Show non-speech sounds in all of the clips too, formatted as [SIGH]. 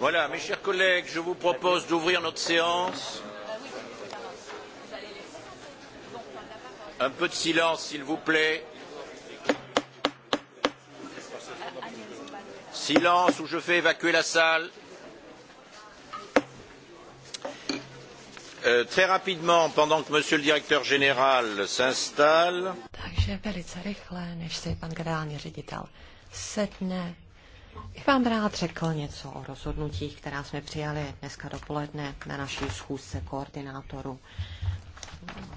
Voilà, mes chers collègues, je vous propose d'ouvrir notre séance. Un peu de silence, s'il vous plaît. Silence ou je fais évacuer la salle. Euh, très rapidement, pendant que Monsieur le Directeur Général s'installe bych vám rád řekl něco o rozhodnutích, která jsme přijali dneska dopoledne na naší schůzce koordinátorů.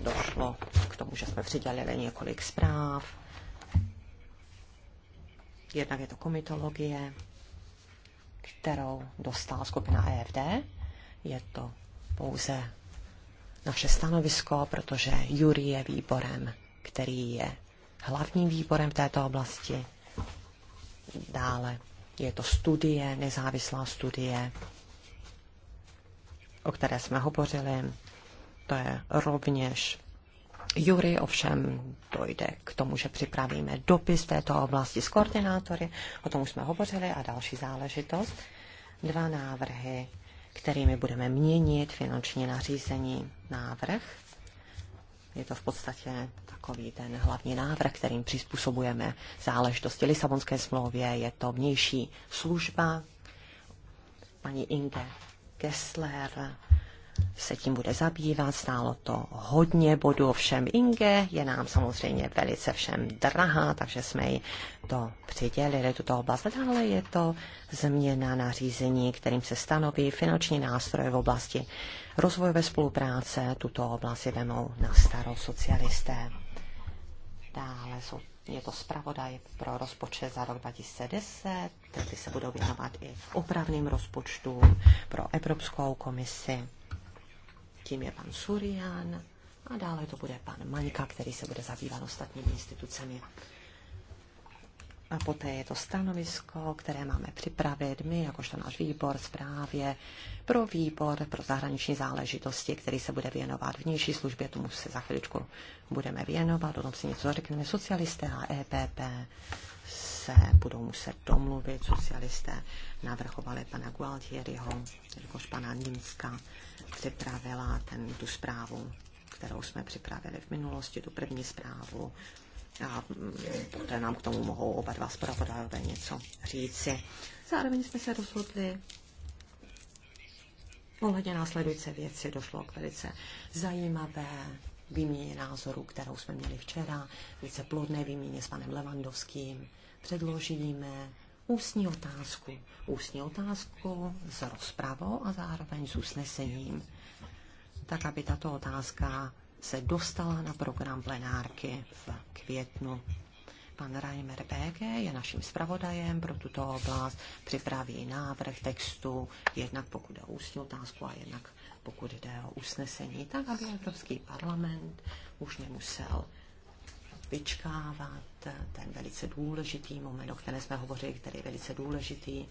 Došlo k tomu, že jsme přidělili několik zpráv. Jednak je to komitologie, kterou dostala skupina EFD. Je to pouze naše stanovisko, protože Jury je výborem, který je hlavním výborem v této oblasti. Dále je to studie, nezávislá studie, o které jsme hovořili. To je rovněž Jury ovšem dojde k tomu, že připravíme dopis této oblasti s koordinátory, o tom už jsme hovořili, a další záležitost. Dva návrhy, kterými budeme měnit finanční nařízení. Návrh je to v podstatě takový ten hlavní návrh, kterým přizpůsobujeme záležitosti Lisabonské smlouvě. Je to vnější služba. Paní Inge Kessler se tím bude zabývat, stálo to hodně bodů, všem. Inge je nám samozřejmě velice všem drahá, takže jsme ji to přidělili, tuto oblast. Dále je to změna nařízení, kterým se stanoví finanční nástroje v oblasti rozvojové spolupráce tuto oblast vemou na starou socialisté. Dále jsou, je to zpravodaj pro rozpočet za rok 2010, který se budou věnovat i opravným rozpočtům pro Evropskou komisi. Tím je pan Surian a dále to bude pan Maňka, který se bude zabývat ostatními institucemi a poté je to stanovisko, které máme připravit my, jakožto náš výbor zprávě pro výbor pro zahraniční záležitosti, který se bude věnovat vnější službě, tomu se za chviličku budeme věnovat, o tom si něco řekneme. Socialisté a EPP se budou muset domluvit, socialisté navrhovali pana Gualtieriho, jakož pana Nímska připravila ten, tu zprávu kterou jsme připravili v minulosti, tu první zprávu a poté mm, nám k tomu mohou oba dva zpravodajové něco říci. Zároveň jsme se rozhodli ohledně následující věci. Došlo k velice zajímavé výměně názorů, kterou jsme měli včera, více plodné výměně s panem Levandovským. Předložíme ústní otázku. Ústní otázku s rozpravou a zároveň s usnesením, tak aby tato otázka se dostala na program plenárky v květnu. Pan Reimer BG je naším zpravodajem pro tuto oblast, připraví návrh textu, jednak pokud o ústní otázku a jednak pokud jde o usnesení, tak aby Evropský parlament už nemusel vyčkávat ten velice důležitý moment, o kterém jsme hovořili, který je velice důležitý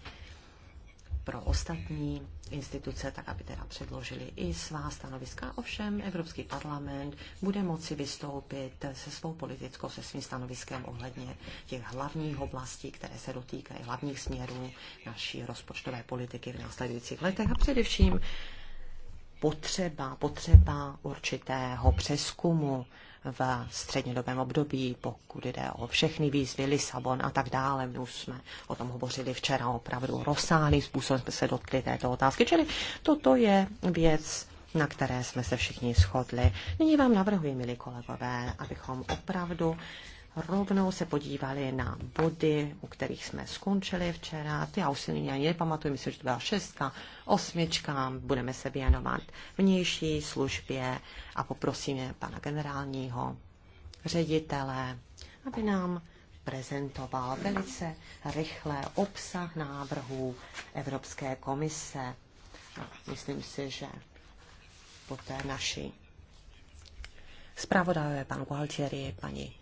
pro ostatní instituce, tak aby teda předložili i svá stanoviska. Ovšem Evropský parlament bude moci vystoupit se svou politickou, se svým stanoviskem ohledně těch hlavních oblastí, které se dotýkají hlavních směrů naší rozpočtové politiky v následujících letech a především potřeba, potřeba určitého přeskumu v střednědobém období, pokud jde o všechny výzvy, Lisabon a tak dále. My už jsme o tom hovořili včera opravdu rozsáhlý způsob, jsme se dotkli této otázky, čili toto je věc, na které jsme se všichni shodli. Nyní vám navrhuji, milí kolegové, abychom opravdu rovnou se podívali na body, u kterých jsme skončili včera. Ty já už si nyní ani nepamatuju, myslím, že to byla šestka, osmička. Budeme se věnovat vnější službě a poprosíme pana generálního ředitele, aby nám prezentoval velice rychle obsah návrhů Evropské komise. Myslím si, že poté naši zpravodajové pan Gualtieri, paní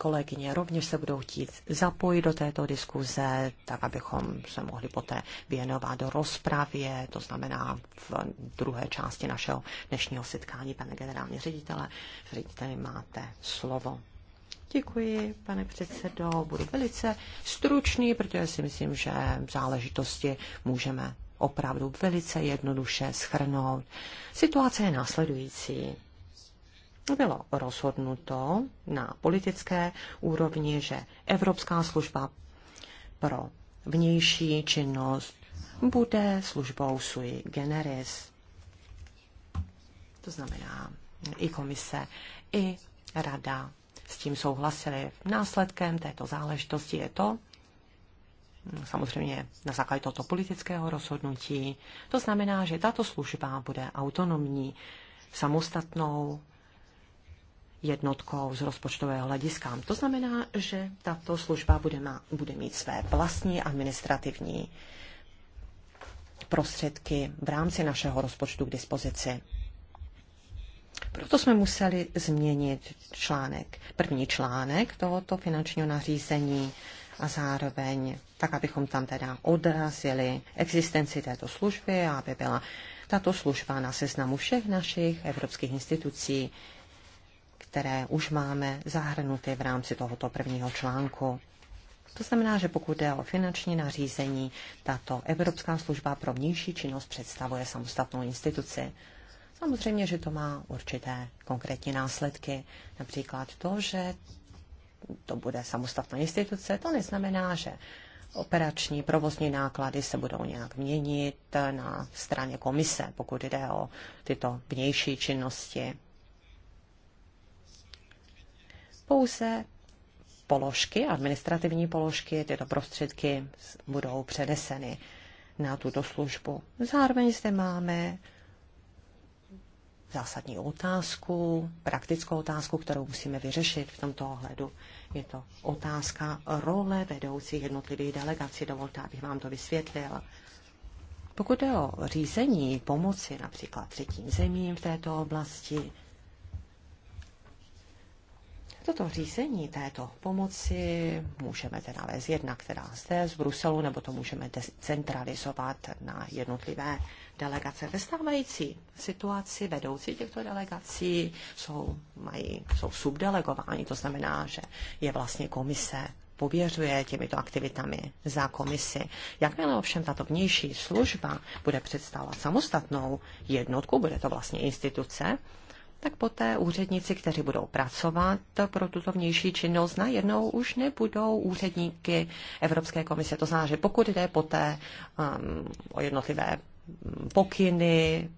kolegyně rovněž se budou chtít zapojit do této diskuze, tak abychom se mohli poté věnovat do rozpravě, to znamená v druhé části našeho dnešního setkání. Pane generální ředitele, řediteli máte slovo. Děkuji, pane předsedo. Budu velice stručný, protože si myslím, že v záležitosti můžeme opravdu velice jednoduše schrnout. Situace je následující bylo rozhodnuto na politické úrovni, že Evropská služba pro vnější činnost bude službou sui generis. To znamená i komise, i rada s tím souhlasili. Následkem této záležitosti je to, samozřejmě na základě tohoto politického rozhodnutí, to znamená, že tato služba bude autonomní, samostatnou jednotkou z rozpočtového hlediska. To znamená, že tato služba bude, má, bude mít své vlastní administrativní prostředky v rámci našeho rozpočtu k dispozici. Proto jsme museli změnit článek, první článek tohoto finančního nařízení a zároveň tak, abychom tam teda odrazili existenci této služby a aby byla tato služba na seznamu všech našich evropských institucí, které už máme zahrnuty v rámci tohoto prvního článku. To znamená, že pokud jde o finanční nařízení, tato Evropská služba pro vnější činnost představuje samostatnou instituci. Samozřejmě, že to má určité konkrétní následky. Například to, že to bude samostatná instituce, to neznamená, že operační provozní náklady se budou nějak měnit na straně komise, pokud jde o tyto vnější činnosti pouze položky, administrativní položky, tyto prostředky budou přeneseny na tuto službu. Zároveň zde máme zásadní otázku, praktickou otázku, kterou musíme vyřešit v tomto ohledu. Je to otázka role vedoucích jednotlivých delegací. Dovolte, abych vám to vysvětlil. Pokud je o řízení pomoci například třetím zemím v této oblasti, Toto řízení této pomoci můžeme teda vést jedna, která zde z Bruselu, nebo to můžeme decentralizovat na jednotlivé delegace. Ve stávající situaci vedoucí těchto delegací jsou, mají, jsou subdelegováni, to znamená, že je vlastně komise pověřuje těmito aktivitami za komisi. Jakmile ovšem tato vnější služba bude představovat samostatnou jednotku, bude to vlastně instituce, tak poté úředníci, kteří budou pracovat pro tuto vnější činnost, najednou už nebudou úředníky Evropské komise. To znamená, že pokud jde poté um, o jednotlivé pokyny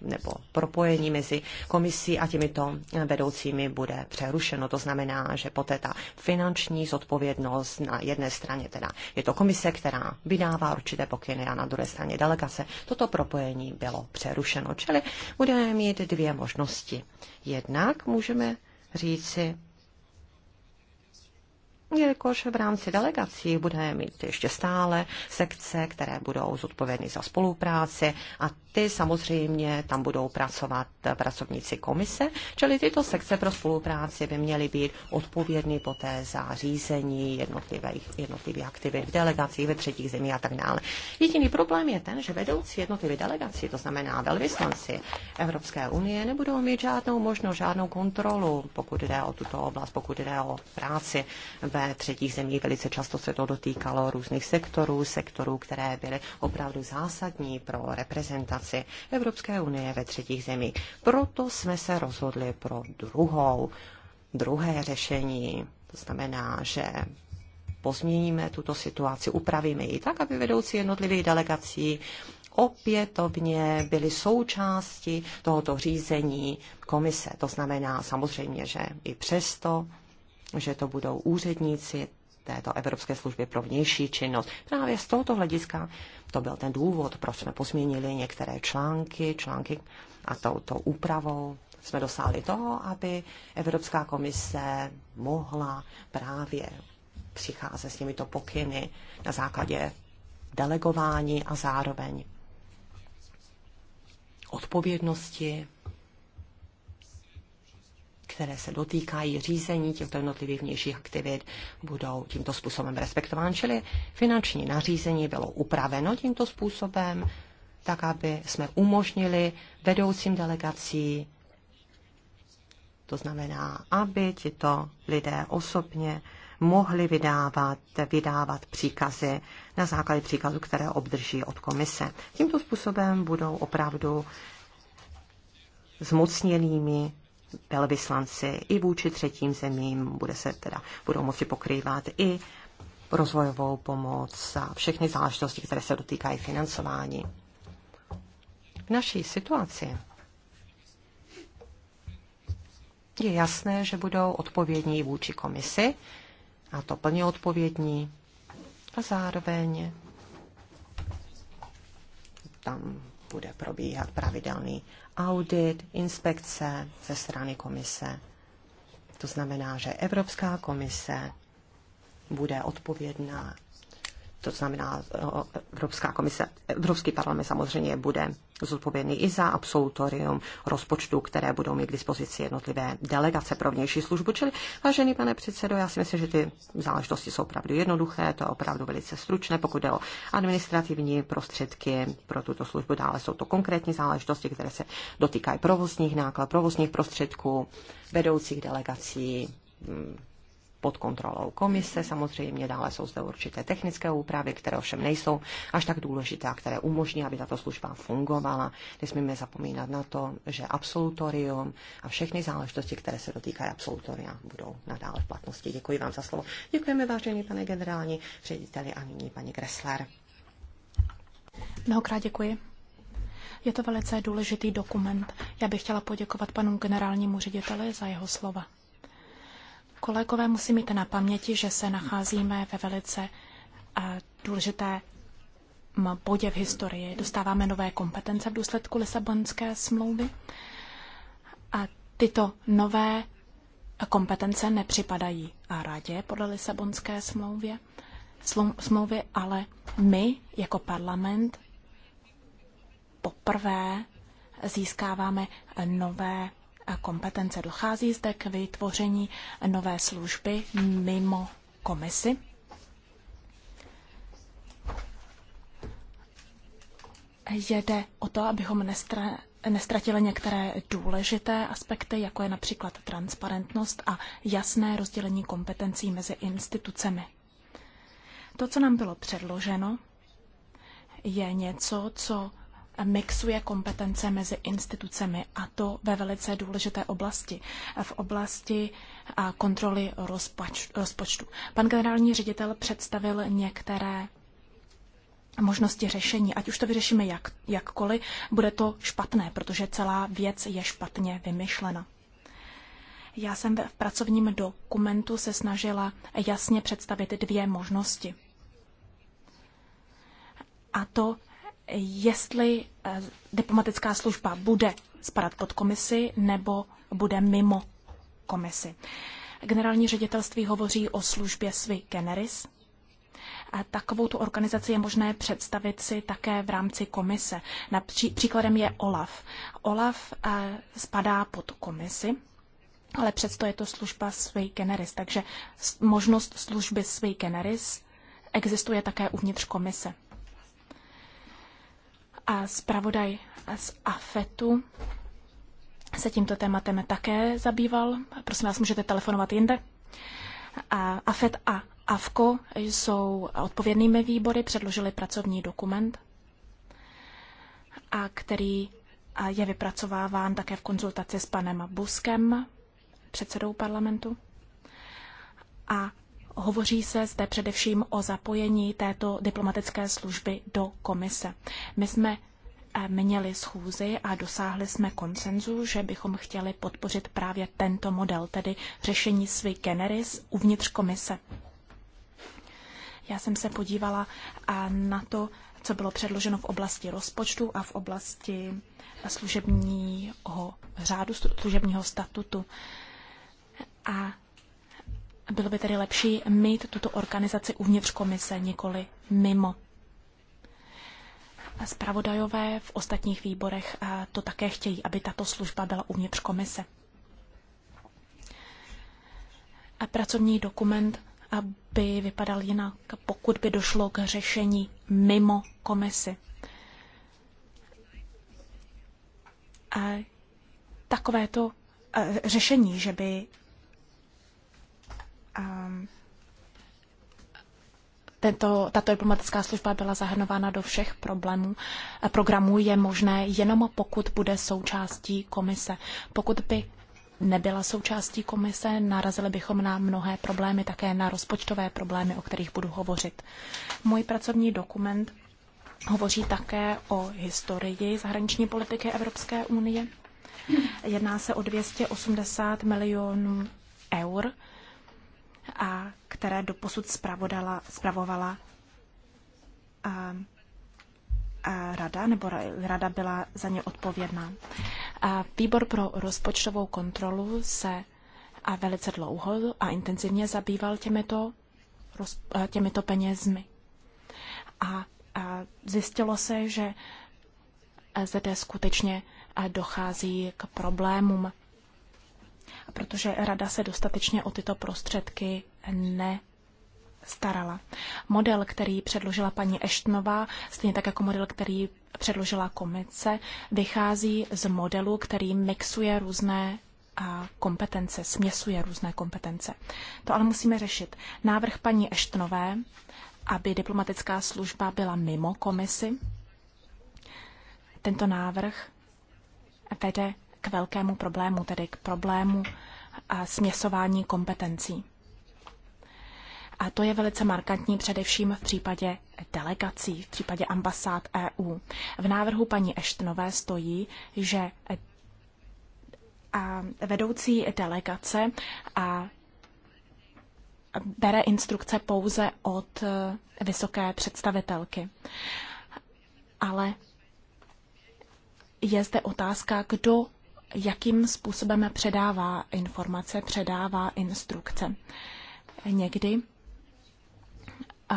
nebo propojení mezi komisí a těmito vedoucími bude přerušeno. To znamená, že poté ta finanční zodpovědnost na jedné straně teda je to komise, která vydává určité pokyny a na druhé straně delegace. Toto propojení bylo přerušeno, čili budeme mít dvě možnosti. Jednak můžeme říci, jelikož v rámci delegací budeme mít ještě stále sekce, které budou zodpovědny za spolupráci a ty samozřejmě tam budou pracovat pracovníci komise, čili tyto sekce pro spolupráci by měly být odpovědny poté za řízení jednotlivých, jednotlivých aktivit v delegacích ve třetích zemích a tak dále. Jediný problém je ten, že vedoucí jednotlivých delegací, to znamená velvyslanci Evropské unie, nebudou mít žádnou možnost, žádnou kontrolu, pokud jde o tuto oblast, pokud jde o práci ve třetích zemích. Velice často se to dotýkalo různých sektorů, sektorů, které byly opravdu zásadní pro reprezentaci rámci Evropské unie ve třetích zemích. Proto jsme se rozhodli pro druhou, druhé řešení. To znamená, že pozměníme tuto situaci, upravíme ji tak, aby vedoucí jednotlivých delegací opětovně byly součásti tohoto řízení komise. To znamená samozřejmě, že i přesto, že to budou úředníci této Evropské služby pro vnější činnost. Právě z tohoto hlediska to byl ten důvod, proč jsme posměnili některé články, články a touto úpravou jsme dosáhli toho, aby Evropská komise mohla právě přicházet s těmito pokyny na základě delegování a zároveň odpovědnosti které se dotýkají řízení těchto jednotlivých vnějších aktivit, budou tímto způsobem respektovány. Čili finanční nařízení bylo upraveno tímto způsobem, tak aby jsme umožnili vedoucím delegací, to znamená, aby tito lidé osobně mohli vydávat, vydávat příkazy na základě příkazu, které obdrží od komise. Tímto způsobem budou opravdu zmocněnými velvyslanci i vůči třetím zemím, bude se teda, budou moci pokrývat i rozvojovou pomoc a všechny záležitosti, které se dotýkají financování. V naší situaci je jasné, že budou odpovědní vůči komisi, a to plně odpovědní, a zároveň tam bude probíhat pravidelný audit, inspekce ze strany komise. To znamená, že Evropská komise bude odpovědná to znamená eh, Evropská komise, Evropský parlament samozřejmě bude zodpovědný i za absolutorium rozpočtu, které budou mít k dispozici jednotlivé delegace pro vnější službu. Čili, vážený pane předsedo, já si myslím, že ty záležitosti jsou opravdu jednoduché, to je opravdu velice stručné, pokud jde o administrativní prostředky pro tuto službu. Dále jsou to konkrétní záležitosti, které se dotýkají provozních náklad, provozních prostředků, vedoucích delegací, mm, pod kontrolou komise. Samozřejmě dále jsou zde určité technické úpravy, které ovšem nejsou až tak důležité a které umožní, aby tato služba fungovala. Nesmíme zapomínat na to, že absolutorium a všechny záležitosti, které se dotýkají absolutoria, budou nadále v platnosti. Děkuji vám za slovo. Děkujeme, vážený pane generální řediteli a nyní paní Gressler. Mnohokrát děkuji. Je to velice důležitý dokument. Já bych chtěla poděkovat panu generálnímu řediteli za jeho slova. Kolegové, musí mít na paměti, že se nacházíme ve velice eh, důležité bodě v historii. Dostáváme nové kompetence v důsledku Lisabonské smlouvy a tyto nové kompetence nepřipadají a radě podle Lisabonské smlouvě, smlouvy, ale my jako parlament poprvé získáváme nové a kompetence. Dochází zde k vytvoření nové služby mimo komisi. Jde o to, abychom nestra, nestratili některé důležité aspekty, jako je například transparentnost a jasné rozdělení kompetencí mezi institucemi. To, co nám bylo předloženo, je něco, co mixuje kompetence mezi institucemi a to ve velice důležité oblasti, v oblasti kontroly rozpočtu. Pan generální ředitel představil některé možnosti řešení. Ať už to vyřešíme jak, jakkoliv, bude to špatné, protože celá věc je špatně vymyšlena. Já jsem v pracovním dokumentu se snažila jasně představit dvě možnosti. A to jestli eh, diplomatická služba bude spadat pod komisi nebo bude mimo komisi. Generální ředitelství hovoří o službě svi generis. A takovou tu organizaci je možné představit si také v rámci komise. Napří, příkladem je OLAF. OLAF eh, spadá pod komisi, ale přesto je to služba svi generis, takže možnost služby svi generis existuje také uvnitř komise a zpravodaj z AFETu se tímto tématem také zabýval. Prosím vás, můžete telefonovat jinde. A AFET a AFKO jsou odpovědnými výbory, předložili pracovní dokument, a který je vypracováván také v konzultaci s panem Buskem, předsedou parlamentu. A Hovoří se zde především o zapojení této diplomatické služby do komise. My jsme eh, měli schůzi a dosáhli jsme konsenzu, že bychom chtěli podpořit právě tento model, tedy řešení svý generis uvnitř komise. Já jsem se podívala eh, na to, co bylo předloženo v oblasti rozpočtu a v oblasti eh, služebního řádu, služebního statutu. A bylo by tedy lepší mít tuto organizaci uvnitř komise, nikoli mimo. Spravodajové v ostatních výborech to také chtějí, aby tato služba byla uvnitř komise. A pracovní dokument aby vypadal jinak, pokud by došlo k řešení mimo komisi. A takovéto řešení, že by tento, tato diplomatická služba byla zahrnována do všech problémů. Eh, programů je možné jenom pokud bude součástí komise. Pokud by nebyla součástí komise, narazili bychom na mnohé problémy, také na rozpočtové problémy, o kterých budu hovořit. Můj pracovní dokument hovoří také o historii zahraniční politiky Evropské unie. Jedná se o 280 milionů eur a které doposud zpravodala, zpravovala a, ehm, a e, rada, nebo rada byla za ně odpovědná. A e, výbor pro rozpočtovou kontrolu se a e, velice dlouho a intenzivně zabýval těmito, těmito penězmi. A, a zjistilo se, že zde skutečně dochází k problémům protože rada se dostatečně o tyto prostředky ne starala. Model, který předložila paní Eštnová, stejně tak jako model, který předložila komice, vychází z modelu, který mixuje různé kompetence, směsuje různé kompetence. To ale musíme řešit. Návrh paní Eštnové, aby diplomatická služba byla mimo komisi, tento návrh vede k velkému problému, tedy k problému a směsování kompetencí. A to je velice markantní především v případě delegací, v případě ambasád EU. V návrhu paní Eštnové stojí, že vedoucí delegace a bere instrukce pouze od e, vysoké představitelky. Ale je zde otázka, kdo jakým způsobem předává informace, předává instrukce. Někdy eh,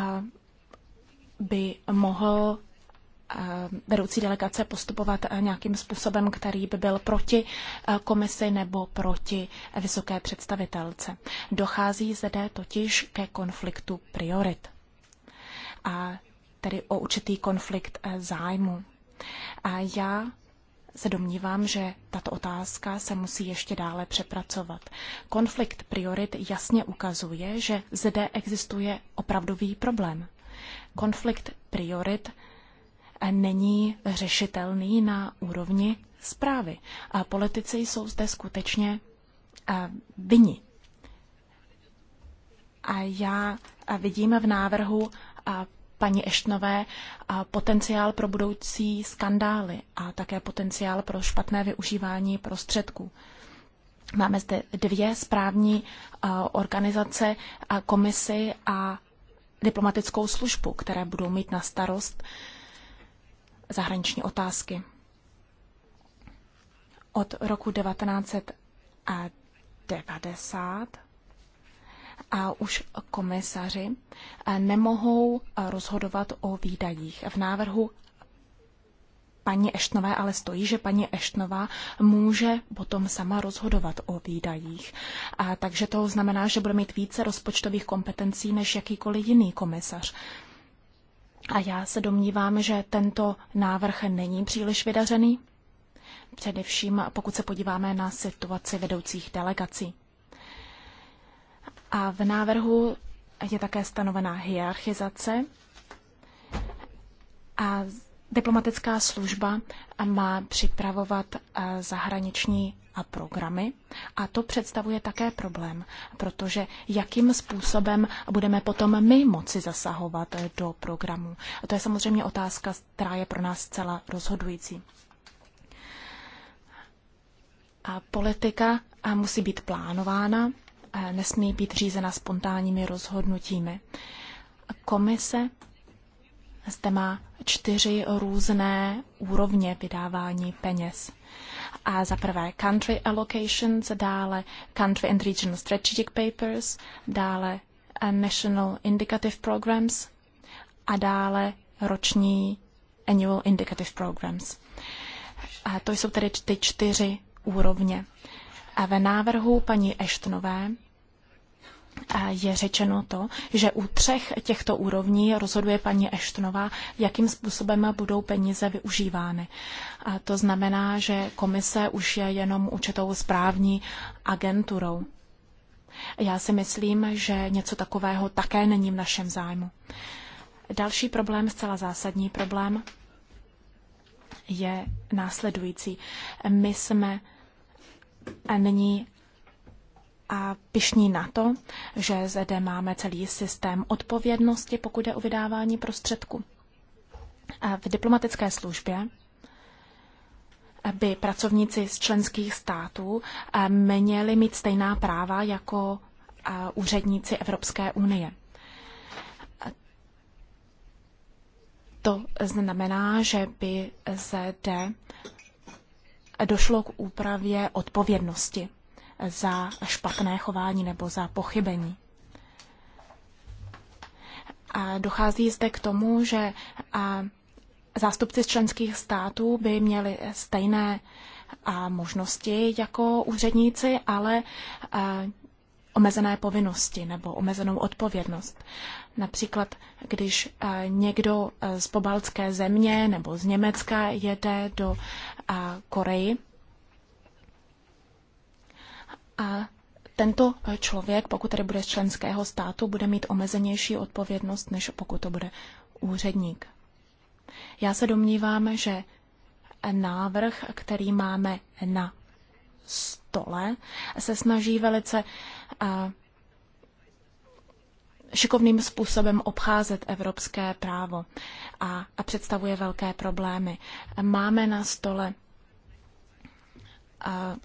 by mohl eh, vedoucí delegace postupovat eh, nějakým způsobem, který by byl proti komisi nebo proti vysoké představitelce. Dochází zde totiž ke konfliktu priorit. A tedy o určitý konflikt zájmu. A já se domnívám, že tato otázka se musí ještě dále přepracovat. Konflikt priorit jasně ukazuje, že zde existuje opravdový problém. Konflikt priorit eh, není řešitelný na úrovni zprávy. A politici jsou zde skutečně eh, vyni. A já eh, vidím v návrhu paní Eštnové potenciál pro budoucí skandály a také potenciál pro špatné využívání prostředků. Máme zde dvě správní organizace, komisy a diplomatickou službu, které budou mít na starost zahraniční otázky. Od roku 1990 a už komisaři eh, nemohou eh, rozhodovat o výdajích. V návrhu paní Eštnové ale stojí, že paní Eštnová může potom sama rozhodovat o výdajích. A takže to znamená, že bude mít více rozpočtových kompetencí než jakýkoliv jiný komisař. A já se domnívám, že tento návrh není příliš vydařený, především pokud se podíváme na situaci vedoucích delegací. A v návrhu je také stanovená hierarchizace a diplomatická služba má připravovat eh, zahraniční a eh, programy. A to představuje také problém, protože jakým způsobem budeme potom my moci zasahovat eh, do programu. A to je samozřejmě otázka, která je pro nás zcela rozhodující. A politika musí být plánována nesmí být řízena spontánními rozhodnutími. Komise zde má čtyři různé úrovně vydávání peněz. A za prvé country allocations, dále country and regional strategic papers, dále eh, national indicative programs a dále roční annual indicative programs. A to jsou tedy ty čtyři úrovně. A ve návrhu paní Eštnové je řečeno to, že u třech těchto úrovní rozhoduje paní Eštnová, jakým způsobem budou peníze využívány. A to znamená, že komise už je jenom určitou správní agenturou. Já si myslím, že něco takového také není v našem zájmu. Další problém, zcela zásadní problém, je následující. My jsme není a pišní na to, že zde máme celý systém odpovědnosti, pokud je o vydávání prostředků. A v diplomatické službě by pracovníci z členských států měli mít stejná práva jako úředníci Evropské unie. To znamená, že by zde došlo k úpravě odpovědnosti za špatné chování nebo za pochybení. A dochází zde k tomu, že zástupci z členských států by měli stejné možnosti jako úředníci, ale omezené povinnosti nebo omezenou odpovědnost. Například, když někdo z pobaltské země nebo z Německa jede do a Koreji. A tento člověk, pokud tady bude z členského státu, bude mít omezenější odpovědnost, než pokud to bude úředník. Já se domnívám, že návrh, který máme na stole, se snaží velice šikovným způsobem obcházet evropské právo a, a představuje velké problémy. Máme na stole a,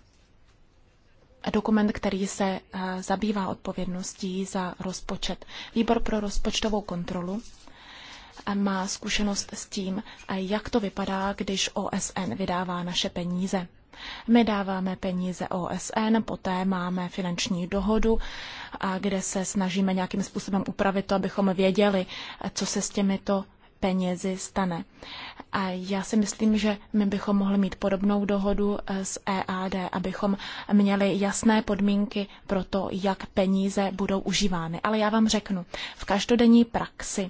dokument, který se a, zabývá odpovědností za rozpočet. Výbor pro rozpočtovou kontrolu má zkušenost s tím, jak to vypadá, když OSN vydává naše peníze. My dáváme peníze OSN, poté máme finanční dohodu, a kde se snažíme nějakým způsobem upravit to, abychom věděli, co se s těmito penězi stane. A já si myslím, že my bychom mohli mít podobnou dohodu e, s EAD, abychom měli jasné podmínky pro to, jak peníze budou užívány. Ale já vám řeknu, v každodenní praxi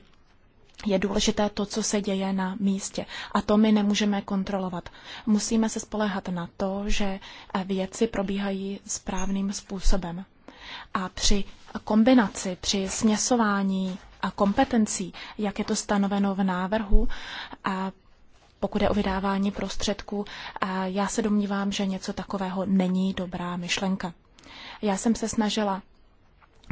je důležité to, co se děje na místě. A to my nemůžeme kontrolovat. Musíme se spolehat na to, že eh, věci probíhají správným způsobem. A při kombinaci, při směsování a eh, kompetencí, jak je to stanoveno v návrhu, a pokud je o vydávání prostředků, a já se domnívám, že něco takového není dobrá myšlenka. Já jsem se snažila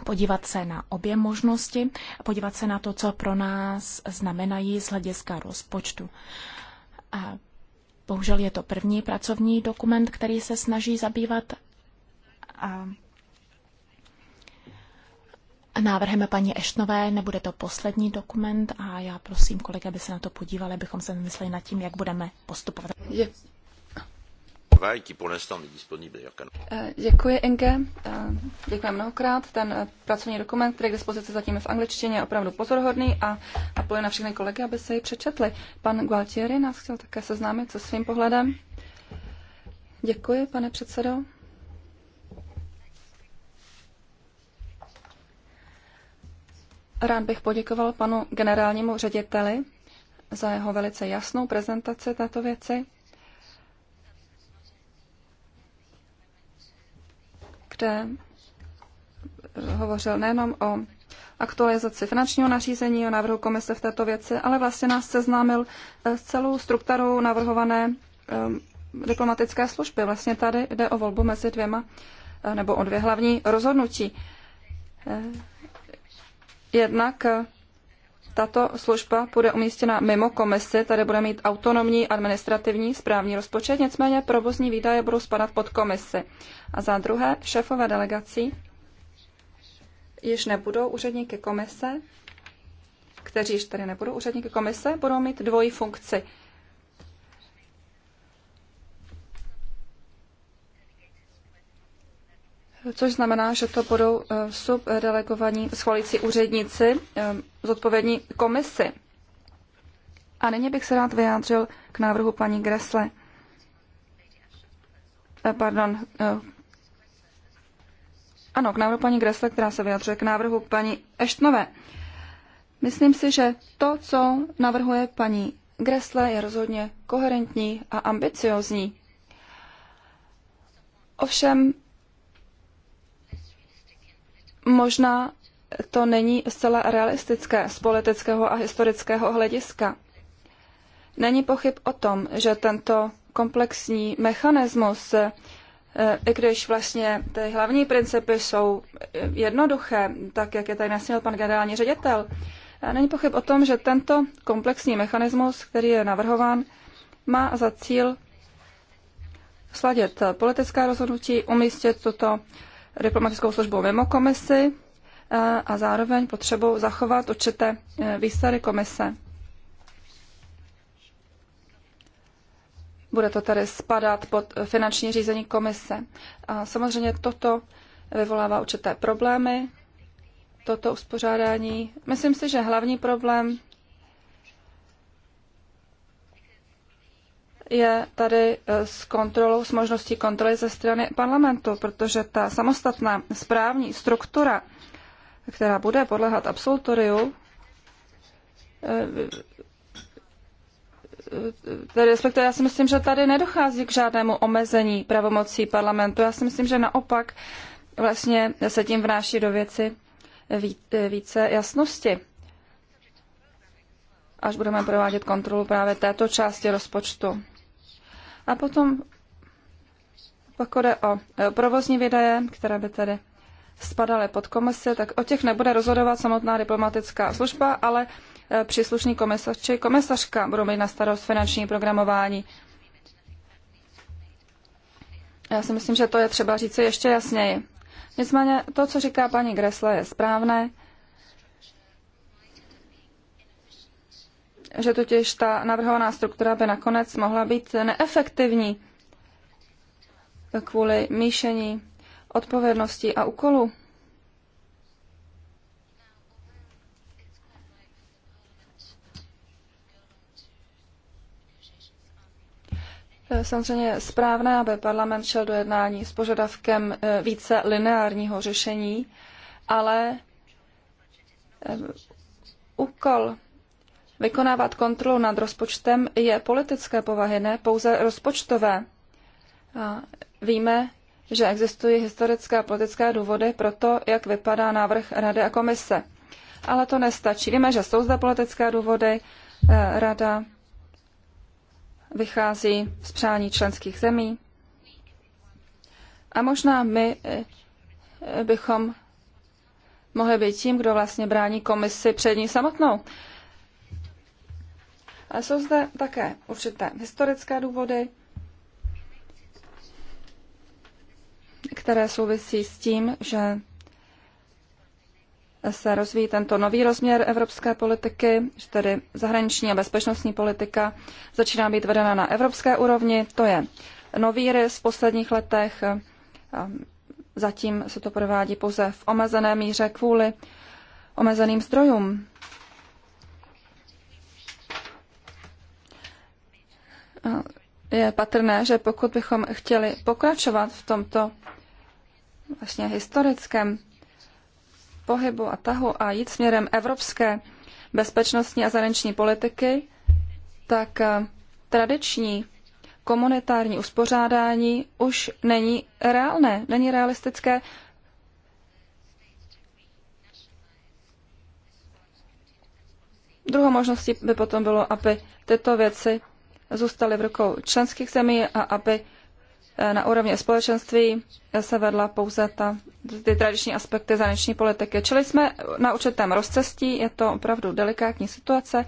podívat se na obě možnosti, podívat se na to, co pro nás znamenají z hlediska rozpočtu. A bohužel je to první pracovní dokument, který se snaží zabývat a návrhem paní Eštnové. Nebude to poslední dokument a já prosím kolegy, aby se na to podívali, abychom se mysleli nad tím, jak budeme postupovat travail qui pour l'instant n'est disponible d'ailleurs qu'en eh, Děkuji Inge, děkuji mnohokrát. Ten eh, pracovní dokument, který je k dispozici zatím v angličtině, je opravdu pozoruhodný a apeluji na všechny kolegy, aby se ji přečetli. Pan Gualtieri nás chtěl také seznámit se svým pohledem. Děkuji, pane předsedo. Rád bych poděkoval panu generálnímu řediteli za jeho velice jasnou prezentaci této věci. kde eh, hovořil nejenom o aktualizaci finančního nařízení, o návrhu komise v této věci, ale vlastně nás seznámil eh, s celou strukturou navrhované eh, diplomatické služby. Vlastně tady jde o volbu mezi dvěma nebo o dvě hlavní rozhodnutí. Jednak tato služba bude umístěna mimo komisi, tady bude mít autonomní administrativní správní rozpočet, nicméně provozní výdaje budou spadat pod komisi. A za druhé, šéfové delegací již nebudou úředníky komise, kteří již tady nebudou úředníky komise, budou mít dvojí funkci. což znamená, že to budou eh, subdelegovaní schvalící úředníci eh, zodpovědní komisi. A nyní bych se rád vyjádřil k návrhu paní Gresle. Eh, pardon, ano, k návrhu paní Gresle, která se vyjadřuje k návrhu paní Eštnové. Myslím si, že to, co navrhuje paní Gresle, je rozhodně koherentní a ambiciozní. Ovšem, možná to není zcela realistické z politického a historického hlediska. Není pochyb o tom, že tento komplexní mechanismus, eh, i když vlastně ty hlavní principy jsou eh, jednoduché, tak jak je tady nasměl pan generální ředitel, eh, není pochyb o tom, že tento komplexní mechanismus, který je navrhován, má za cíl sladit politická rozhodnutí, umístit tuto diplomatickou službou mimo komisi eh, a zároveň potřebu zachovat určité eh, výsady komise. Bude to tedy spadat pod finanční řízení komise. A samozřejmě toto vyvolává určité problémy, toto uspořádání. Myslím si, že hlavní problém je tady eh, s kontrolou, s možností kontroly ze strany parlamentu, protože ta samostatná správní struktura, která bude podléhat absolutoriu, eh, tedy respektive já si myslím, že tady nedochází k žádnému omezení pravomocí parlamentu. Já si myslím, že naopak vlastně se tím vnáší do věci eh, více jasnosti. Až budeme provádět kontrolu právě této části rozpočtu. A potom, pokud jde o e, provozní výdaje, které by tedy spadaly pod komisi, tak o těch nebude rozhodovat samotná diplomatická služba, ale e, příslušný komisař či komisařka budou mít na starost finanční programování. Já si myslím, že to je třeba říci ještě jasněji. Nicméně to, co říká paní Gressle, je správné. že totiž ta navrhovaná struktura by nakonec mohla být neefektivní kvůli míšení odpovědností a úkolů. samozřejmě správné, aby parlament šel do jednání s požadavkem eh, více lineárního řešení, ale eh, úkol Vykonávat kontrolu nad rozpočtem je politické povahy, ne pouze rozpočtové. A víme, že existují historické a politické důvody pro to, jak vypadá návrh Rady a komise. Ale to nestačí. Víme, že jsou zde politické důvody. E, Rada vychází z přání členských zemí. A možná my e, e, bychom mohli být tím, kdo vlastně brání komisi před ní samotnou. Jsou zde také určité historické důvody, které souvisí s tím, že se rozvíjí tento nový rozměr evropské politiky, že tedy zahraniční a bezpečnostní politika začíná být vedena na evropské úrovni. To je nový rys v posledních letech. Zatím se to provádí pouze v omezené míře kvůli omezeným zdrojům je patrné, že pokud bychom chtěli pokračovat v tomto vlastně historickém pohybu a tahu a jít směrem evropské bezpečnostní a zahraniční politiky, tak eh, tradiční komunitární uspořádání už není reálné, není realistické. Druhou možností by potom bylo, aby tyto věci zůstaly v rukou členských zemí a aby eh, na úrovni společenství eh, se vedla pouze ta, ty tradiční aspekty zahraniční politiky. Čili jsme na určitém rozcestí, je to opravdu delikátní situace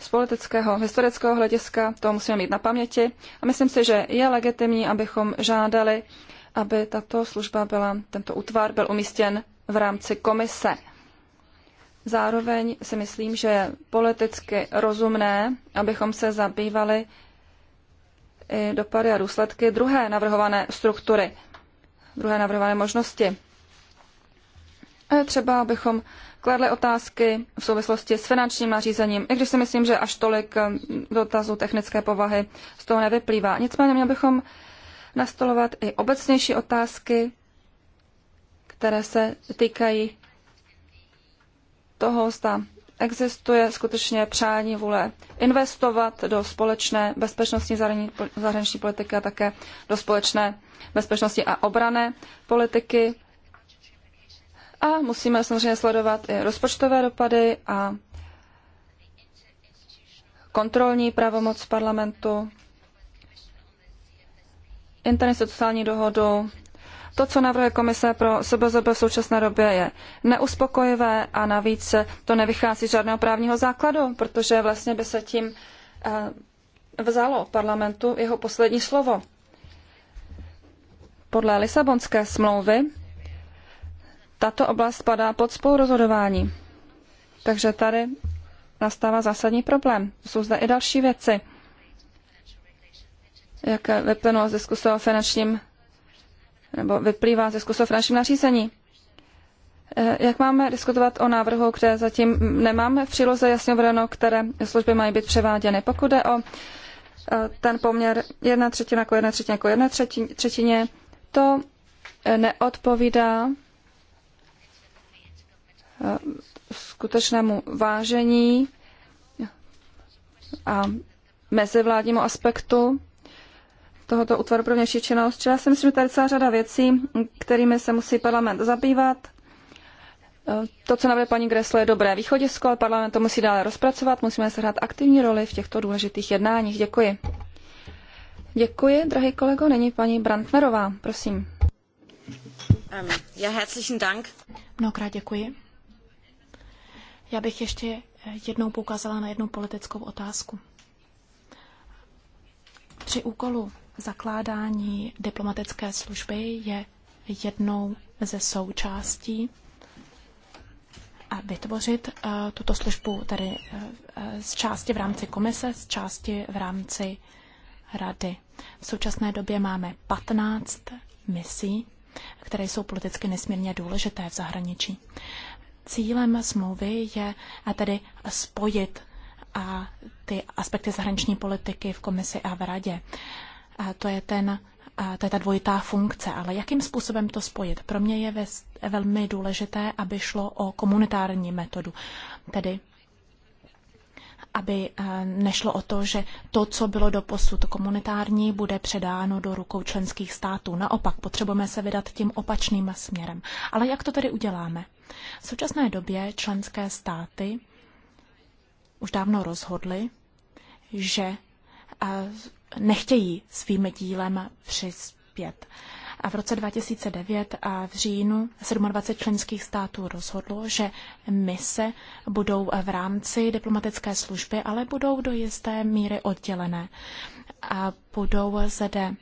z politického, historického hlediska, to musíme mít na paměti. A myslím si, že je legitimní, abychom žádali, aby tato služba byla, tento útvar byl umístěn v rámci komise. Zároveň si myslím, že je politicky rozumné, abychom se zabývali i dopady a důsledky druhé navrhované struktury, druhé navrhované možnosti. A třeba abychom kladli otázky v souvislosti s finančním nařízením, i když si myslím, že až tolik eh, dotazů technické povahy z toho nevyplývá. Nicméně měli bychom nastolovat i obecnější otázky, které se týkají toho, zda existuje skutečně přání vůle investovat do společné bezpečnostní zahraniční politiky a také do společné bezpečnosti a obrané politiky. A musíme samozřejmě sledovat i rozpočtové dopady a kontrolní pravomoc parlamentu, interinstitucionální dohodu, to, co navrhuje komise pro SBZB v současné době, je neuspokojivé a navíc to nevychází z žádného právního základu, protože vlastně by se tím eh, vzalo parlamentu jeho poslední slovo. Podle Lisabonské smlouvy tato oblast spadá pod spolurozhodování. Takže tady nastává zásadní problém. Jsou zde i další věci, jak vyplynulo z diskuse o finančním nebo vyplývá ze zkusu našem nařízení. Eh, jak máme diskutovat o návrhu, které zatím nemáme v příloze jasně uvedeno, které služby mají být převáděny? Pokud jde o eh, ten poměr jedna třetina jako jedna třetina jako jedna třetině, to eh, neodpovídá skutečnému vážení a mezivládnímu aspektu tohoto útvaru pro vnější činnost. Já si myslím, že tady je celá řada věcí, kterými se musí parlament zabývat. To, co navrhuje paní Gressle, je dobré východisko, ale parlament to musí dále rozpracovat. Musíme se hrát aktivní roli v těchto důležitých jednáních. Děkuji. Děkuji, drahý kolego. Není paní Brandnerová, prosím. Um, ja, herzlichen Dank. Mnohokrát děkuji. Já bych ještě jednou poukázala na jednu politickou otázku. Při úkolu Zakládání diplomatické služby je jednou ze součástí a vytvořit eh, tuto službu tedy eh, eh, z části v rámci komise, z části v rámci rady. V současné době máme 15 misí, které jsou politicky nesmírně důležité v zahraničí. Cílem smlouvy je tedy spojit a ty aspekty zahraniční politiky v komisi a v radě to je ten to je ta dvojitá funkce, ale jakým způsobem to spojit? Pro mě je velmi důležité, aby šlo o komunitární metodu, tedy aby nešlo o to, že to, co bylo do posud komunitární, bude předáno do rukou členských států. Naopak, potřebujeme se vydat tím opačným směrem. Ale jak to tedy uděláme? V současné době členské státy už dávno rozhodly, že nechtějí svým dílem přispět. A v roce 2009 a v říjnu 27 členských států rozhodlo, že mise budou v rámci diplomatické služby, ale budou do jisté míry oddělené. A budou zde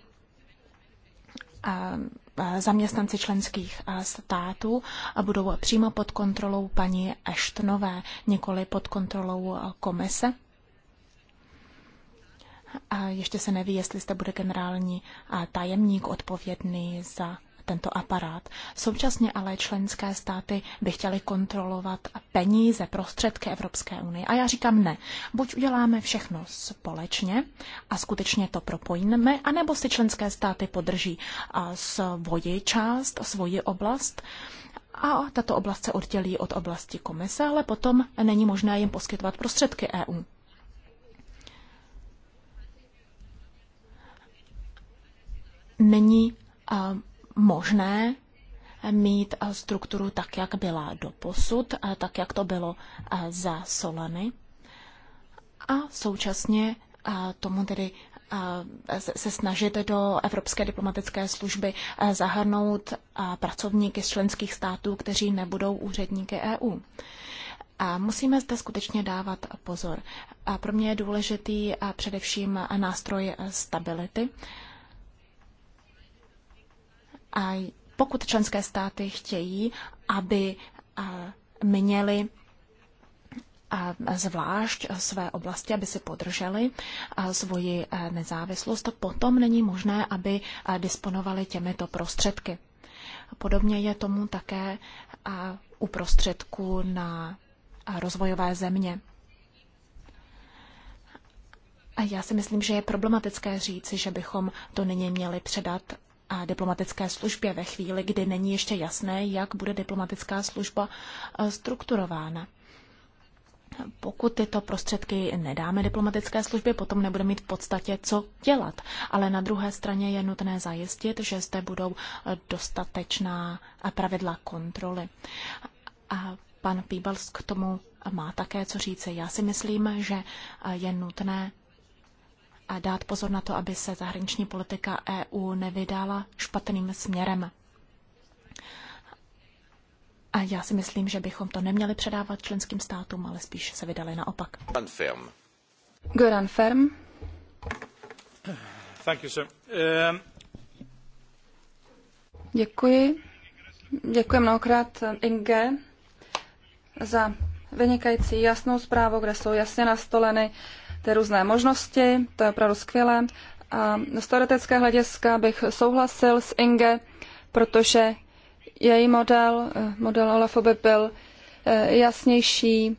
zaměstnanci členských států a budou přímo pod kontrolou paní Eštnové, nikoli pod kontrolou komise ještě se neví, jestli jste bude generální tajemník odpovědný za tento aparát. Současně ale členské státy by chtěly kontrolovat peníze, prostředky Evropské unie. A já říkám ne. Buď uděláme všechno společně a skutečně to propojíme, anebo si členské státy podrží svoji část, svoji oblast a tato oblast se oddělí od oblasti komise, ale potom není možné jim poskytovat prostředky EU. není eh, možné eh, mít eh, strukturu tak, jak byla do posud, tak, jak to bylo za Solany. A současně tomu tedy se snažit do Evropské diplomatické služby zahrnout pracovníky z členských států, kteří nebudou úředníky EU. A musíme zde skutečně dávat pozor. A pro mě je důležitý především nástroj stability a pokud členské státy chtějí, aby měli zvlášť své oblasti, aby si podrželi svoji nezávislost, potom není možné, aby disponovali těmito prostředky. Podobně je tomu také u prostředků na rozvojové země. A já si myslím, že je problematické říci, že bychom to nyní měli předat diplomatické službě ve chvíli, kdy není ještě jasné, jak bude diplomatická služba e, strukturována. Pokud tyto prostředky nedáme diplomatické službě, potom nebude mít v podstatě co dělat. Ale na druhé straně je nutné zajistit, že zde budou dostatečná pravidla kontroly. A pan Píbalsk k tomu má také co říci. Já si myslím, že je nutné dát pozor na to, aby se zahraniční politika EU nevydala špatným směrem. A já si myslím, že bychom to neměli předávat členským státům, ale spíš se vydali naopak. Goran Ferm. Goran Thank you, sir. Um... Děkuji. Děkuji mnohokrát Inge za vynikající jasnou zprávu, kde jsou jasně nastoleny uh, ty různé možnosti, to je opravdu skvělé. A z teoretického hlediska bych souhlasil s Inge, protože její model, eh, model Olafu by byl eh, jasnější,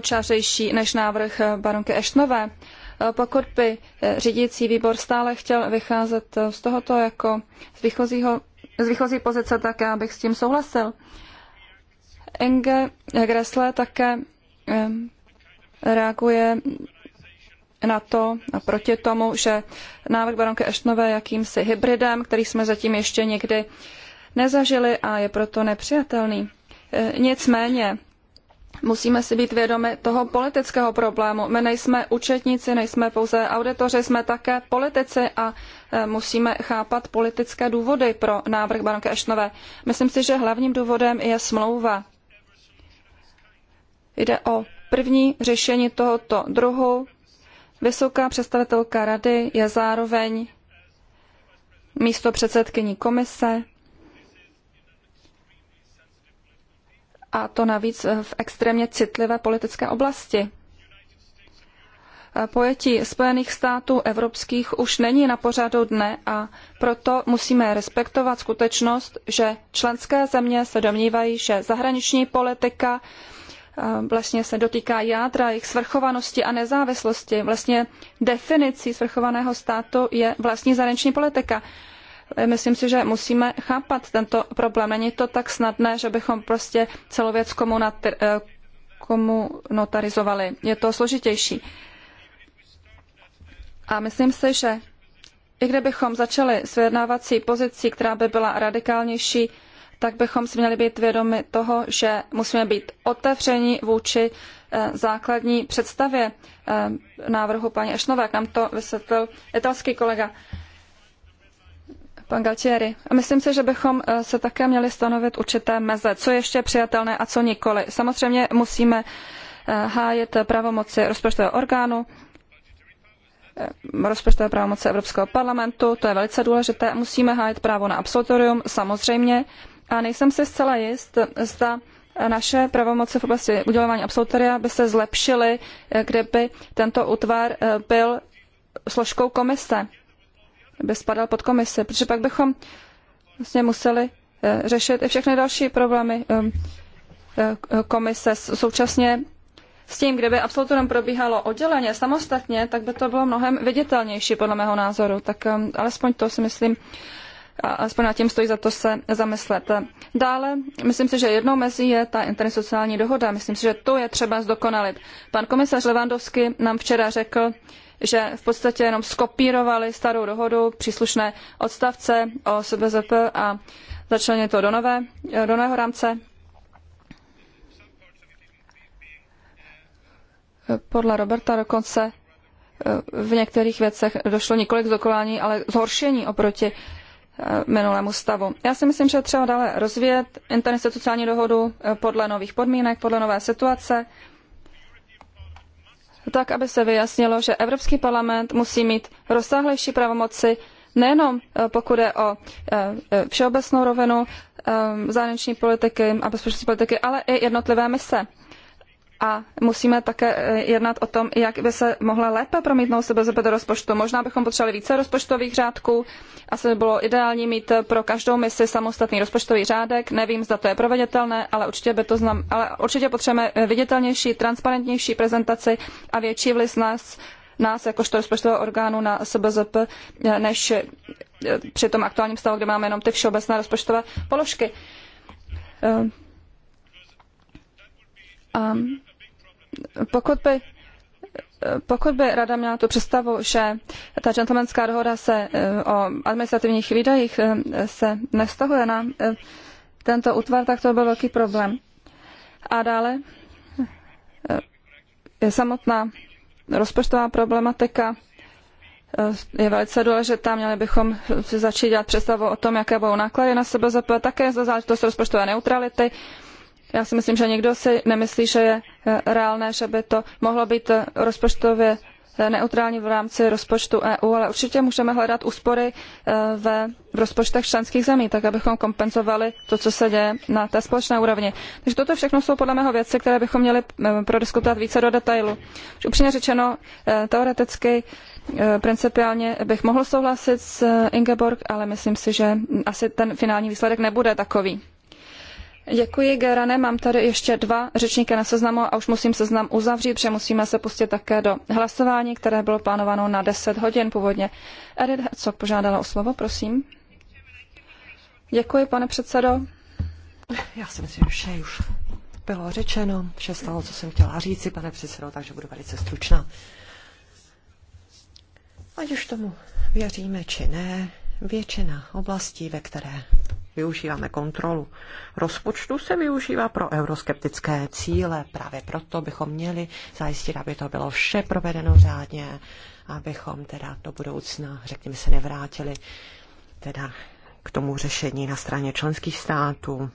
čařejší než návrh eh, baronky Eštnové. Pokud by řídící výbor stále chtěl vycházet z tohoto jako z, výchozího, z výchozí pozice, tak já bych s tím souhlasil. Inge Gressle také reaguje na to a proti tomu, že návrh baronky Eštnové jakýmsi hybridem, který jsme zatím ještě nikdy nezažili a je proto nepřijatelný. E, nicméně musíme si být vědomi toho politického problému. My nejsme účetníci, nejsme pouze auditoři, jsme také politici a e, musíme chápat politické důvody pro návrh baronky Eštnové. Myslím si, že hlavním důvodem je smlouva. Jde o První řešení tohoto druhu. Vysoká představitelka rady je zároveň místo předsedkyní komise a to navíc v extrémně citlivé politické oblasti. Pojetí Spojených států evropských už není na pořadu dne a proto musíme respektovat skutečnost, že členské země se domnívají, že zahraniční politika vlastně se dotýká jádra, jejich svrchovanosti a nezávislosti. Vlastně definicí svrchovaného státu je vlastní zahraniční politika. Myslím si, že musíme chápat tento problém. Není to tak snadné, že bychom prostě celou věc komu eh, notarizovali. Je to složitější. A myslím si, že i kdybychom začali s vyjednávací pozicí, která by byla radikálnější, tak bychom si měli být vědomi toho, že musíme být otevření vůči eh, základní představě eh, návrhu paní Ešnové, jak nám to vysvětlil italský kolega pan Galtieri. Myslím si, že bychom eh, se také měli stanovit určité meze, co ještě přijatelné a co nikoli. Samozřejmě musíme hájit pravomoci rozpočtového orgánu, rozpočtové pravomoci Evropského parlamentu, to je velice důležité. Musíme hájit právo na absolutorium, samozřejmě, a nejsem si zcela jist, zda naše pravomoci v oblasti udělování absolutoria by se zlepšily, kdyby tento útvar eh, byl složkou komise, by spadal pod komisi, protože pak bychom vlastně museli eh, řešit i všechny další problémy eh, komise současně s tím, kdyby absolutorem probíhalo odděleně, samostatně, tak by to bylo mnohem viditelnější, podle mého názoru. Tak alespoň to si myslím, a aspoň na tím stojí za to se zamyslet. Dále, myslím si, že jednou mezi je ta intersociální dohoda. Myslím si, že to je třeba zdokonalit. Pan komisař Levandovský nám včera řekl, že v podstatě jenom skopírovali starou dohodu, příslušné odstavce o SBZP a začlenili to do, nové, do nového rámce. Podle Roberta dokonce eh, v některých věcech došlo nikoli k zdokonalení, ale zhoršení oproti Eh, minulému stavu. Já si myslím, že třeba dále rozvíjet interinstitucionální dohodu eh, podle nových podmínek, podle nové situace, tak, aby se vyjasnilo, že Evropský parlament musí mít rozsáhlejší pravomoci nejenom eh, pokud je o všeobecnou rovinu zahraniční politiky a bezpečnostní politiky, ale i jednotlivé mise a musíme také eh, jednat o tom, jak by se mohla lépe promítnout SBZP do rozpočtu. Možná bychom potřebovali více rozpočtových řádků. Asi by bylo ideální mít eh, pro každou misi samostatný rozpočtový řádek. Nevím, zda to je proveditelné, ale určitě, by to znam... ale určitě potřebujeme eh, viditelnější, transparentnější prezentaci a větší vliv nás nás jakožto rozpočtového orgánu na SBZP, než při tom aktuálním stavu, kde máme jenom ty všeobecné rozpočtové položky. Um, pokud by pokud by rada měla tu představu, že ta gentlemanská dohoda se eh, o administrativních výdajích eh, se nevztahuje na eh, tento útvar, tak to byl velký problém. A dále je samotná rozpočtová problematika je velice důležitá. Měli bychom si začít dělat představu o tom, jaké budou náklady na sebe, také za záležitost rozpočtové neutrality já si myslím, že někdo si nemyslí, že je eh, reálné, že by to mohlo být eh, rozpočtově eh, neutrální v rámci rozpočtu EU, ale určitě můžeme hledat úspory v rozpočtech členských zemí, tak abychom kompenzovali to, co se děje na té společné úrovni. Takže toto všechno jsou podle mého věci, které bychom měli prodiskutovat více do detailu. upřímně řečeno, teoreticky principiálně bych mohl souhlasit s Ingeborg, ale myslím si, že asi ten finální výsledek nebude takový. Děkuji, Gerane. Mám tady ještě dva řečníky na seznamu a už musím seznam uzavřít, protože musíme se pustit také do hlasování, které bylo plánováno na 10 hodin původně. Edith Herzog požádala o slovo, prosím. Děkuji, pane předsedo. Já si myslím, že už bylo řečeno, vše stalo, co jsem chtěla říci, pane předsedo, takže budu velice stručná. Ať už tomu věříme či ne, většina oblastí, ve které využíváme kontrolu rozpočtu, se využívá pro euroskeptické cíle. Právě proto bychom měli zajistit, aby to bylo vše provedeno řádně, abychom teda do budoucna, řekněme, se nevrátili teda k tomu řešení na straně členských států.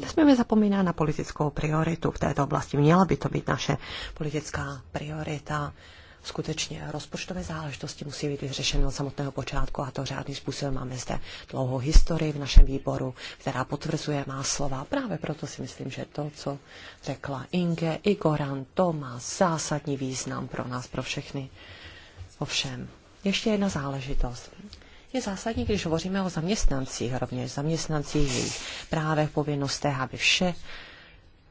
Nesmíme zapomínat na politickou prioritu v této oblasti. Měla by to být naše politická priorita skutečně rozpočtové záležitosti musí být vyřešeny od samotného počátku a to řádným způsobem. Máme zde dlouhou historii v našem výboru, která potvrzuje má slova. Právě proto si myslím, že to, co řekla Inge i Goran, to má zásadní význam pro nás, pro všechny. Ovšem, ještě jedna záležitost. Je zásadní, když hovoříme o zaměstnancích, rovněž zaměstnancích, jejich právech, povinnostech, aby vše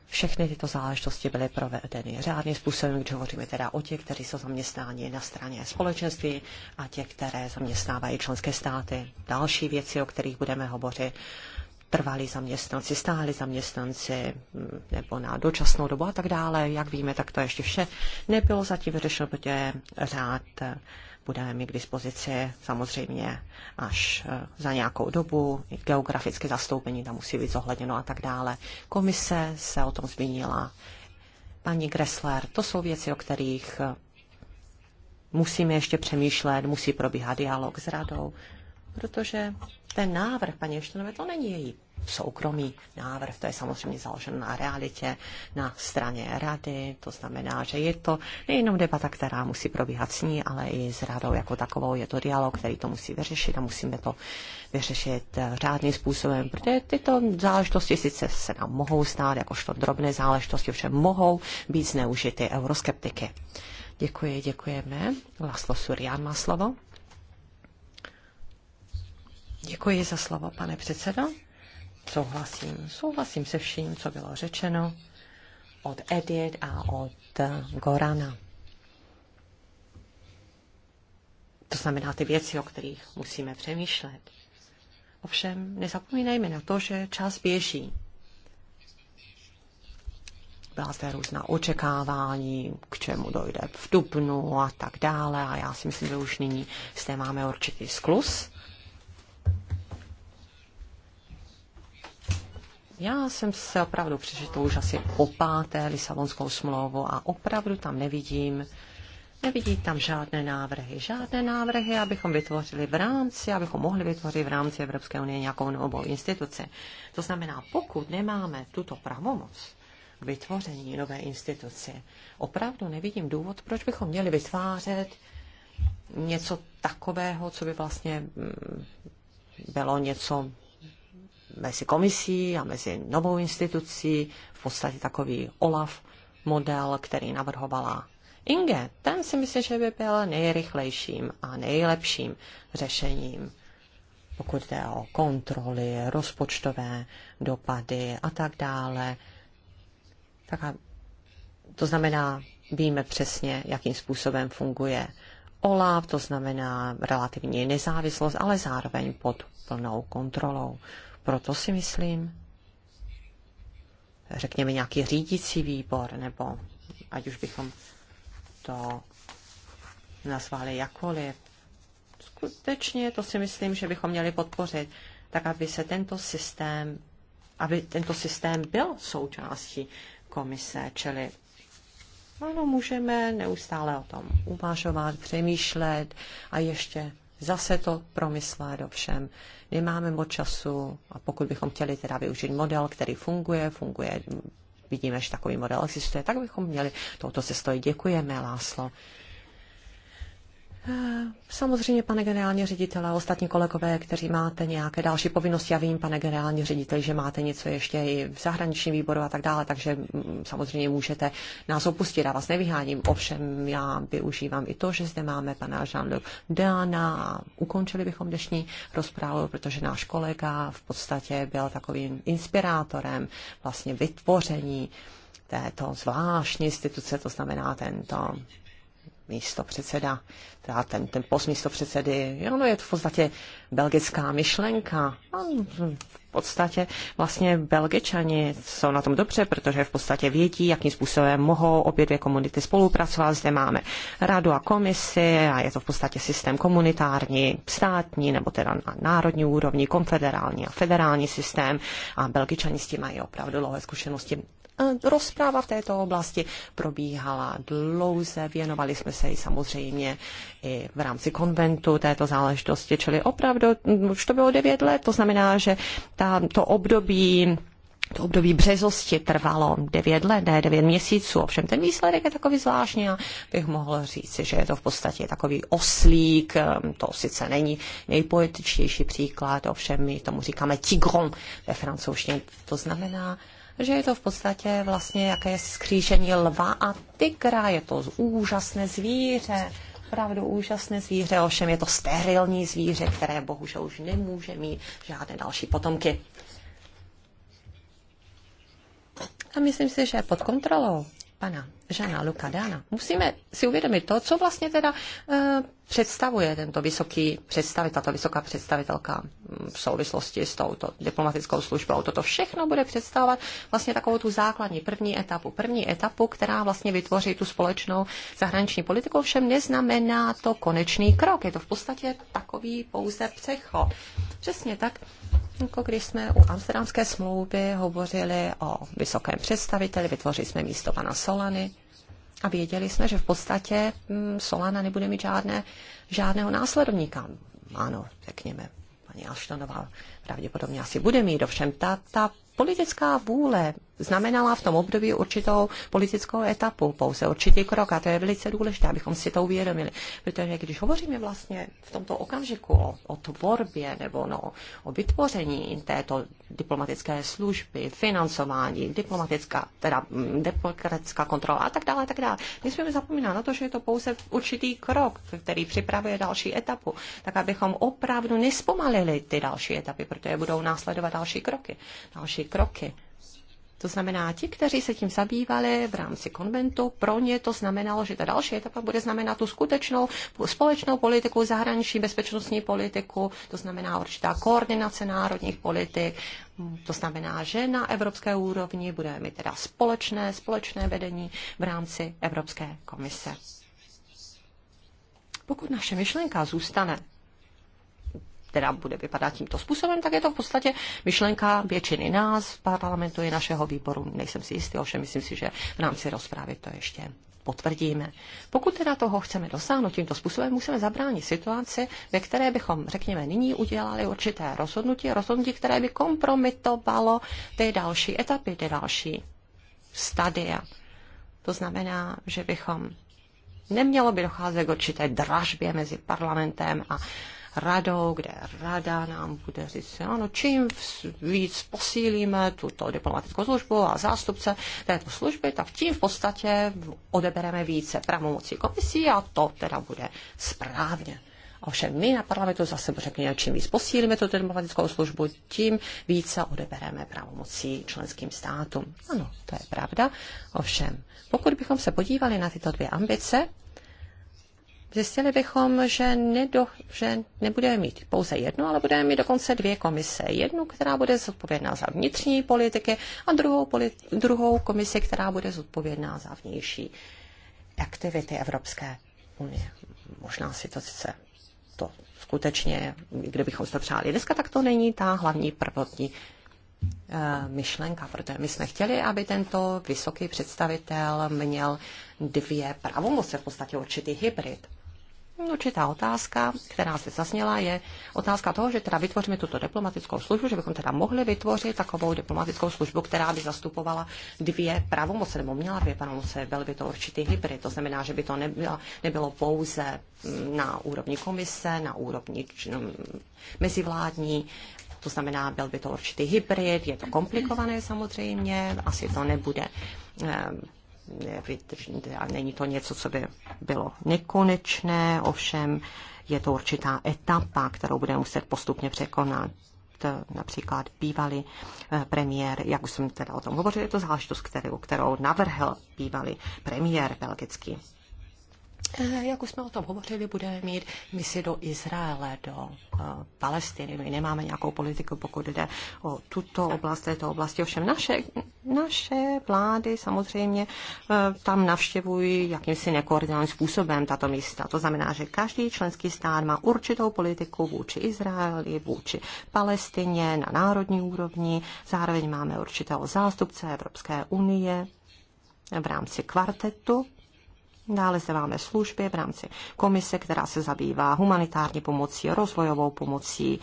všechny tyto záležitosti byly provedeny řádně způsobem, když hovoříme teda o těch, kteří jsou zaměstnáni na straně společenství a těch, které zaměstnávají členské státy. Další věci, o kterých budeme hovořit, trvalí zaměstnanci, stáli zaměstnanci mm, nebo na dočasnou dobu a tak dále. Jak víme, tak to ještě vše nebylo zatím vyřešeno, protože řád budeme mít k dispozici samozřejmě až e, za nějakou dobu. Geografické zastoupení tam musí být zohledněno a tak dále. Komise se o tom zmínila. Paní Gressler, to jsou věci, o kterých e, musíme ještě přemýšlet, musí probíhat dialog s radou, protože ten návrh, paní Eštonové, to není její soukromý návrh, to je samozřejmě založeno na realitě, na straně rady, to znamená, že je to nejenom debata, která musí probíhat s ní, ale i s radou jako takovou, je to dialog, který to musí vyřešit a musíme to vyřešit eh, řádným způsobem, protože tyto záležitosti sice se nám mohou stát, jakožto drobné záležitosti, ovšem mohou být zneužity euroskeptiky. Děkuji, děkujeme. Laslo Surian má slovo. Děkuji za slovo, pane předsedo. Souhlasím. Souhlasím se vším, co bylo řečeno od Edit a od Gorana. To znamená ty věci, o kterých musíme přemýšlet. Ovšem, nezapomínejme na to, že čas běží. Byla zde různá očekávání, k čemu dojde v dubnu a tak dále. A já si myslím, že už nyní zde máme určitý sklus Já jsem se opravdu přečetl už asi po páté Lisabonskou smlouvu a opravdu tam nevidím, nevidí tam žádné návrhy. Žádné návrhy, abychom vytvořili v rámci, abychom mohli vytvořit v rámci Evropské unie nějakou novou instituci. To znamená, pokud nemáme tuto pravomoc, vytvoření nové instituce. Opravdu nevidím důvod, proč bychom měli vytvářet něco takového, co by vlastně mm, bylo něco mezi komisí a mezi novou institucí, v podstatě takový OLAF model, který navrhovala Inge. Ten si myslím, že by byl nejrychlejším a nejlepším řešením, pokud jde o kontroly, rozpočtové dopady a tak dále. Tak a to znamená, víme přesně, jakým způsobem funguje OLAF, to znamená relativní nezávislost, ale zároveň pod plnou kontrolou. Proto si myslím, řekněme nějaký řídící výbor, nebo ať už bychom to nazvali jakoliv, skutečně to si myslím, že bychom měli podpořit, tak aby se tento systém, aby tento systém byl součástí komise, čili ano, můžeme neustále o tom uvažovat, přemýšlet a ještě zase to promyslet ovšem. Nemáme moc času a pokud bychom chtěli teda využít model, který funguje, funguje, vidíme, že takový model existuje, tak bychom měli touto cestou. Děkujeme, Láslo. Samozřejmě, pane generální ředitele a ostatní kolegové, kteří máte nějaké další povinnosti, já vím, pane generální řediteli, že máte něco ještě i v zahraničním výboru a tak dále, takže mm, samozřejmě můžete nás opustit, já vás nevyháním. Ovšem, já využívám i to, že zde máme pana Jean-Luc Dana a ukončili bychom dnešní rozprávu, protože náš kolega v podstatě byl takovým inspirátorem vlastně vytvoření této zvláštní instituce, to znamená tento místo předseda, teda ten, ten post místo předsedy, no je to v podstatě belgická myšlenka. Hm, v podstatě vlastně Belgičani jsou na tom dobře, protože v podstatě vědí, jakým způsobem mohou obě dvě komunity spolupracovat. Zde máme radu a komisi a je to v podstatě systém komunitární, státní nebo teda na národní úrovni, konfederální a federální systém a Belgičani s tím mají opravdu dlouhé zkušenosti. Eh, rozpráva v této oblasti probíhala dlouze, věnovali jsme se i samozřejmě i v rámci konventu této záležitosti, čili opravdu hm, už to bylo devět let, to znamená, že ta, to období to období březosti trvalo 9 let, ne 9 měsíců, ovšem ten výsledek je takový zvláštní a bych mohl říct, že je to v podstatě takový oslík, hm, to sice není nejpoetičtější příklad, ovšem my tomu říkáme tigron ve francouzštině, to znamená že je to v podstatě vlastně jaké skřížení lva a tygra. Je to úžasné zvíře, opravdu úžasné zvíře, ovšem je to sterilní zvíře, které bohužel už nemůže mít žádné další potomky. A myslím si, že pod kontrolou pana Žana Luka Dána, musíme si uvědomit to, co vlastně teda e, představuje tento vysoký představitel, ta vysoká představitelka mm, v souvislosti s touto diplomatickou službou. Toto všechno bude představovat vlastně takovou tu základní první etapu. První etapu, která vlastně vytvoří tu společnou zahraniční politiku, všem neznamená to konečný krok. Je to v podstatě takový pouze přechod. Přesně tak, jako když jsme u amsterdamské smlouvy hovořili o vysokém představiteli, vytvořili jsme místo pana Solany a věděli jsme, že v podstatě mm, Solana nebude mít žádné, žádného následovníka. Ano, řekněme, paní Alštonová pravděpodobně asi bude mít, ovšem ta, ta politická vůle znamenala v tom období určitou politickou etapu, pouze určitý krok a to je velice důležité, abychom si to uvědomili. Protože když hovoříme vlastně v tomto okamžiku o, o tvorbě nebo no, o vytvoření této diplomatické služby, financování, diplomatická, teda mm, demokratická kontrola a tak dále, a tak dále, nesmíme zapomínat na to, že je to pouze určitý krok, který připravuje další etapu, tak abychom opravdu nespomalili ty další etapy, protože budou následovat další kroky. Další kroky to znamená, ti, kteří se tím zabývali v rámci konventu, pro ně to znamenalo, že ta další etapa bude znamenat tu skutečnou společnou politiku, zahraniční bezpečnostní politiku, to znamená určitá koordinace národních politik, to znamená, že na evropské úrovni budeme mít teda společné, společné vedení v rámci Evropské komise. Pokud naše myšlenka zůstane která bude vypadat tímto způsobem, tak je to v podstatě myšlenka většiny nás v parlamentu i našeho výboru. Nejsem si jistý, ovšem myslím si, že v rámci rozprávy to ještě potvrdíme. Pokud teda toho chceme dosáhnout tímto způsobem, musíme zabránit situaci, ve které bychom, řekněme, nyní udělali určité rozhodnutí, rozhodnutí, které by kompromitovalo ty další etapy, ty další stadia. To znamená, že bychom nemělo by docházet k určité dražbě mezi parlamentem a radou, kde rada nám bude říct, ano, čím víc posílíme tuto diplomatickou službu a zástupce této služby, tak tím v podstatě odebereme více pravomocí komisí a to teda bude správně. Ovšem my na parlamentu zase řekněme, čím víc posílíme tuto diplomatickou službu, tím více odebereme pravomocí členským státům. Ano, to je pravda. Ovšem, pokud bychom se podívali na tyto dvě ambice, zjistili bychom, že, nedo, že nebudeme mít pouze jednu, ale budeme mít dokonce dvě komise. Jednu, která bude zodpovědná za vnitřní politiky a druhou, politi- druhou komisi, která bude zodpovědná za vnější aktivity Evropské unie. Možná si to sice to skutečně, kdybychom to přáli dneska, tak to není ta hlavní prvotní eh, myšlenka, protože my jsme chtěli, aby tento vysoký představitel měl dvě pravomoce, v podstatě určitý hybrid určitá otázka, která se zasněla, je otázka toho, že teda vytvoříme tuto diplomatickou službu, že bychom teda mohli vytvořit takovou diplomatickou službu, která by zastupovala dvě pravomoce, nebo měla dvě pravomoce, byl by to určitý hybrid. To znamená, že by to nebylo, nebylo pouze mm, na úrovni komise, na úrovni mm, mezivládní, to znamená, byl by to určitý hybrid, je to komplikované samozřejmě, asi to nebude eh, a není to něco, co by bylo nekonečné, ovšem je to určitá etapa, kterou budeme muset postupně překonat například bývalý eh, premiér, jak už jsem teda o tom hovořil, je to záležitost, kterou, kterou navrhl bývalý premiér belgický. Eh, jak už jsme o tom hovořili, bude mít misi do Izraele, do eh, Palestiny. My nemáme nějakou politiku, pokud jde o tuto oblast, této oblasti. Ovšem naše, naše vlády samozřejmě eh, tam navštěvují jakýmsi nekoordinovaným způsobem tato místa. To znamená, že každý členský stát má určitou politiku vůči Izraeli, vůči Palestině na národní úrovni. Zároveň máme určitého zástupce Evropské unie v rámci kvartetu Dále se máme služby v rámci komise, která se zabývá humanitární pomocí, rozvojovou pomocí,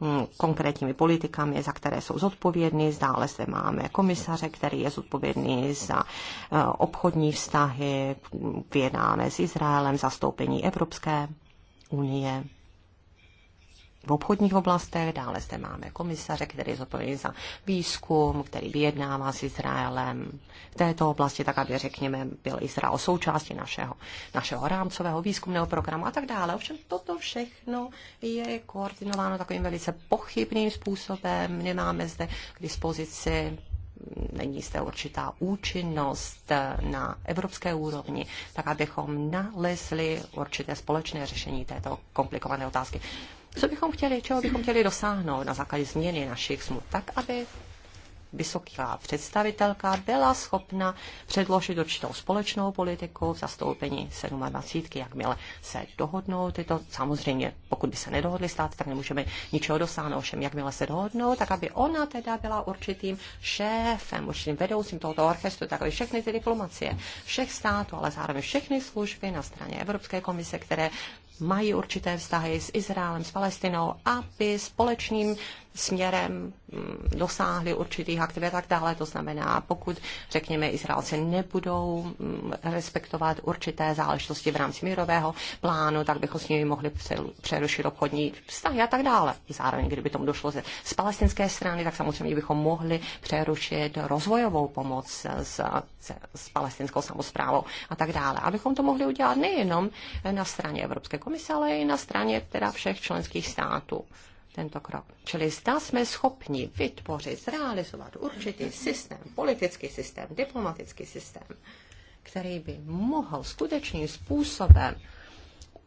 mm, konkrétními politikami, za které jsou zodpovědní. Dále se máme komisaře, který je zodpovědný za eh, obchodní vztahy. Mm, vyjednáme s Izraelem zastoupení Evropské unie v obchodních oblastech, dále zde máme komisaře, který je zodpovědný za výzkum, který vyjednává s Izraelem v této oblasti, tak aby, řekněme, byl Izrael součástí našeho, našeho rámcového výzkumného programu a tak dále. Ovšem toto všechno je koordinováno takovým velice pochybným způsobem. Nemáme zde k dispozici není zde určitá účinnost na evropské úrovni, tak abychom nalezli určité společné řešení této komplikované otázky. Co bychom chtěli, čeho bychom chtěli dosáhnout na základě změny našich smluv, tak aby vysoká představitelka byla schopna předložit určitou společnou politiku v zastoupení 27, jakmile se dohodnou tyto, samozřejmě pokud by se nedohodli stát, tak nemůžeme ničeho dosáhnout, všem jakmile se dohodnou, tak aby ona teda byla určitým šéfem, určitým vedoucím tohoto orchestru, tak aby všechny ty diplomacie všech států, ale zároveň všechny služby na straně Evropské komise, které mají určité vztahy s Izraelem, s Palestinou, aby společným směrem mm, dosáhli určitých aktivit a tak dále. To znamená, pokud, řekněme, Izraelci nebudou mm, respektovat určité záležitosti v rámci mírového plánu, tak bychom s nimi mohli přerušit obchodní vztahy a tak dále. Zároveň, kdyby tomu došlo ze, z palestinské strany, tak samozřejmě bychom mohli přerušit rozvojovou pomoc s, s, s palestinskou samozprávou a tak dále. Abychom to mohli udělat nejenom na straně Evropské komise, ale i na straně teda všech členských států tento krok. Čili zda jsme schopni vytvořit, zrealizovat určitý systém, politický systém, diplomatický systém, který by mohl skutečným způsobem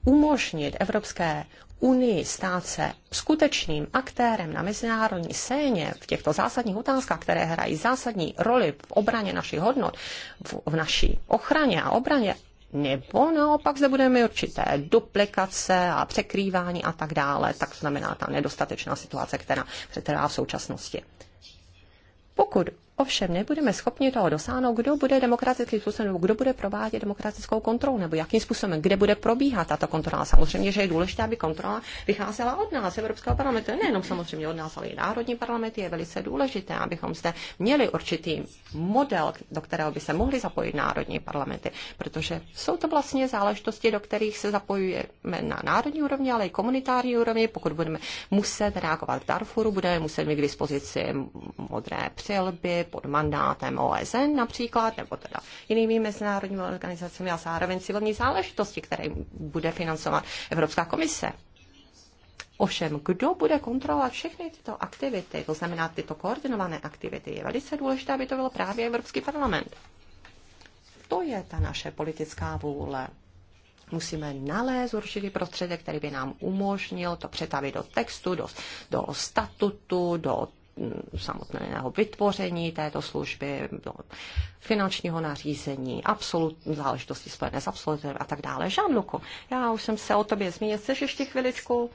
umožnit Evropské unii stát se skutečným aktérem na mezinárodní scéně v těchto zásadních otázkách, které hrají zásadní roli v obraně našich hodnot, v, v naší ochraně a obraně, nebo naopak zde budeme mít určité duplikace a překrývání a tak dále, tak znamená ta nedostatečná situace, která přetrvá v současnosti. Pokud Ovšem nebudeme schopni toho dosáhnout, kdo bude demokratický způsobem, nebo kdo bude provádět demokratickou kontrolu, nebo jakým způsobem, kde bude probíhat tato kontrola. Samozřejmě, že je důležité, aby kontrola vycházela od nás, Evropského parlamentu, nejenom samozřejmě od nás, ale i národní parlamenty. Je velice důležité, abychom zde měli určitý model, do kterého by se mohli zapojit národní parlamenty, protože jsou to vlastně záležitosti, do kterých se zapojujeme na národní úrovni, ale i komunitární úrovni. Pokud budeme muset reagovat v Darfuru, budeme muset mít k dispozici modré přilby, pod mandátem OSN například, nebo teda jinými mezinárodními organizacemi a zároveň civilní záležitosti, které bude financovat Evropská komise. Ovšem, kdo bude kontrolovat všechny tyto aktivity, to znamená tyto koordinované aktivity, je velice důležité, aby to byl právě Evropský parlament. To je ta naše politická vůle. Musíme nalézt určitý prostředek, který by nám umožnil to přetavit do textu, do, do statutu, do samotného vytvoření této služby, do finančního nařízení, absolut, záležitosti spojené s absolutem a tak dále. Žánluku, já už jsem se o tobě zmínil. Chceš ještě chviličku?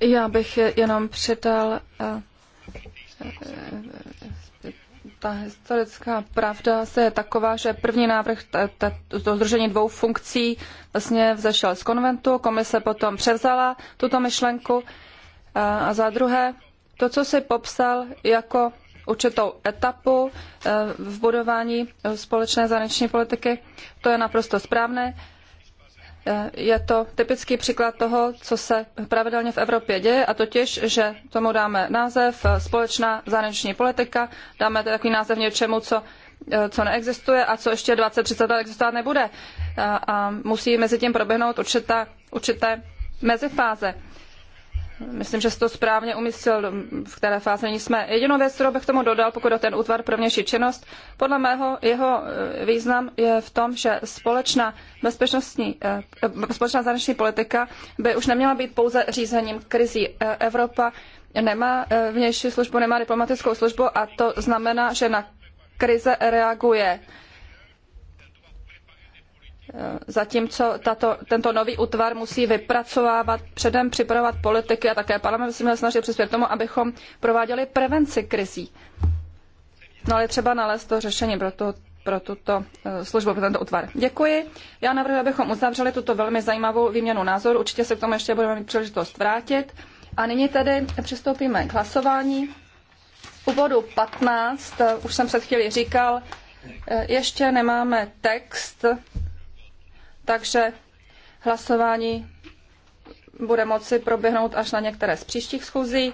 Já bych jenom přidal eh, eh, ta historická pravda se je taková, že první návrh to združení dvou funkcí vlastně vzešel z konventu, komise potom převzala tuto myšlenku a, a za druhé to, co jsi popsal jako určitou etapu eh, v budování eh, společné zahraniční politiky, to je naprosto správné. Eh, je to typický příklad toho, co se pravidelně v Evropě děje, a totiž, že tomu dáme název společná zahraniční politika, dáme takový název něčemu, co, co neexistuje a co ještě 20-30 let existovat nebude. A, a musí mezi tím proběhnout určitá, určité mezifáze. Myslím, že jste to správně umyslel, v které fázi nyní jsme. Jedinou věc, kterou bych tomu dodal, pokud o ten útvar pro vnější činnost, podle mého jeho eh, význam je v tom, že společná bezpečnostní, eh, společná zahraniční politika by už neměla být pouze řízením krizí. Eh, Evropa nemá vnější službu, nemá diplomatickou službu a to znamená, že na krize reaguje Eh, zatímco tato, tento nový útvar musí vypracovávat, předem připravovat politiky a také parlament se měl snažit přispět k tomu, abychom prováděli prevenci krizí. No ale třeba nalézt to řešení pro, pro tuto eh, službu, pro tento útvar. Děkuji. Já navrhuji, abychom uzavřeli tuto velmi zajímavou výměnu názoru. Určitě se k tomu ještě budeme mít příležitost vrátit. A nyní tedy přistoupíme k hlasování. U bodu 15, eh, už jsem před chvílí říkal, ještě nemáme text takže hlasování bude moci proběhnout až na některé z příštích schůzí.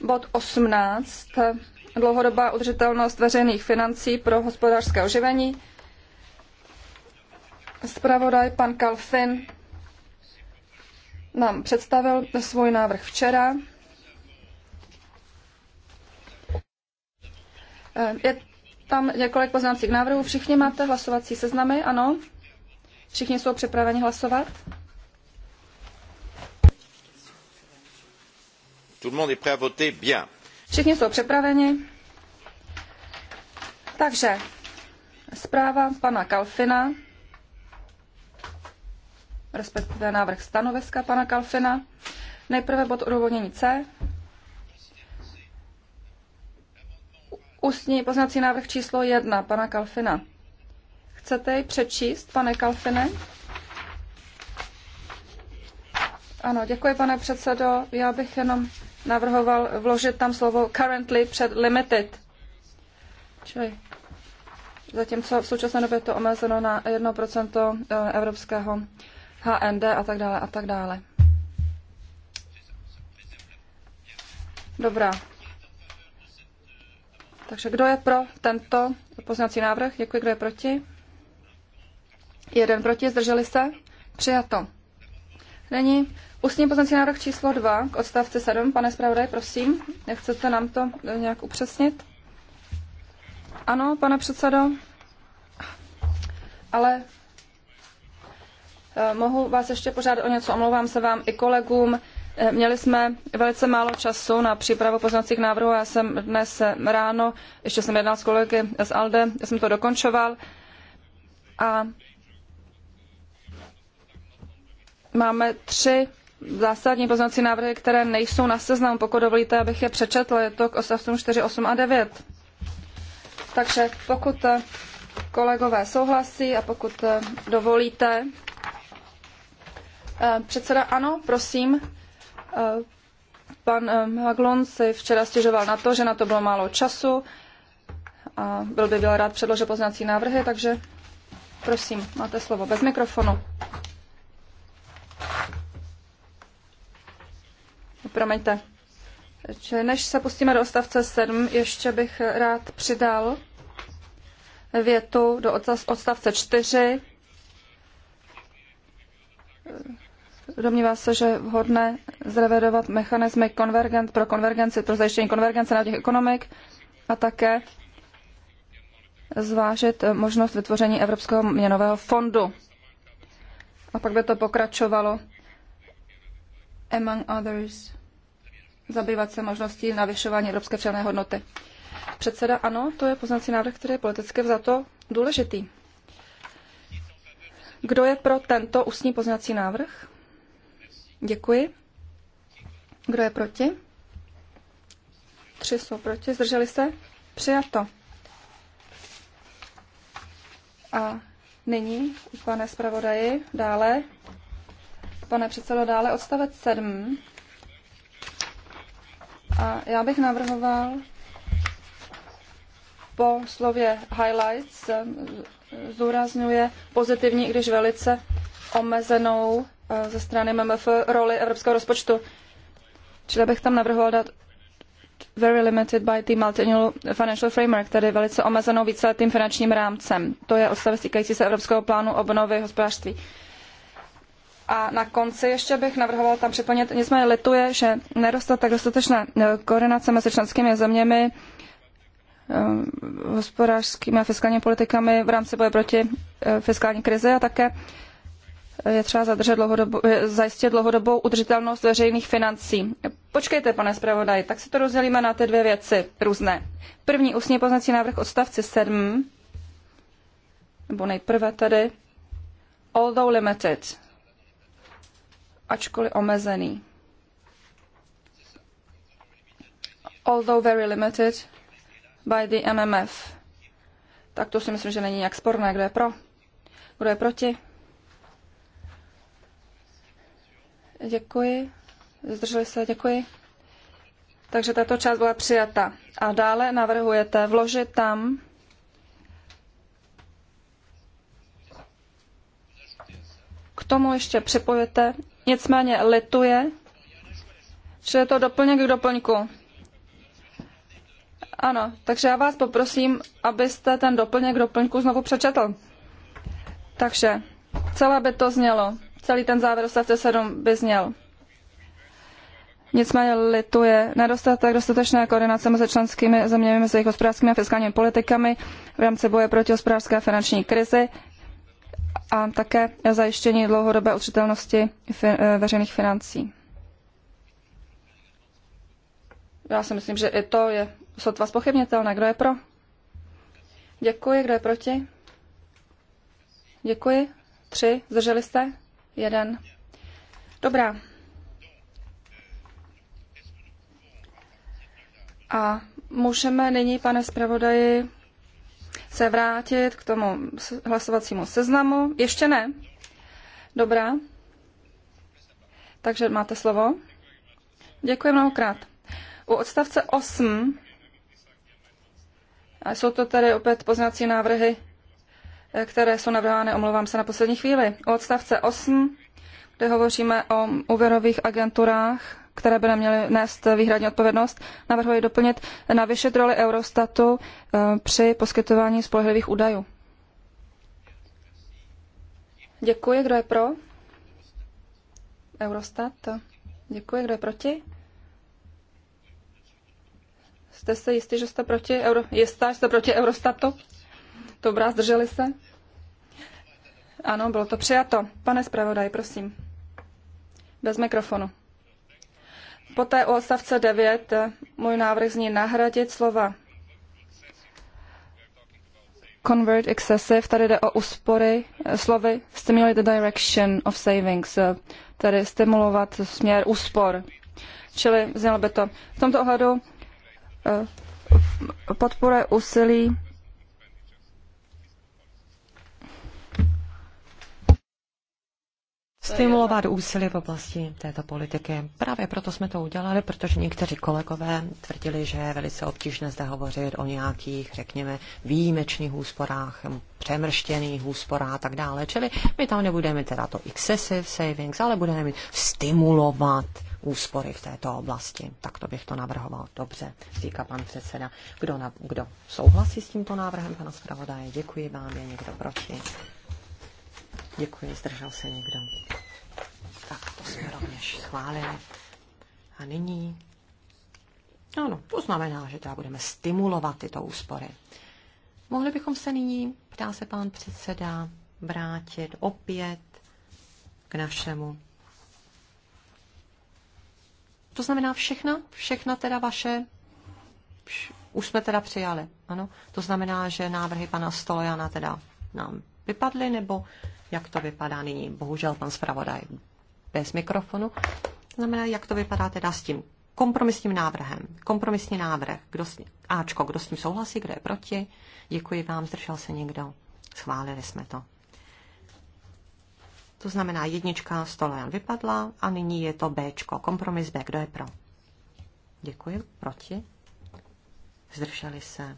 Bod 18. Dlouhodobá udržitelnost veřejných financí pro hospodářské oživení. Spravodaj pan Kalfin nám představil svůj návrh včera. Je tam několik poznámcích návrhů. Všichni máte hlasovací seznamy, ano? Všichni jsou připraveni hlasovat? Tout le monde est prêt à voter bien. Všichni jsou připraveni. Takže zpráva pana Kalfina, respektive návrh stanoviska pana Kalfina. Nejprve bod odůvodnění C. Ústní poznací návrh číslo 1 pana Kalfina. Chcete ji přečíst, pane Kalfine? Ano, děkuji, pane předsedo. Já bych jenom navrhoval vložit tam slovo currently před limited. Čili zatímco v současné době je to omezeno na 1% eh, evropského HND a tak dále a tak dále. Dobrá. Takže kdo je pro tento pozměňovací návrh? Děkuji, kdo je proti? Jeden proti, zdrželi se? Přijato. Není. Ústní poznací návrh číslo 2 k odstavci 7. Pane zpravodaj, prosím, nechcete nám to eh, nějak upřesnit? Ano, pane předsedo, ale eh, mohu vás ještě požádat o něco, omlouvám se vám i kolegům. Eh, měli jsme velice málo času na přípravu poznacích návrhů. Já jsem dnes ráno, ještě jsem jednal s kolegy z ALDE, já jsem to dokončoval. A Máme tři zásadní pozměňovací návrhy, které nejsou na seznamu. Pokud dovolíte, abych je přečetl, je to k odstavcům 4, 8 a 9. Takže pokud eh, kolegové souhlasí a pokud eh, dovolíte, eh, předseda ano, prosím, pan Haglon si včera stěžoval na to, že na to bylo málo času a byl by byl rád předložil pozměňovací návrhy, takže prosím, máte slovo bez mikrofonu. promiňte. Než se pustíme do odstavce 7, ještě bych rád přidal větu do odstavce 4. Domnívá se, že vhodné zrevidovat mechanismy konvergent pro konvergenci, pro zajištění konvergence na těch ekonomik a také zvážit možnost vytvoření Evropského měnového fondu. A pak by to pokračovalo among others zabývat se možností navyšování evropské přidané hodnoty. Předseda, ano, to je poznací návrh, který je politicky to důležitý. Kdo je pro tento ústní poznací návrh? Děkuji. Kdo je proti? Tři jsou proti. Zdrželi se? Přijato. A nyní, pane zpravodaji, dále. Pane předsedo, dále odstavec 7. A já bych navrhoval po slově highlights eh, zdůrazňuje pozitivní, i když velice omezenou eh, ze strany MMF roli evropského rozpočtu. Čili bych tam navrhoval dát very limited by the multiannual financial framework, tedy velice omezenou víceletým finančním rámcem. To je odstavec týkající se Evropského plánu obnovy hospodářství. A na konci ještě bych navrhoval tam připlnit, nicméně lituje, že nedostatek dostatečné eh, koordinace mezi členskými zeměmi eh, hospodářskými a fiskálními politikami v rámci boje proti eh, fiskální krizi a také je třeba zadržet dlouhodobu, zajistit dlouhodobou udržitelnost veřejných financí. Počkejte, pane zpravodaj, tak si to rozdělíme na ty dvě věci různé. První ústní poznací návrh odstavci 7, nebo nejprve tady, although limited ačkoliv omezený. Although very limited by the MMF. Tak to si myslím, že není nějak sporné. Kdo je pro? Kdo je proti? Děkuji. Zdrželi se, děkuji. Takže tato část byla přijata. A dále navrhujete vložit tam k tomu ještě připojíte, Nicméně lituje, že je to doplněk k doplňku. Ano, takže já vás poprosím, abyste ten doplněk k doplňku znovu přečetl. Takže celé by to znělo, celý ten závěr dostavce 7 by zněl. Nicméně lituje nedostatek dostatečné koordinace mezi členskými zeměmi, mezi jejich hospodářskými a fiskálními politikami v rámci boje proti hospodářské a finanční krizi a také zajištění dlouhodobé udržitelnosti eh, veřejných financí. Já si myslím, že i to je sotva spochybnitelné. Kdo je pro? Děkuji. Kdo je proti? Děkuji. Tři. Zdrželi jste? Jeden. Dobrá. A můžeme nyní, pane zpravodaji, se vrátit k tomu hlasovacímu seznamu. Ještě ne? Dobrá. Takže máte slovo. Děkuji mnohokrát. U odstavce 8, a jsou to tedy opět poznací návrhy, eh, které jsou navrhovány, omlouvám se, na poslední chvíli. U odstavce 8, kde hovoříme o úvěrových agenturách, které by neměly nést výhradní odpovědnost, navrhuji doplnit na vyšet roli Eurostatu eh, při poskytování spolehlivých údajů. Děkuji, kdo je pro? Eurostat. Děkuji, kdo je proti? Jste se jistý, že jste proti, Euro... jistá, že jste proti Eurostatu? Dobrá, zdrželi se? Ano, bylo to přijato. Pane zpravodaj, prosím. Bez mikrofonu. Poté u odstavce 9 eh, můj návrh zní nahradit slova convert excessive, tady jde o úspory, eh, slovy stimulate the direction of savings, eh, tedy stimulovat směr úspor. Čili znělo by to. V tomto ohledu podpore úsilí stimulovat úsilí v oblasti této politiky. Právě proto jsme to udělali, protože někteří kolegové tvrdili, že je velice obtížné zde hovořit o nějakých, řekněme, výjimečných úsporách, přemrštěných úsporách a tak dále. Čili my tam nebudeme teda to excessive savings, ale budeme mít stimulovat úspory v této oblasti. Tak to bych to navrhoval. Dobře, říká pan předseda. Kdo, na, kdo souhlasí s tímto návrhem, pana zpravodaje? Děkuji vám, je někdo proti? Děkuji, zdržel se někdo. Tak to jsme rovněž schválili. A nyní, ano, to znamená, že teda budeme stimulovat tyto úspory. Mohli bychom se nyní, ptá se pán předseda, vrátit opět k našemu. To znamená všechna, všechna teda vaše, už jsme teda přijali, ano. To znamená, že návrhy pana Stolojana teda nám vypadly, nebo jak to vypadá nyní. Bohužel pan zpravodaj bez mikrofonu. Znamená, jak to vypadá teda s tím kompromisním návrhem. Kompromisní návrh. Kdo s, Ačko, kdo s tím souhlasí, kdo je proti. Děkuji vám, zdržel se někdo. Schválili jsme to. To znamená, jednička Stolojan vypadla a nyní je to Bčko. Kompromis B, kdo je pro? Děkuji, proti. Zdrželi se.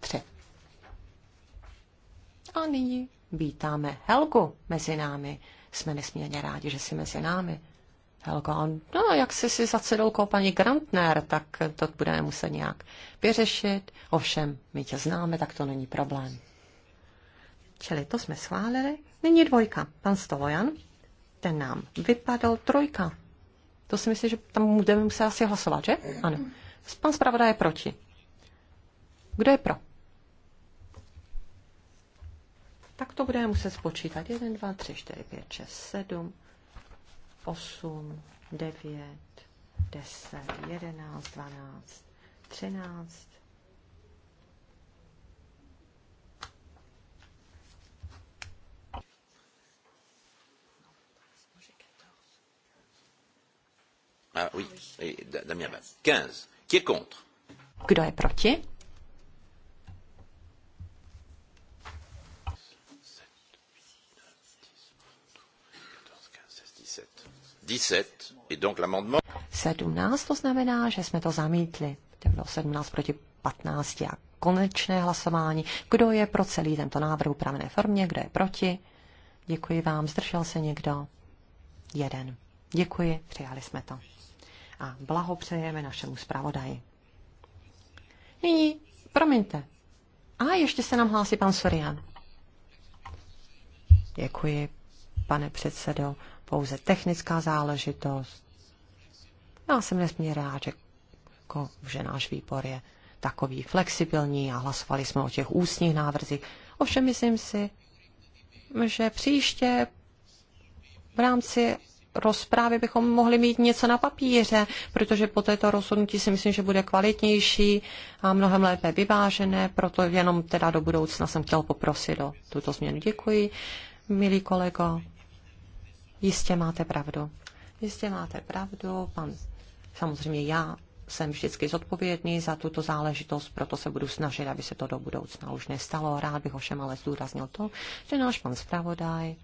Tři. A nyní vítáme Helgu mezi námi. Jsme nesmírně rádi, že jsi mezi námi. Helga, no jak jsi si zacedolkou paní Grantner, tak to budeme muset nějak vyřešit. Ovšem, my tě známe, tak to není problém. Čili to jsme schválili. Nyní dvojka. Pan Stolojan, ten nám vypadl trojka. To si myslím, že tam budeme muset asi hlasovat, že? Ano. Pan zpravodaj je proti. Kdo je pro? tak to budeme muset spočítat 1, 2, 3, 4, 5, 6, 7, 8, 9, 10, 11, 12, 13, Ah oui, Damien 15. Qui est contre Kdo je proti? 17, to znamená, že jsme to zamítli. To bylo 17 proti 15 a konečné hlasování. Kdo je pro celý tento návrh upravené formě, kdo je proti? Děkuji vám. Zdržel se někdo? Jeden. Děkuji, přijali jsme to. A blahopřejeme našemu zpravodaji. Nyní, promiňte. A ještě se nám hlásí pan Sorian. Děkuji, pane předsedo pouze technická záležitost. Já jsem nesmírně rád, že, jako, že náš výbor je takový flexibilní a hlasovali jsme o těch ústních návrzích. Ovšem myslím si, že příště v rámci rozprávy bychom mohli mít něco na papíře, protože po této rozhodnutí si myslím, že bude kvalitnější a mnohem lépe vyvážené, proto jenom teda do budoucna jsem chtěl poprosit o tuto změnu. Děkuji, milý kolego. Jistě máte pravdu. Jistě máte pravdu, pan, samozřejmě já jsem vždycky zodpovědný za tuto záležitost, proto se budu snažit, aby se to do budoucna už nestalo. Rád bych ovšem ale zdůraznil to, že náš pan zpravodaj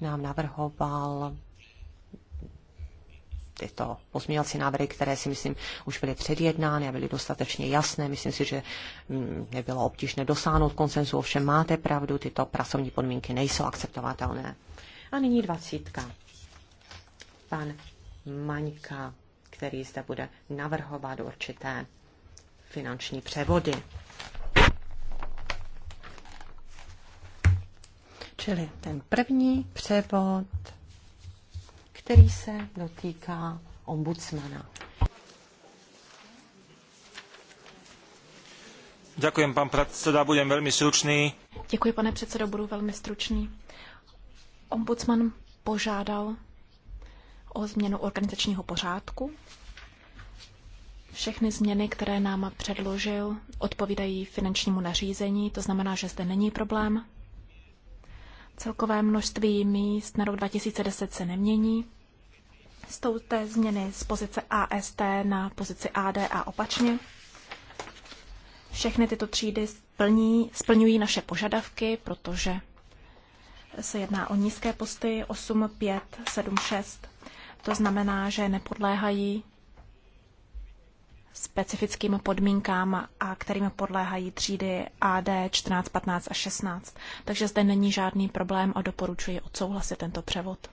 nám navrhoval tyto pozměňovací návrhy, které si myslím už byly předjednány a byly dostatečně jasné. Myslím si, že mm, nebylo obtížné dosáhnout konsenzu, ovšem máte pravdu, tyto pracovní podmínky nejsou akceptovatelné. A nyní dvacítka pan Maňka, který zde bude navrhovat určité finanční převody. Čili ten první převod, který se dotýká ombudsmana. Děkuji, pan předseda, budem velmi stručný. Děkuji, pane předsedo, budu velmi stručný. Ombudsman požádal o změnu organizačního pořádku. Všechny změny, které nám předložil, odpovídají finančnímu nařízení, to znamená, že zde není problém. Celkové množství míst na rok 2010 se nemění. Z té změny z pozice AST na pozici AD a opačně. Všechny tyto třídy splní, splňují naše požadavky, protože se jedná o nízké posty 8, 5, 7, 6. To znamená, že nepodléhají specifickým podmínkám, a kterým podléhají třídy AD 14, 15 a 16. Takže zde není žádný problém a doporučuji odsouhlasit tento převod.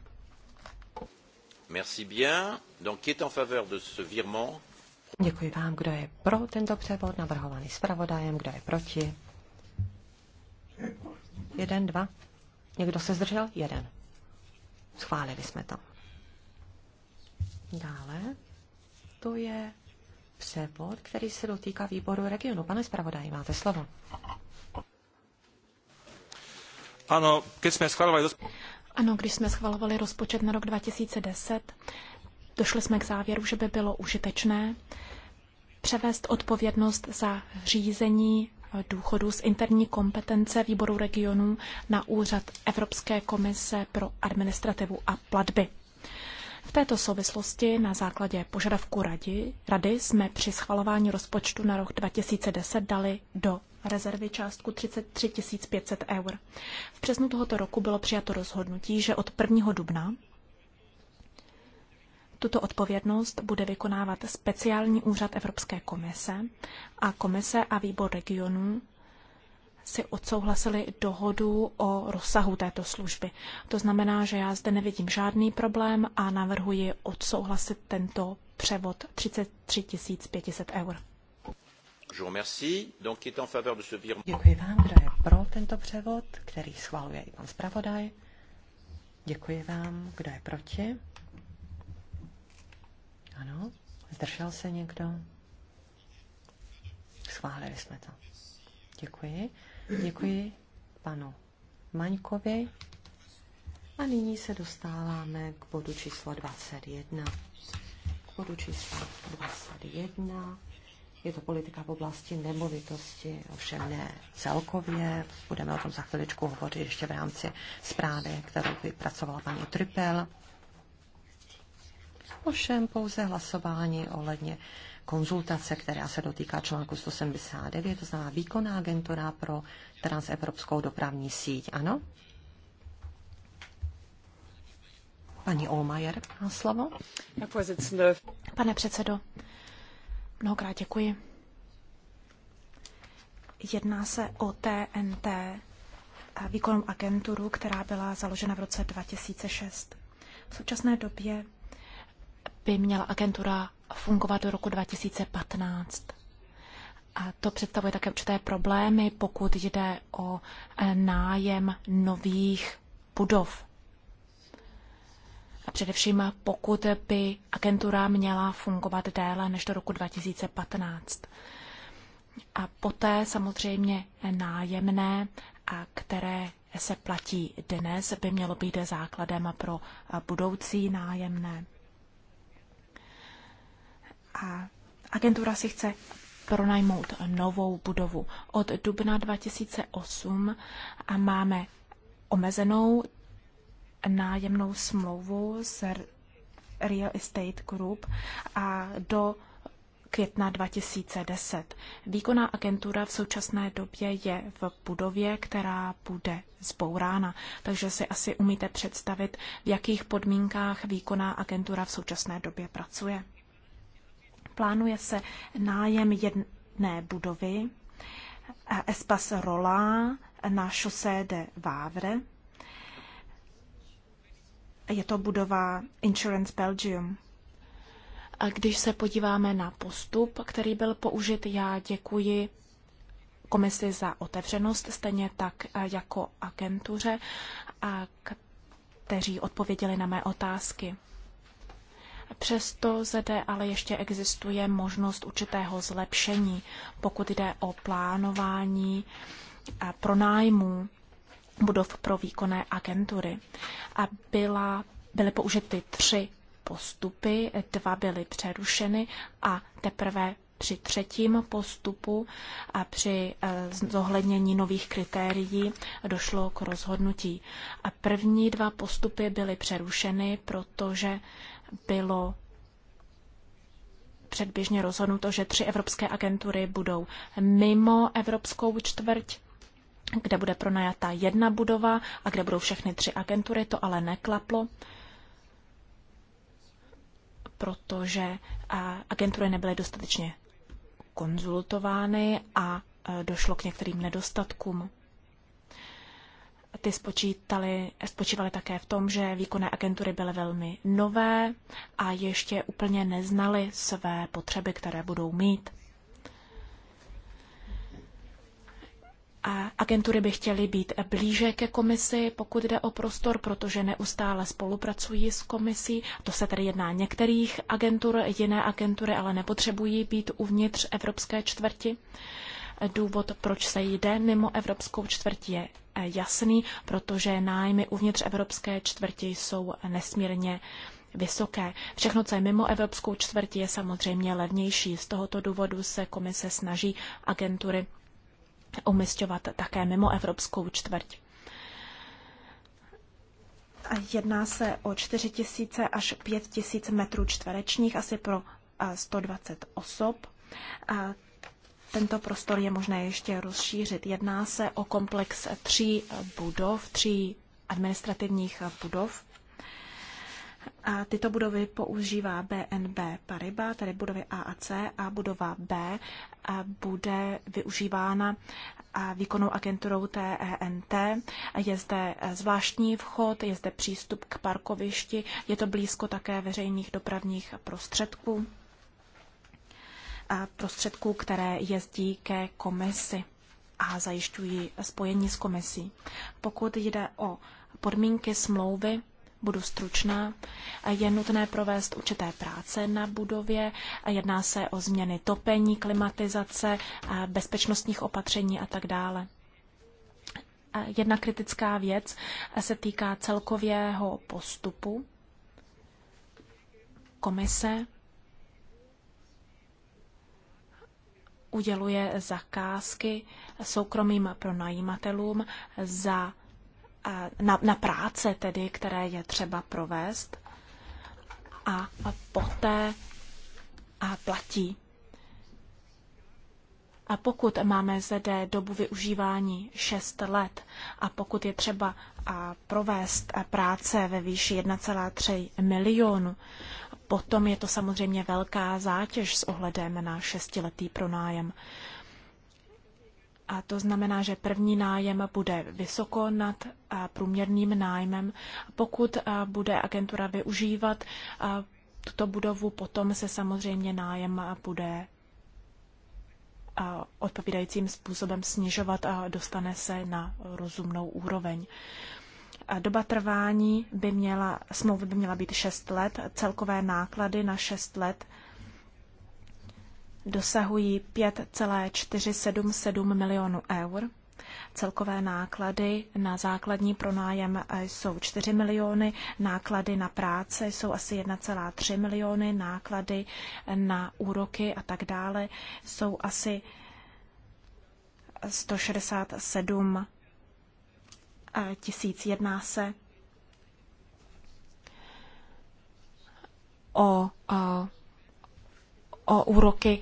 Merci bien. Donc, qui est en faveur de ce virement? Děkuji vám, kdo je pro tento převod navrhovaný zpravodajem, kdo je proti. Jeden, dva. Někdo se zdržel? Jeden. Schválili jsme to. Dále to je převod, který se dotýká výboru regionu. Pane zpravodaji, máte slovo. Ano, když jsme schvalovali... Ano, když jsme schvalovali rozpočet na rok 2010, došli jsme k závěru, že by bylo užitečné převést odpovědnost za řízení důchodu z interní kompetence výboru regionů na úřad Evropské komise pro administrativu a platby. V této souvislosti na základě požadavku rady, rady jsme při schvalování rozpočtu na rok 2010 dali do rezervy částku 33 500 eur. V březnu tohoto roku bylo přijato rozhodnutí, že od 1. dubna tuto odpovědnost bude vykonávat speciální úřad Evropské komise a komise a výbor regionů si odsouhlasili dohodu o rozsahu této služby. To znamená, že já zde nevidím žádný problém a navrhuji odsouhlasit tento převod 33 500 eur. Děkuji vám, kdo je pro tento převod, který schvaluje i pan zpravodaj. Děkuji vám, kdo je proti. Ano, zdržel se někdo? Schválili jsme to. Děkuji. Děkuji panu Maňkovi. A nyní se dostáváme k bodu číslo 21. K bodu číslo 21. Je to politika v oblasti nemovitosti, ovšem ne celkově. Budeme o tom za chviličku hovořit ještě v rámci zprávy, kterou vypracovala paní Trypel. Ovšem pouze hlasování ohledně konzultace, která se dotýká článku 179, to znamená výkonná agentura pro transevropskou dopravní síť. Ano? Paní Olmajer má slovo. Pane předsedo, mnohokrát děkuji. Jedná se o TNT, výkonnou agenturu, která byla založena v roce 2006. V současné době by měla agentura fungovat do roku 2015. A to představuje také určité problémy, pokud jde o e, nájem nových budov. A především pokud by agentura měla fungovat déle než do roku 2015. A poté samozřejmě nájemné, a které se platí dnes, by mělo být základem pro budoucí nájemné. A agentura si chce pronajmout novou budovu. Od dubna 2008 a máme omezenou nájemnou smlouvu s Real Estate Group a do května 2010. Výkonná agentura v současné době je v budově, která bude zbourána. Takže si asi umíte představit, v jakých podmínkách výkonná agentura v současné době pracuje plánuje se nájem jedné budovy Espas Rola na šosé de Vávre. Je to budova Insurance Belgium. A když se podíváme na postup, který byl použit, já děkuji komisi za otevřenost, stejně tak jako agentuře, a kteří odpověděli na mé otázky. Přesto zde ale ještě existuje možnost určitého zlepšení, pokud jde o plánování pronájmu budov pro výkonné agentury. A byla, byly použity tři postupy, dva byly přerušeny a teprve při třetím postupu a při eh, zohlednění nových kritérií došlo k rozhodnutí. A první dva postupy byly přerušeny, protože bylo předběžně rozhodnuto, že tři evropské agentury budou mimo evropskou čtvrť, kde bude pronajata jedna budova a kde budou všechny tři agentury. To ale neklaplo, protože agentury nebyly dostatečně konzultovány a e, došlo k některým nedostatkům ty spočítali, spočívaly také v tom, že výkonné agentury byly velmi nové a ještě úplně neznaly své potřeby, které budou mít. A agentury by chtěly být blíže ke komisi, pokud jde o prostor, protože neustále spolupracují s komisí. To se tedy jedná některých agentur, jiné agentury ale nepotřebují být uvnitř Evropské čtvrti. Důvod, proč se jde mimo evropskou čtvrť, je eh, jasný, protože nájmy uvnitř evropské čtvrti jsou nesmírně vysoké. Všechno, co je mimo evropskou čtvrti je samozřejmě levnější. Z tohoto důvodu se komise snaží agentury umistovat také mimo evropskou čtvrť. Jedná se o 4 000 až 5 000 metrů čtverečních, asi pro 120 eh, osob. Tento prostor je možné ještě rozšířit. Jedná se o komplex tří budov, tří administrativních budov. A tyto budovy používá BNB Pariba, tedy budovy A a C, a budova B a bude využívána výkonnou agenturou TENT. E je zde zvláštní vchod, je zde přístup k parkovišti, je to blízko také veřejných dopravních prostředků prostředků, které jezdí ke komisi a zajišťují spojení s komisí. Pokud jde o podmínky smlouvy, budu stručná. Je nutné provést určité práce na budově. Jedná se o změny topení, klimatizace, bezpečnostních opatření a tak dále. Jedna kritická věc se týká celkového postupu komise uděluje zakázky soukromým pronajímatelům za, na, na práce, tedy, které je třeba provést a poté a platí. A pokud máme zde dobu využívání 6 let a pokud je třeba provést práce ve výši 1,3 milionu, potom je to samozřejmě velká zátěž s ohledem na šestiletý pronájem. A to znamená, že první nájem bude vysoko nad průměrným nájmem. Pokud bude agentura využívat tuto budovu, potom se samozřejmě nájem bude odpovídajícím způsobem snižovat a dostane se na rozumnou úroveň. Doba trvání by měla, smlouvy by měla být 6 let, celkové náklady na 6 let dosahují 5,477 milionů eur. Celkové náklady na základní pronájem eh, jsou 4 miliony, náklady na práce jsou asi 1,3 miliony, náklady na úroky a tak dále jsou asi 167 tisíc. Jedná se o, o, o úroky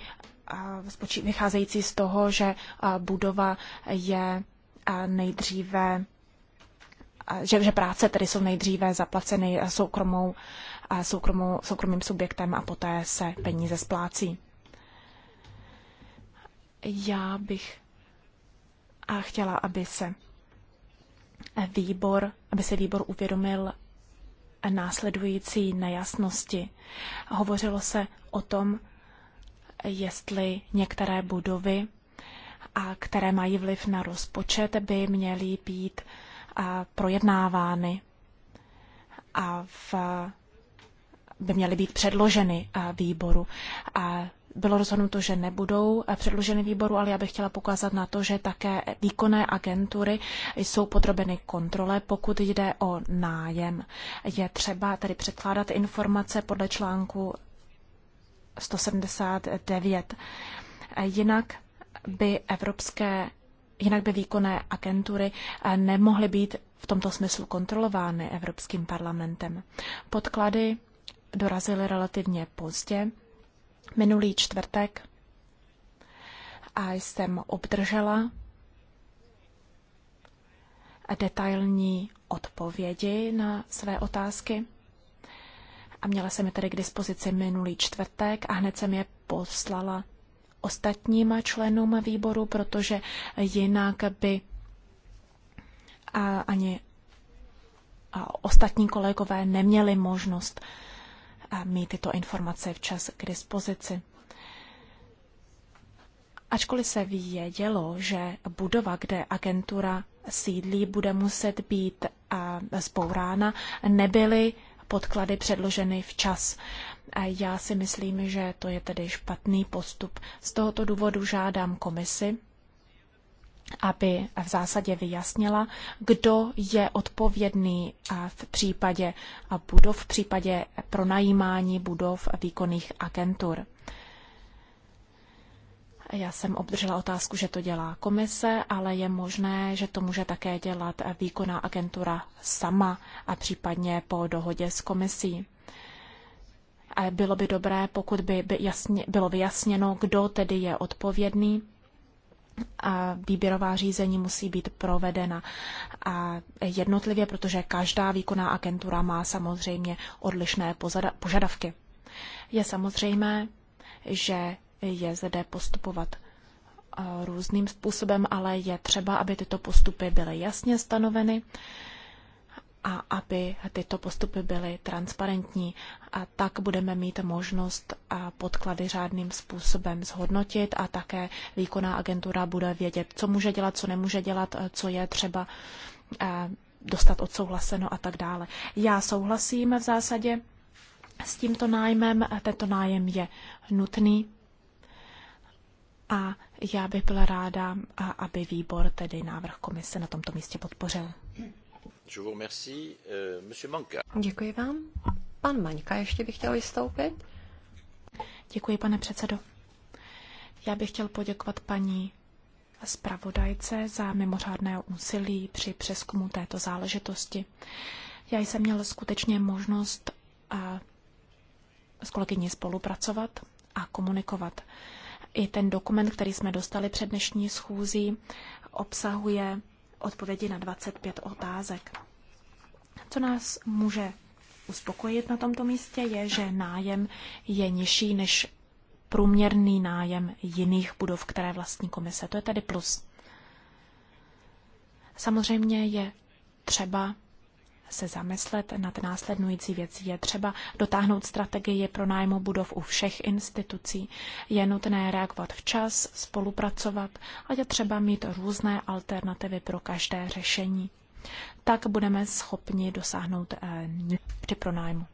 vycházející z toho, že budova je nejdříve, že, že práce tedy jsou nejdříve zaplaceny soukromou, soukromou, soukromým subjektem a poté se peníze splácí. Já bych a chtěla, aby se výbor, aby se výbor uvědomil následující nejasnosti. Hovořilo se o tom, jestli některé budovy, a které mají vliv na rozpočet, by měly být projednávány a v, by měly být předloženy výboru. A bylo rozhodnuto, že nebudou eh, předloženy výboru, ale já bych chtěla poukázat na to, že také výkonné agentury jsou podrobeny kontrole, pokud jde o nájem. Je třeba tedy předkládat informace podle článku 179. Eh, jinak by evropské jinak by výkonné agentury eh, nemohly být v tomto smyslu kontrolovány Evropským parlamentem. Podklady dorazily relativně pozdě Minulý čtvrtek a jsem obdržela detailní odpovědi na své otázky. A měla jsem je tedy k dispozici minulý čtvrtek a hned jsem je poslala ostatním členům výboru, protože jinak by a ani a ostatní kolegové neměli možnost mít tyto informace včas k dispozici. Ačkoliv se vědělo, že budova, kde agentura sídlí, bude muset být zbourána, nebyly podklady předloženy včas. A já si myslím, že to je tedy špatný postup. Z tohoto důvodu žádám komisi, aby v zásadě vyjasnila, kdo je odpovědný v případě budov, v případě pronajímání budov výkonných agentur. Já jsem obdržela otázku, že to dělá komise, ale je možné, že to může také dělat výkonná agentura sama a případně po dohodě s komisí. bylo by dobré, pokud by jasně, bylo vyjasněno, kdo tedy je odpovědný výběrová řízení musí být provedena jednotlivě, protože každá výkonná agentura má samozřejmě odlišné požadavky. Je samozřejmé, že je zde postupovat eh, různým způsobem, ale je třeba, aby tyto postupy byly jasně stanoveny a aby tyto postupy byly transparentní. A tak budeme mít možnost podklady řádným způsobem zhodnotit a také výkonná agentura bude vědět, co může dělat, co nemůže dělat, co je třeba dostat odsouhlaseno a tak dále. Já souhlasím v zásadě s tímto nájmem. Tento nájem je nutný a já bych byla ráda, aby výbor, tedy návrh komise na tomto místě podpořil. Je vous remercie. Euh, Monsieur Manka. Děkuji vám. Pan Maňka ještě bych chtěl vystoupit. Děkuji, pane předsedo. Já bych chtěl poděkovat paní zpravodajce za mimořádné úsilí při přeskumu této záležitosti. Já jsem měl skutečně možnost eh, s kolegyní spolupracovat a komunikovat. I ten dokument, který jsme dostali před dnešní schůzí, obsahuje odpovědi na 25 otázek. Co nás může uspokojit na tomto místě je, že nájem je nižší než průměrný nájem jiných budov, které vlastní komise. To je tedy plus. Samozřejmě je třeba se zamyslet nad následující věcí. Je třeba dotáhnout strategii pro nájmu budov u všech institucí. Je nutné reagovat včas, spolupracovat a je třeba mít různé alternativy pro každé řešení. Tak budeme schopni dosáhnout při eh, pronájmu.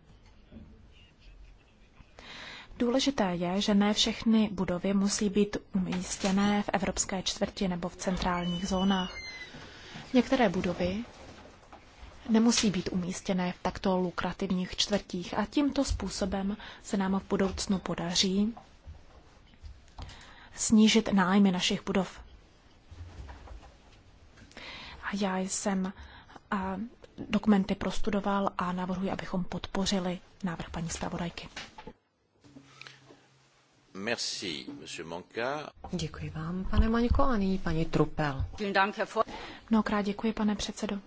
Důležité je, že ne všechny budovy musí být umístěné v evropské čtvrti nebo v centrálních zónách. Některé budovy nemusí být umístěné v takto lukrativních čtvrtích a tímto způsobem se nám v budoucnu podaří snížit nájmy našich budov. A já jsem a dokumenty prostudoval a navrhuji, abychom podpořili návrh paní zpravodajky. Merci, monsieur Monka. Děkuji vám, pane Maňko, a nyní paní Trupel. Mnohokrát děkuji, pane předsedo.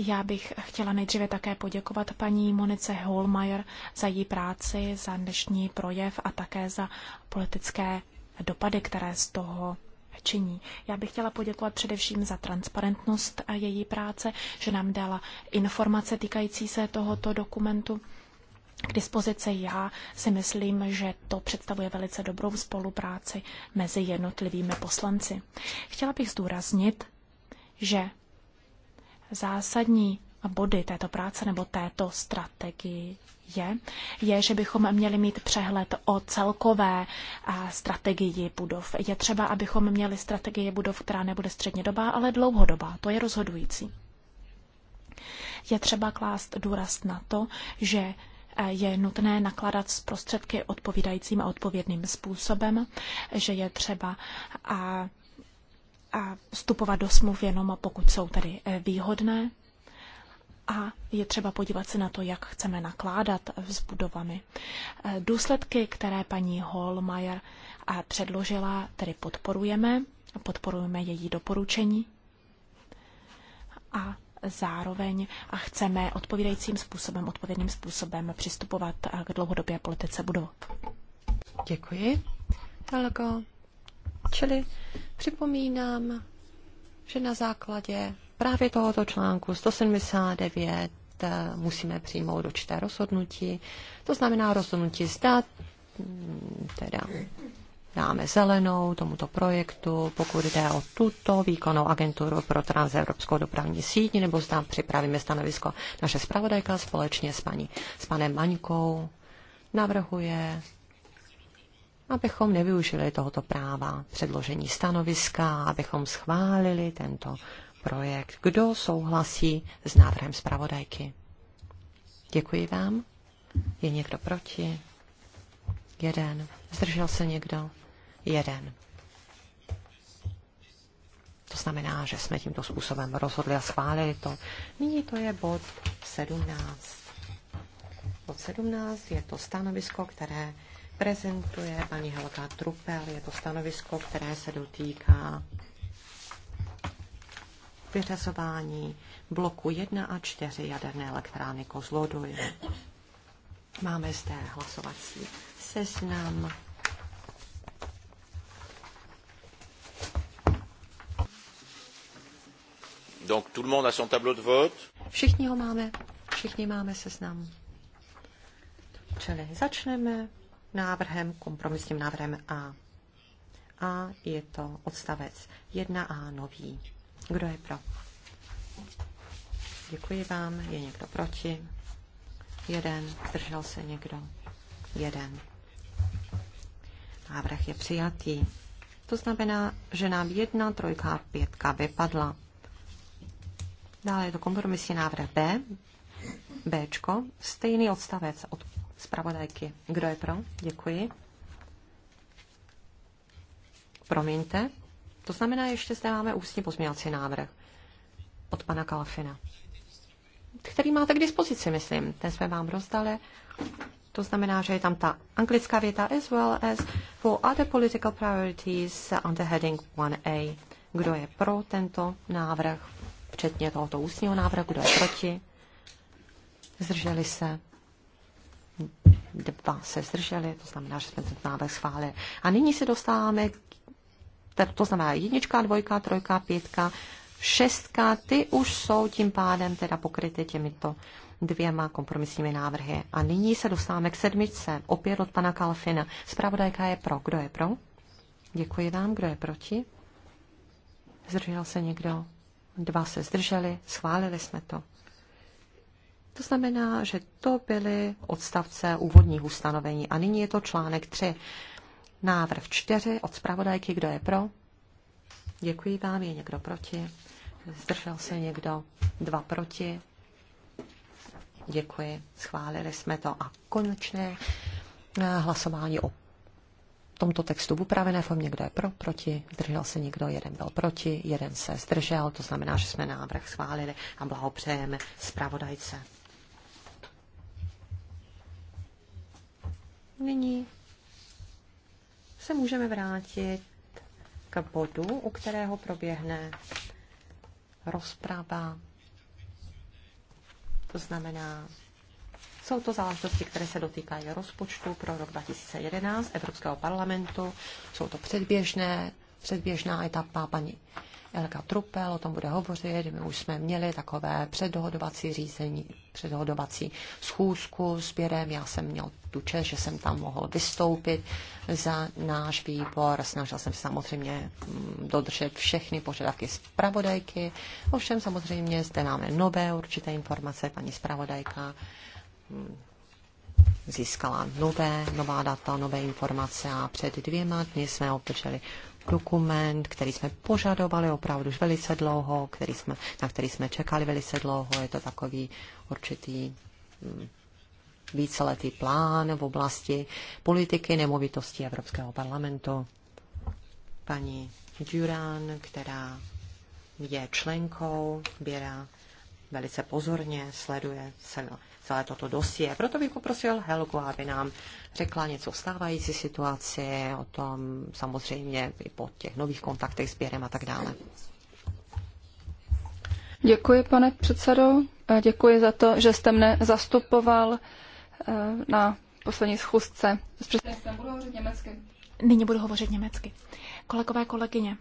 Já bych chtěla nejdříve také poděkovat paní Monice Holmeier za její práci, za dnešní projev a také za politické dopady, které z toho činí. Já bych chtěla poděkovat především za transparentnost a její práce, že nám dala informace týkající se tohoto dokumentu k dispozici. Já si myslím, že to představuje velice dobrou spolupráci mezi jednotlivými poslanci. Chtěla bych zdůraznit, že zásadní body této práce nebo této strategii je, je, že bychom měli mít přehled o celkové strategii budov. Je třeba, abychom měli strategii budov, která nebude střednědobá, ale dlouhodobá. To je rozhodující. Je třeba klást důraz na to, že je nutné nakladat s prostředky odpovídajícím a odpovědným způsobem, že je třeba a vstupovat do smluv jenom pokud jsou tady eh, výhodné a je třeba podívat se na to, jak chceme nakládat s budovami. Eh, důsledky, které paní Holmeier eh, předložila, tedy podporujeme, podporujeme její doporučení a zároveň a chceme odpovídajícím způsobem, odpovědným způsobem přistupovat k dlouhodobé politice budov. Děkuji. Helgo. Čili připomínám, že na základě právě tohoto článku 179 eh, musíme přijmout určité rozhodnutí. To znamená rozhodnutí zda mm, teda dáme zelenou tomuto projektu, pokud jde o tuto výkonnou agenturu pro transevropskou dopravní síť, nebo zda připravíme stanovisko naše zpravodajka společně s, paní, s panem Maňkou navrhuje abychom nevyužili tohoto práva předložení stanoviska, abychom schválili tento projekt. Kdo souhlasí s návrhem zpravodajky? Děkuji vám. Je někdo proti? Jeden. Zdržel se někdo? Jeden. To znamená, že jsme tímto způsobem rozhodli a schválili to. Nyní to je bod 17. Bod 17 je to stanovisko, které prezentuje paní Helga Trupel. Je to stanovisko, které se dotýká vyřazování bloku 1 a 4 jaderné elektrárny Kozloduj. Máme zde hlasovací seznam. Donc tout le monde a son tableau de vote. Všichni ho máme, všichni máme seznam. Čili začneme návrhem, kompromisním návrhem A. A je to odstavec 1A nový. Kdo je pro? Děkuji vám. Je někdo proti? Jeden. Zdržel se někdo? Jeden. Návrh je přijatý. To znamená, že nám jedna, trojka pětka vypadla. Dále je to kompromisní návrh B, Bčko, stejný odstavec od zpravodajky. Kdo je pro? Děkuji. Promiňte. To znamená, ještě zde máme ústní pozměňovací návrh od pana Kalfina, který máte k dispozici, myslím. Ten jsme vám rozdali. To znamená, že je tam ta anglická věta as well as for other political priorities under heading 1A. Kdo je pro tento návrh, včetně tohoto ústního návrhu, kdo je proti? Zdrželi se? dva se zdrželi, to znamená, že jsme ten návrh schválili. A nyní se dostáváme, to znamená jednička, dvojka, trojka, pětka, šestka, ty už jsou tím pádem teda pokryty těmito dvěma kompromisními návrhy. A nyní se dostáváme k sedmičce, opět od pana Kalfina. Zpravodajka je pro. Kdo je pro? Děkuji vám. Kdo je proti? Zdržel se někdo? Dva se zdrželi, schválili jsme to. To znamená, že to byly odstavce úvodních ustanovení a nyní je to článek 3. Návrh 4 od zpravodajky, kdo je pro? Děkuji vám, je někdo proti? Zdržel se někdo? Dva proti? Děkuji, schválili jsme to. A konečné eh, hlasování o tomto textu v upravené formě, kdo je pro, proti, zdržel se někdo, jeden byl proti, jeden se zdržel, to znamená, že jsme návrh schválili a blahopřejeme zpravodajce. Nyní se můžeme vrátit k bodu, u kterého proběhne rozprava. To znamená, jsou to záležitosti, které se dotýkají rozpočtu pro rok 2011 Evropského parlamentu. Jsou to předběžné, předběžná etapa paní říkám, Trupel o tom bude hovořit. My už jsme měli takové předhodovací řízení, předhodovací schůzku s Běrem. Já jsem měl tu čest, že jsem tam mohl vystoupit za náš výbor. Snažil jsem se samozřejmě mm, dodržet všechny požadavky zpravodajky. Ovšem samozřejmě zde máme nové určité informace. Paní zpravodajka mm, získala nové, nová data, nové informace a před dvěma dny jsme obdrželi dokument, který jsme požadovali opravdu už velice dlouho, který jsme, na který jsme čekali velice dlouho. Je to takový určitý mm, víceletý plán v oblasti politiky nemovitostí Evropského parlamentu. Paní Duran, která je členkou Běra, velice pozorně sleduje celé toto dosie. Proto bych poprosil Helgu, aby nám řekla něco o stávající situaci, o tom samozřejmě i po těch nových kontaktech s Běrem a tak dále. Děkuji, pane předsedo. A děkuji za to, že jste mne zastupoval eh, na poslední schůzce. německy. Nyní budu hovořit německy. Kolegové, kolegyně,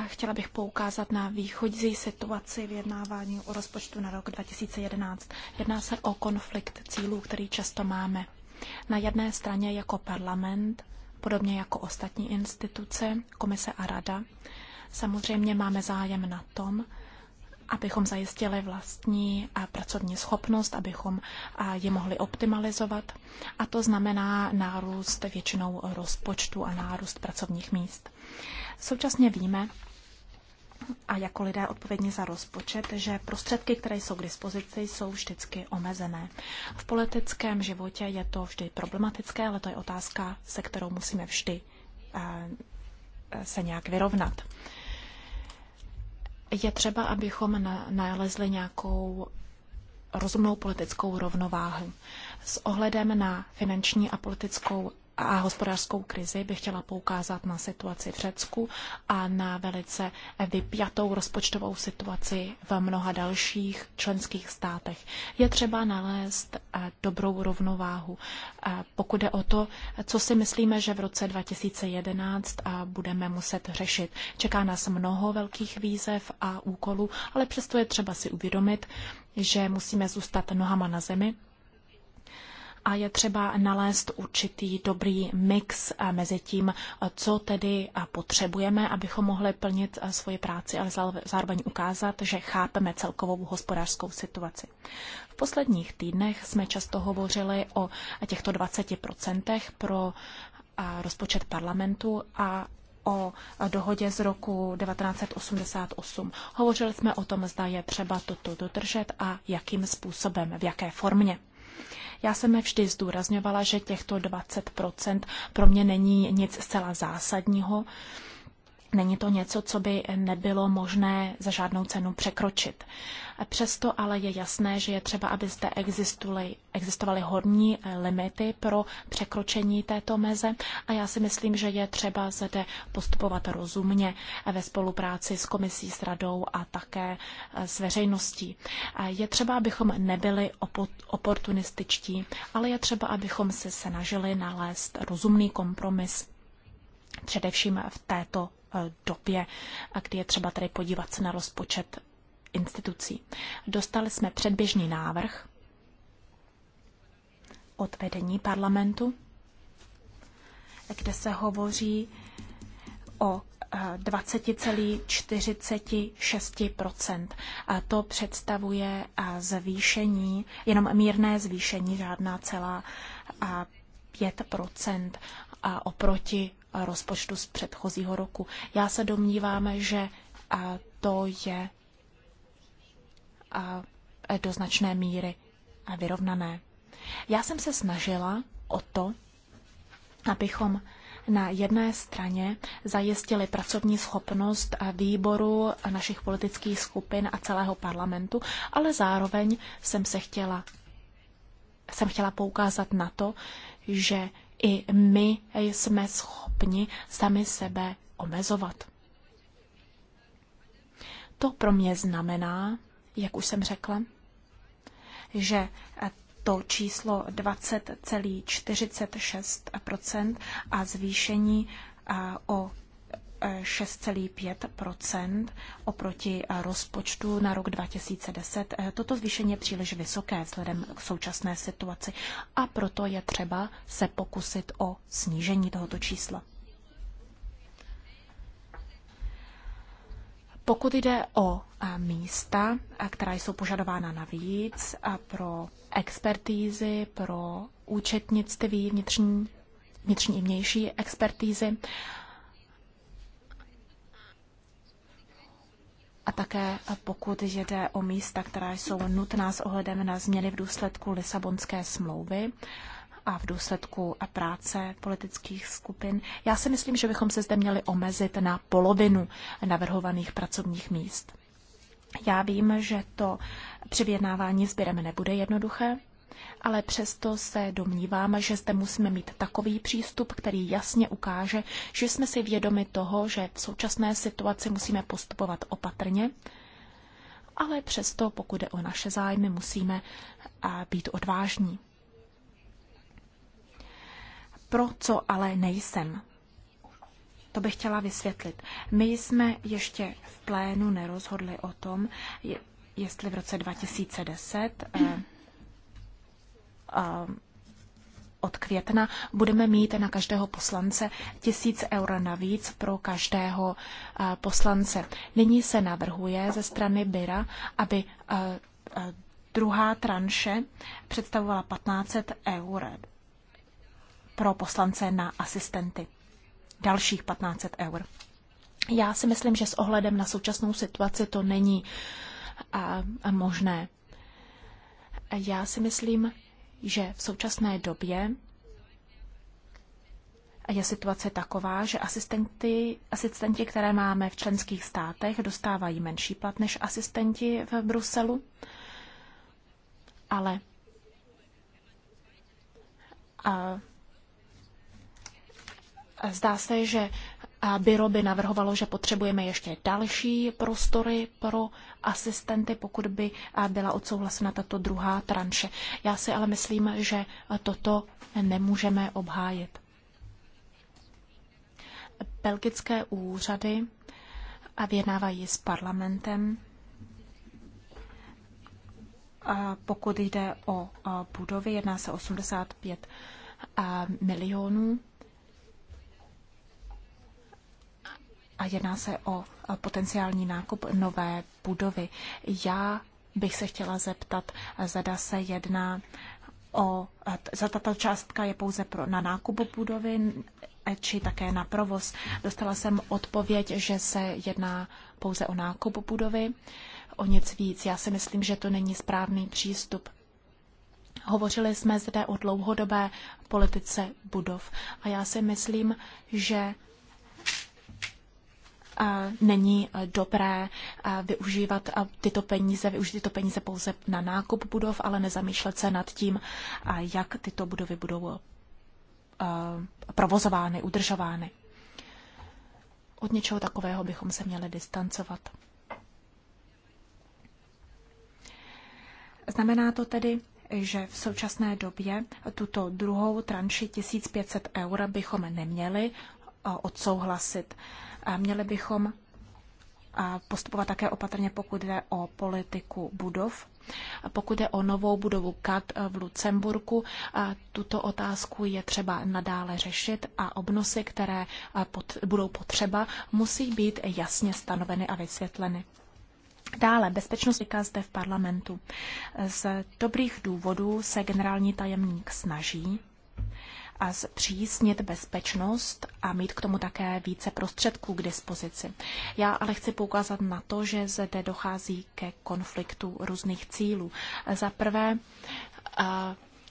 a chtěla bych poukázat na východní situaci vyjednávání o rozpočtu na rok 2011. Jedná se o konflikt cílů, který často máme. Na jedné straně jako parlament, podobně jako ostatní instituce, komise a rada, samozřejmě máme zájem na tom, abychom zajistili vlastní pracovní schopnost, abychom je mohli optimalizovat. A to znamená nárůst většinou rozpočtu a nárůst pracovních míst. Současně víme, a jako lidé odpovědní za rozpočet, že prostředky, které jsou k dispozici, jsou vždycky omezené. V politickém životě je to vždy problematické, ale to je otázka, se kterou musíme vždy eh, se nějak vyrovnat. Je třeba, abychom nalezli nějakou rozumnou politickou rovnováhu. S ohledem na finanční a politickou a hospodářskou krizi bych chtěla poukázat na situaci v Řecku a na velice vypjatou rozpočtovou situaci v mnoha dalších členských státech. Je třeba nalézt eh, dobrou rovnováhu. Eh, pokud je o to, co si myslíme, že v roce 2011 eh, budeme muset řešit. Čeká nás mnoho velkých výzev a úkolů, ale přesto je třeba si uvědomit, že musíme zůstat nohama na zemi a je třeba nalézt určitý dobrý mix eh, mezi tím, eh, co tedy eh, potřebujeme, abychom mohli plnit svoji práci, ale zároveň ukázat, že chápeme celkovou hospodářskou situaci. V posledních týdnech jsme často hovořili o těchto 20% pro rozpočet parlamentu a o dohodě z roku 1988. Hovořili jsme o tom, zda je třeba toto dodržet a jakým způsobem, v jaké formě. Já jsem vždy zdůrazňovala, že těchto 20% pro mě není nic zcela zásadního. Není to něco, co by nebylo možné za žádnou cenu překročit. Přesto ale je jasné, že je třeba, aby zde existovaly, horní eh, limity pro překročení této meze a já si myslím, že je třeba zde postupovat rozumně eh, ve spolupráci s komisí, s radou a také eh, s veřejností. Je třeba, abychom nebyli oportunističtí, ale je třeba, abychom se snažili nalézt rozumný kompromis především v této Eh, době, kdy je třeba tady podívat se na rozpočet institucí. Dostali jsme předběžný návrh od vedení parlamentu, kde se hovoří o 20,46%. Eh, a to představuje eh, zvýšení, jenom mírné zvýšení, žádná celá 5% oproti rozpočtu z předchozího roku. Já se domnívám, že to je e, do značné míry vyrovnané. Já jsem se snažila o to, abychom na jedné straně zajistili pracovní schopnost výboru našich politických skupin a celého parlamentu, ale zároveň jsem se chtěla, jsem chtěla poukázat na to, že i my jsme schopni sami sebe omezovat. To pro mě znamená, jak už jsem řekla, že to číslo 20,46 a zvýšení o 6,5 oproti eh, rozpočtu na rok 2010. Eh, toto zvýšení je příliš vysoké vzhledem k současné situaci a proto je třeba se pokusit o snížení tohoto čísla. Pokud jde o eh, místa, která jsou požadována navíc a pro expertízy, pro účetnictví, vnitřní, vnitřní i vnější expertízy, a také pokud jde o místa, která jsou nutná s ohledem na změny v důsledku Lisabonské smlouvy a v důsledku a práce politických skupin. Já si myslím, že bychom se zde měli omezit na polovinu navrhovaných pracovních míst. Já vím, že to při vyjednávání s Birem nebude jednoduché, ale přesto se domnívám, že zde musíme mít takový přístup, který jasně ukáže, že jsme si vědomi toho, že v současné situaci musíme postupovat opatrně, ale přesto, pokud je o naše zájmy, musíme být odvážní. Pro co ale nejsem? To bych chtěla vysvětlit. My jsme ještě v plénu nerozhodli o tom, jestli v roce 2010 od května budeme mít na každého poslance tisíc eur navíc pro každého poslance. Nyní se navrhuje ze strany Byra, aby druhá tranše představovala 1500 eur pro poslance na asistenty. Dalších 1500 eur. Já si myslím, že s ohledem na současnou situaci to není a, možné. Já si myslím, že v současné době je situace taková, že asistenti, asistenti, které máme v členských státech, dostávají menší plat než asistenti v Bruselu, ale a, a zdá se, že Byro by navrhovalo, že potřebujeme ještě další prostory pro asistenty, pokud by byla odsouhlasena tato druhá tranše. Já si ale myslím, že toto nemůžeme obhájit. Belgické úřady a vyjednávají s parlamentem, pokud jde o budovy, jedná se 85 milionů jedná se o potenciální nákup nové budovy. Já bych se chtěla zeptat, zda se jedná o, za tato částka je pouze pro, na nákup budovy e, či také na provoz. Dostala jsem odpověď, že se jedná pouze o nákup budovy, o nic víc. Já si myslím, že to není správný přístup. Hovořili jsme zde o dlouhodobé politice budov a já si myslím, že není eh, dobré eh, využívat eh, tyto peníze, využít tyto peníze pouze na nákup budov, ale nezamýšlet se nad tím, jak tyto budovy budou provozovány, udržovány. Od něčeho takového bychom se měli distancovat. Znamená to tedy, že v současné době tuto druhou tranši 1500 eur bychom neměli odsouhlasit. Měli bychom postupovat také opatrně, pokud jde o politiku budov. Pokud jde o novou budovu KAT v Lucemburku, tuto otázku je třeba nadále řešit a obnosy, které budou potřeba, musí být jasně stanoveny a vysvětleny. Dále bezpečnost říká zde v parlamentu. Z dobrých důvodů se generální tajemník snaží a zpřísnit bezpečnost a mít k tomu také více prostředků k dispozici. Já ale chci poukázat na to, že zde dochází ke konfliktu různých cílů. Za prvé,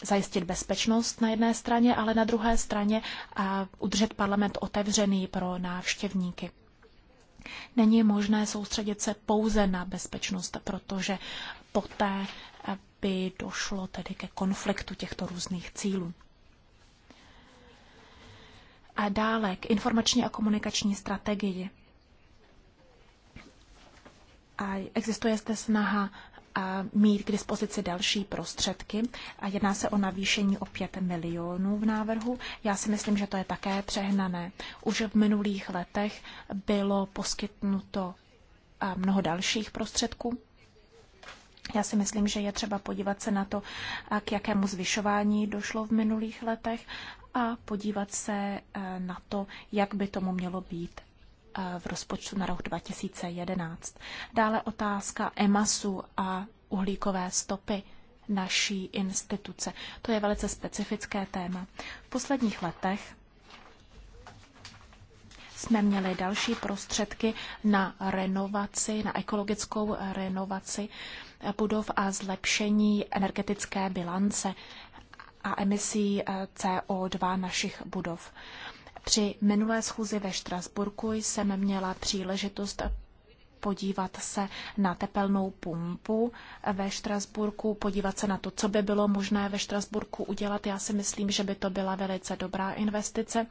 zajistit bezpečnost na jedné straně, ale na druhé straně udržet parlament otevřený pro návštěvníky. Není možné soustředit se pouze na bezpečnost, protože poté by došlo tedy ke konfliktu těchto různých cílů. A dále k informační a komunikační strategii. A existuje zde snaha a mít k dispozici další prostředky. A jedná se o navýšení o 5 milionů v návrhu. Já si myslím, že to je také přehnané. Už v minulých letech bylo poskytnuto mnoho dalších prostředků. Já si myslím, že je třeba podívat se na to, k jakému zvyšování došlo v minulých letech a podívat se eh, na to, jak by tomu mělo být eh, v rozpočtu na rok 2011. Dále otázka EMASu a uhlíkové stopy naší instituce. To je velice specifické téma. V posledních letech jsme měli další prostředky na renovaci, na ekologickou renovaci budov a zlepšení energetické bilance a emisí eh, CO2 našich budov. Při minulé schůzi ve Štrasburku jsem měla příležitost podívat se na tepelnou pumpu ve Štrasburku, podívat se na to, co by bylo možné ve Štrasburku udělat. Já si myslím, že by to byla velice dobrá investice,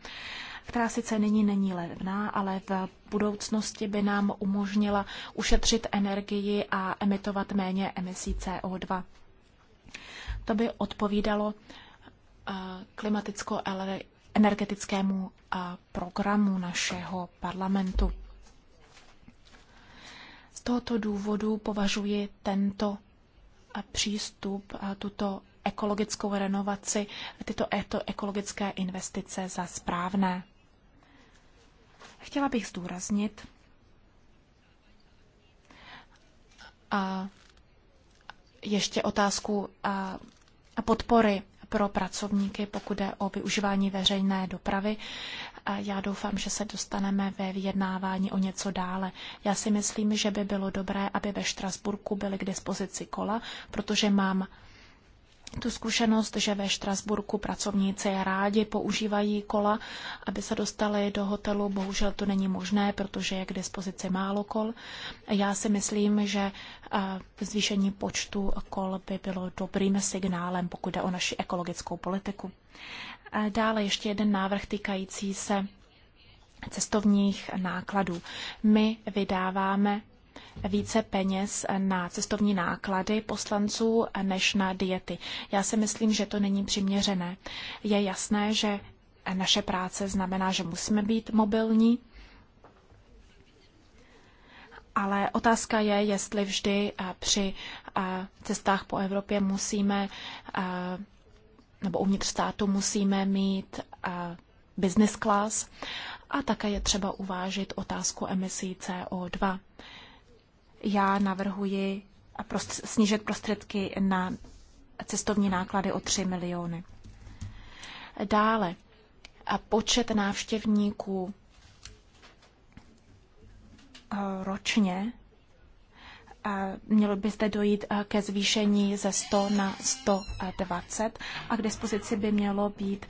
která sice nyní není levná, ale v budoucnosti by nám umožnila ušetřit energii a emitovat méně emisí CO2. To by odpovídalo eh, klimaticko-energetickému eh, programu našeho parlamentu. Z tohoto důvodu považuji tento eh, přístup, tuto ekologickou renovaci, tyto ekologické investice za správné. Chtěla bych zdůraznit, a ještě otázku a podpory pro pracovníky, pokud jde o využívání veřejné dopravy. Já doufám, že se dostaneme ve vyjednávání o něco dále. Já si myslím, že by bylo dobré, aby ve Štrasburku byly k dispozici kola, protože mám tu zkušenost, že ve Štrasburku pracovníci rádi používají kola, aby se dostali do hotelu. Bohužel to není možné, protože je k dispozici málo kol. Já si myslím, že eh, zvýšení počtu kol by bylo dobrým signálem, pokud jde o naši ekologickou politiku. Dále ještě jeden návrh týkající se cestovních nákladů. My vydáváme více peněz na cestovní náklady poslanců než na diety. Já si myslím, že to není přiměřené. Je jasné, že naše práce znamená, že musíme být mobilní, ale otázka je, jestli vždy při cestách po Evropě musíme, nebo uvnitř státu musíme mít business class a také je třeba uvážit otázku emisí CO2 já navrhuji prost, snížit prostředky na cestovní náklady o 3 miliony. Dále, a počet návštěvníků e, ročně e, mělo by zde dojít e, ke zvýšení ze 100 na 120 a k dispozici by mělo být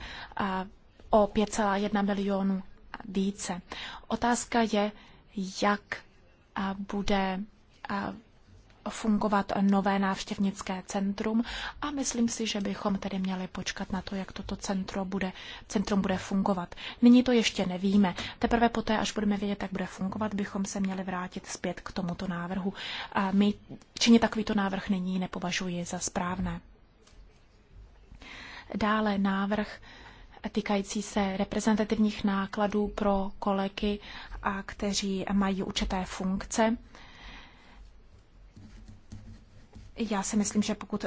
o 5,1 milionu více. Otázka je, jak bude fungovat nové návštěvnické centrum a myslím si, že bychom tedy měli počkat na to, jak toto centrum bude, centrum bude fungovat. Nyní to ještě nevíme. Teprve poté, až budeme vědět, jak bude fungovat, bychom se měli vrátit zpět k tomuto návrhu. A my činit takovýto návrh nyní nepovažuji za správné. Dále návrh týkající se reprezentativních nákladů pro kolegy, a kteří mají určité funkce já si myslím, že pokud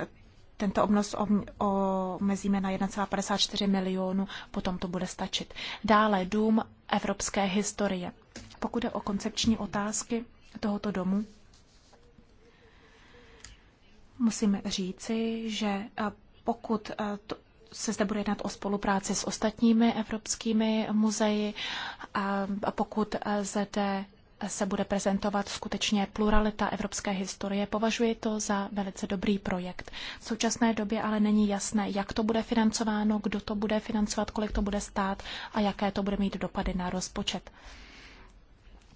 tento obnos omezíme na 1,54 milionu, potom to bude stačit. Dále dům evropské historie. Pokud je o koncepční otázky tohoto domu, musím říci, že eh, pokud eh, to, se zde bude jednat o spolupráci s ostatními evropskými muzeji, eh, a pokud zde se bude prezentovat skutečně pluralita evropské historie. Považuji to za velice dobrý projekt. V současné době ale není jasné, jak to bude financováno, kdo to bude financovat, kolik to bude stát a jaké to bude mít dopady na rozpočet.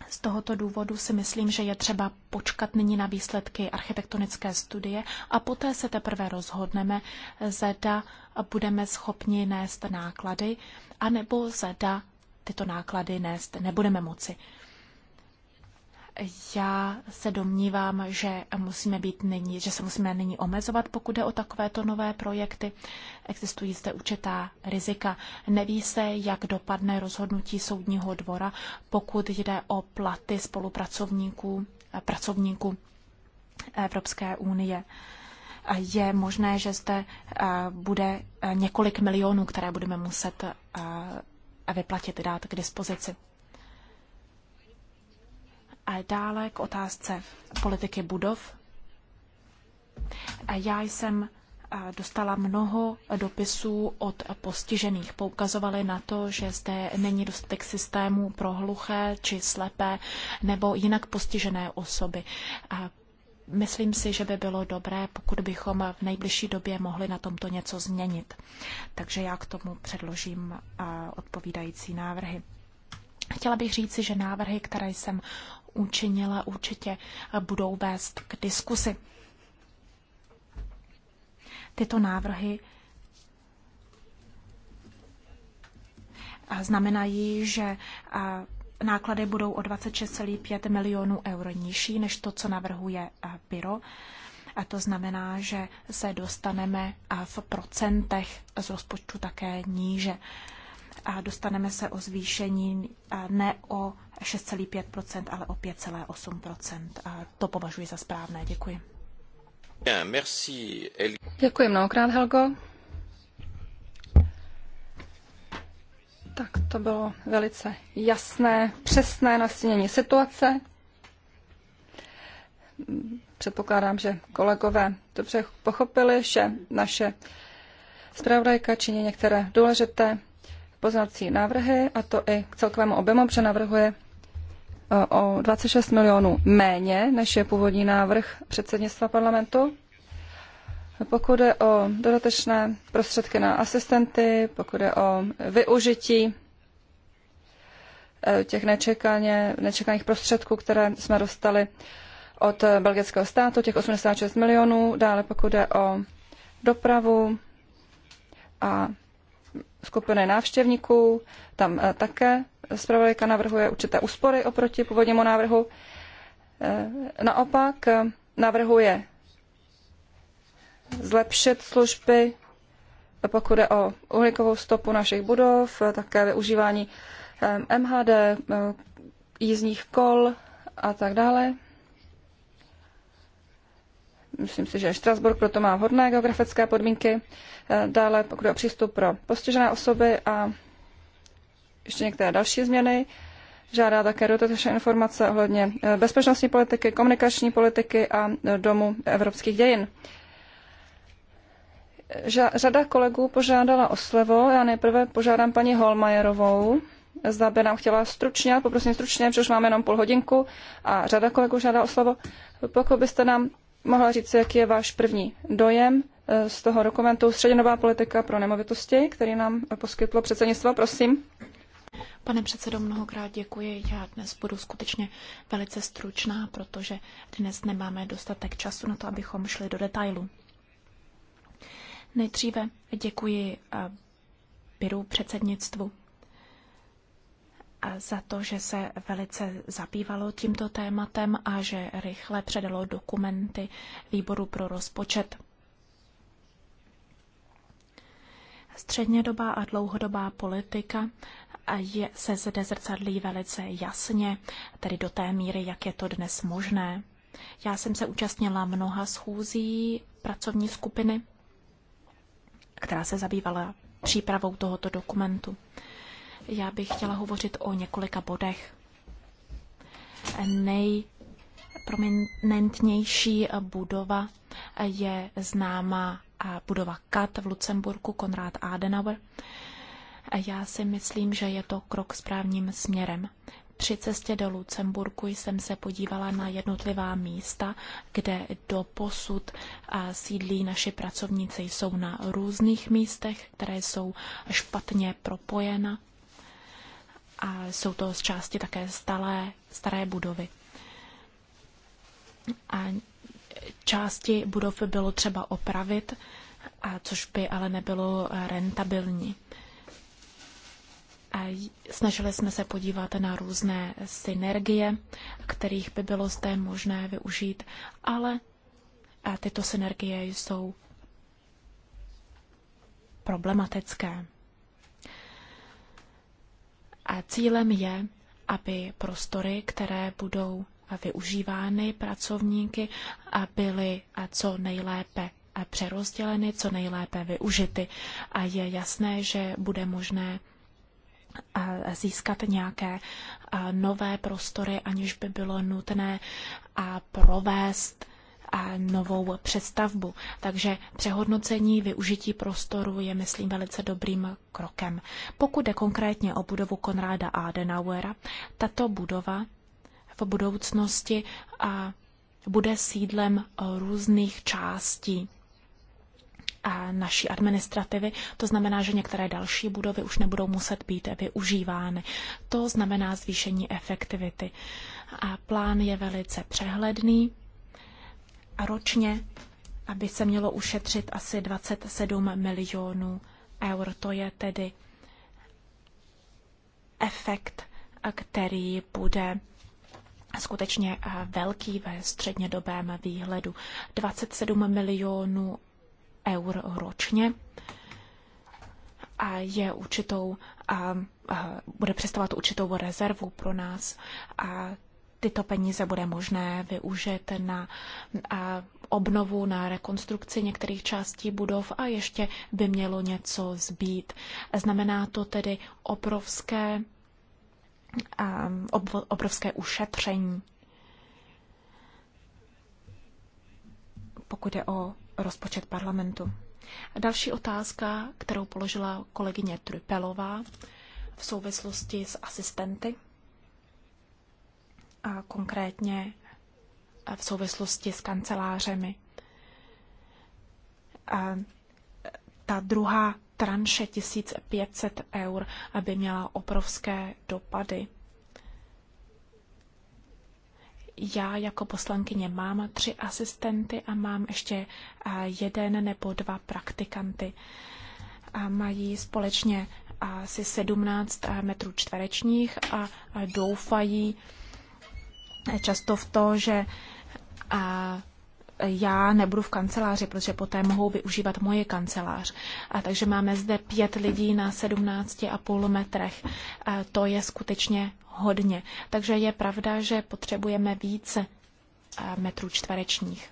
Z tohoto důvodu si myslím, že je třeba počkat nyní na výsledky architektonické studie a poté se teprve rozhodneme, zda budeme schopni nést náklady, anebo zda tyto náklady nést nebudeme moci. Já se domnívám, že musíme být nyní, že se musíme nyní omezovat, pokud jde o takovéto nové projekty. Existují zde určitá rizika. Neví se, jak dopadne rozhodnutí soudního dvora, pokud jde o platy spolupracovníků, pracovníků Evropské unie. Je možné, že zde eh, bude eh, několik milionů, které budeme muset eh, vyplatit, dát k dispozici. A dále k otázce politiky budov. Já jsem dostala mnoho dopisů od postižených. Poukazovali na to, že zde není dostatek systémů pro hluché či slepé nebo jinak postižené osoby. A myslím si, že by bylo dobré, pokud bychom v nejbližší době mohli na tomto něco změnit. Takže já k tomu předložím odpovídající návrhy. Chtěla bych říci, že návrhy, které jsem učinila, určitě budou vést k diskusi. Tyto návrhy znamenají, že náklady budou o 26,5 milionů euro nižší než to, co navrhuje Pyro. A to znamená, že se dostaneme v procentech z rozpočtu také níže. A dostaneme se o zvýšení ne o 6,5%, ale o 5,8%. To považuji za správné. Děkuji. Děkuji mnohokrát, Helgo. Tak to bylo velice jasné, přesné nastínění situace. Předpokládám, že kolegové dobře pochopili, že naše zpravodajka činí některé důležité poznací návrhy, a to i k celkovému objemu, protože navrhuje o 26 milionů méně, než je původní návrh předsednictva parlamentu. Pokud je o dodatečné prostředky na asistenty, pokud je o využití eh, těch nečekaně, nečekaných prostředků, které jsme dostali od belgického státu, těch 86 milionů, dále pokud je o dopravu a skupiny návštěvníků. Tam eh, také zpravodajka navrhuje určité úspory oproti původnímu návrhu. Eh, naopak eh, navrhuje zlepšit služby, pokud je o uhlíkovou stopu našich budov, také využívání MHD, jízdních kol a tak dále. Myslím si, že Štrasburg proto má vhodné geografické podmínky. Eh, dále, pokud je o přístup pro postižené osoby a ještě některé další změny, žádá také dodatečné informace ohledně eh, bezpečnostní politiky, komunikační politiky a eh, domu evropských dějin. Řada kolegů požádala o slevo. Já nejprve požádám paní Holmajerovou, zda by nám chtěla stručně, poprosím stručně, protože už máme jenom půl hodinku a řada kolegů žádá o slovo. Pokud byste nám mohla říct, jaký je váš první dojem eh, z toho dokumentu Středěnová politika pro nemovitosti, který nám poskytlo předsednictvo, prosím. Pane předsedo, mnohokrát děkuji. Já dnes budu skutečně velice stručná, protože dnes nemáme dostatek času na to, abychom šli do detailu. Nejdříve děkuji eh, Biru předsednictvu za to, že se velice zabývalo tímto tématem a že rychle předalo dokumenty výboru pro rozpočet. Střednědobá a dlouhodobá politika je, se zde zrcadlí velice jasně, tedy do té míry, jak je to dnes možné. Já jsem se účastnila mnoha schůzí pracovní skupiny, která se zabývala přípravou tohoto dokumentu. Já bych chtěla hovořit o několika bodech. Nejprominentnější budova je známá budova KAT v Lucemburku, Konrad Adenauer. Já si myslím, že je to krok správným směrem. Při cestě do Lucemburku jsem se podívala na jednotlivá místa, kde do posud sídlí naši pracovníci. Jsou na různých místech, které jsou špatně propojena a jsou to z části také stalé, staré budovy. A části budov bylo třeba opravit, a což by ale nebylo rentabilní. A snažili jsme se podívat na různé synergie, kterých by bylo zde možné využít, ale tyto synergie jsou problematické. A cílem je, aby prostory, které budou využívány pracovníky, byly co nejlépe přerozděleny, co nejlépe využity. A je jasné, že bude možné získat nějaké nové prostory, aniž by bylo nutné provést novou přestavbu. Takže přehodnocení využití prostoru je, myslím, velice dobrým krokem. Pokud jde konkrétně o budovu Konráda Adenauera, tato budova v budoucnosti bude sídlem různých částí naší administrativy. To znamená, že některé další budovy už nebudou muset být využívány. To znamená zvýšení efektivity. A plán je velice přehledný a ročně aby se mělo ušetřit asi 27 milionů eur. To je tedy efekt, který bude skutečně eh, velký ve střednědobém výhledu. 27 milionů eur ročně a je určitou a, eh, a eh, bude představovat určitou rezervu pro nás a tyto peníze bude možné využít na obnovu, na rekonstrukci některých částí budov a ještě by mělo něco zbýt. Znamená to tedy obrovské, obrovské ušetření. pokud je o rozpočet parlamentu. Další otázka, kterou položila kolegyně Trypelová v souvislosti s asistenty a konkrétně v souvislosti s kancelářemi. A ta druhá tranše 1500 eur by měla obrovské dopady. Já jako poslankyně mám tři asistenty a mám ještě jeden nebo dva praktikanty. A mají společně asi 17 metrů čtverečních a doufají, často v to, že já nebudu v kanceláři, protože poté mohou využívat moje kancelář. A takže máme zde pět lidí na 17,5 metrech. A to je skutečně hodně. Takže je pravda, že potřebujeme více metrů čtverečních.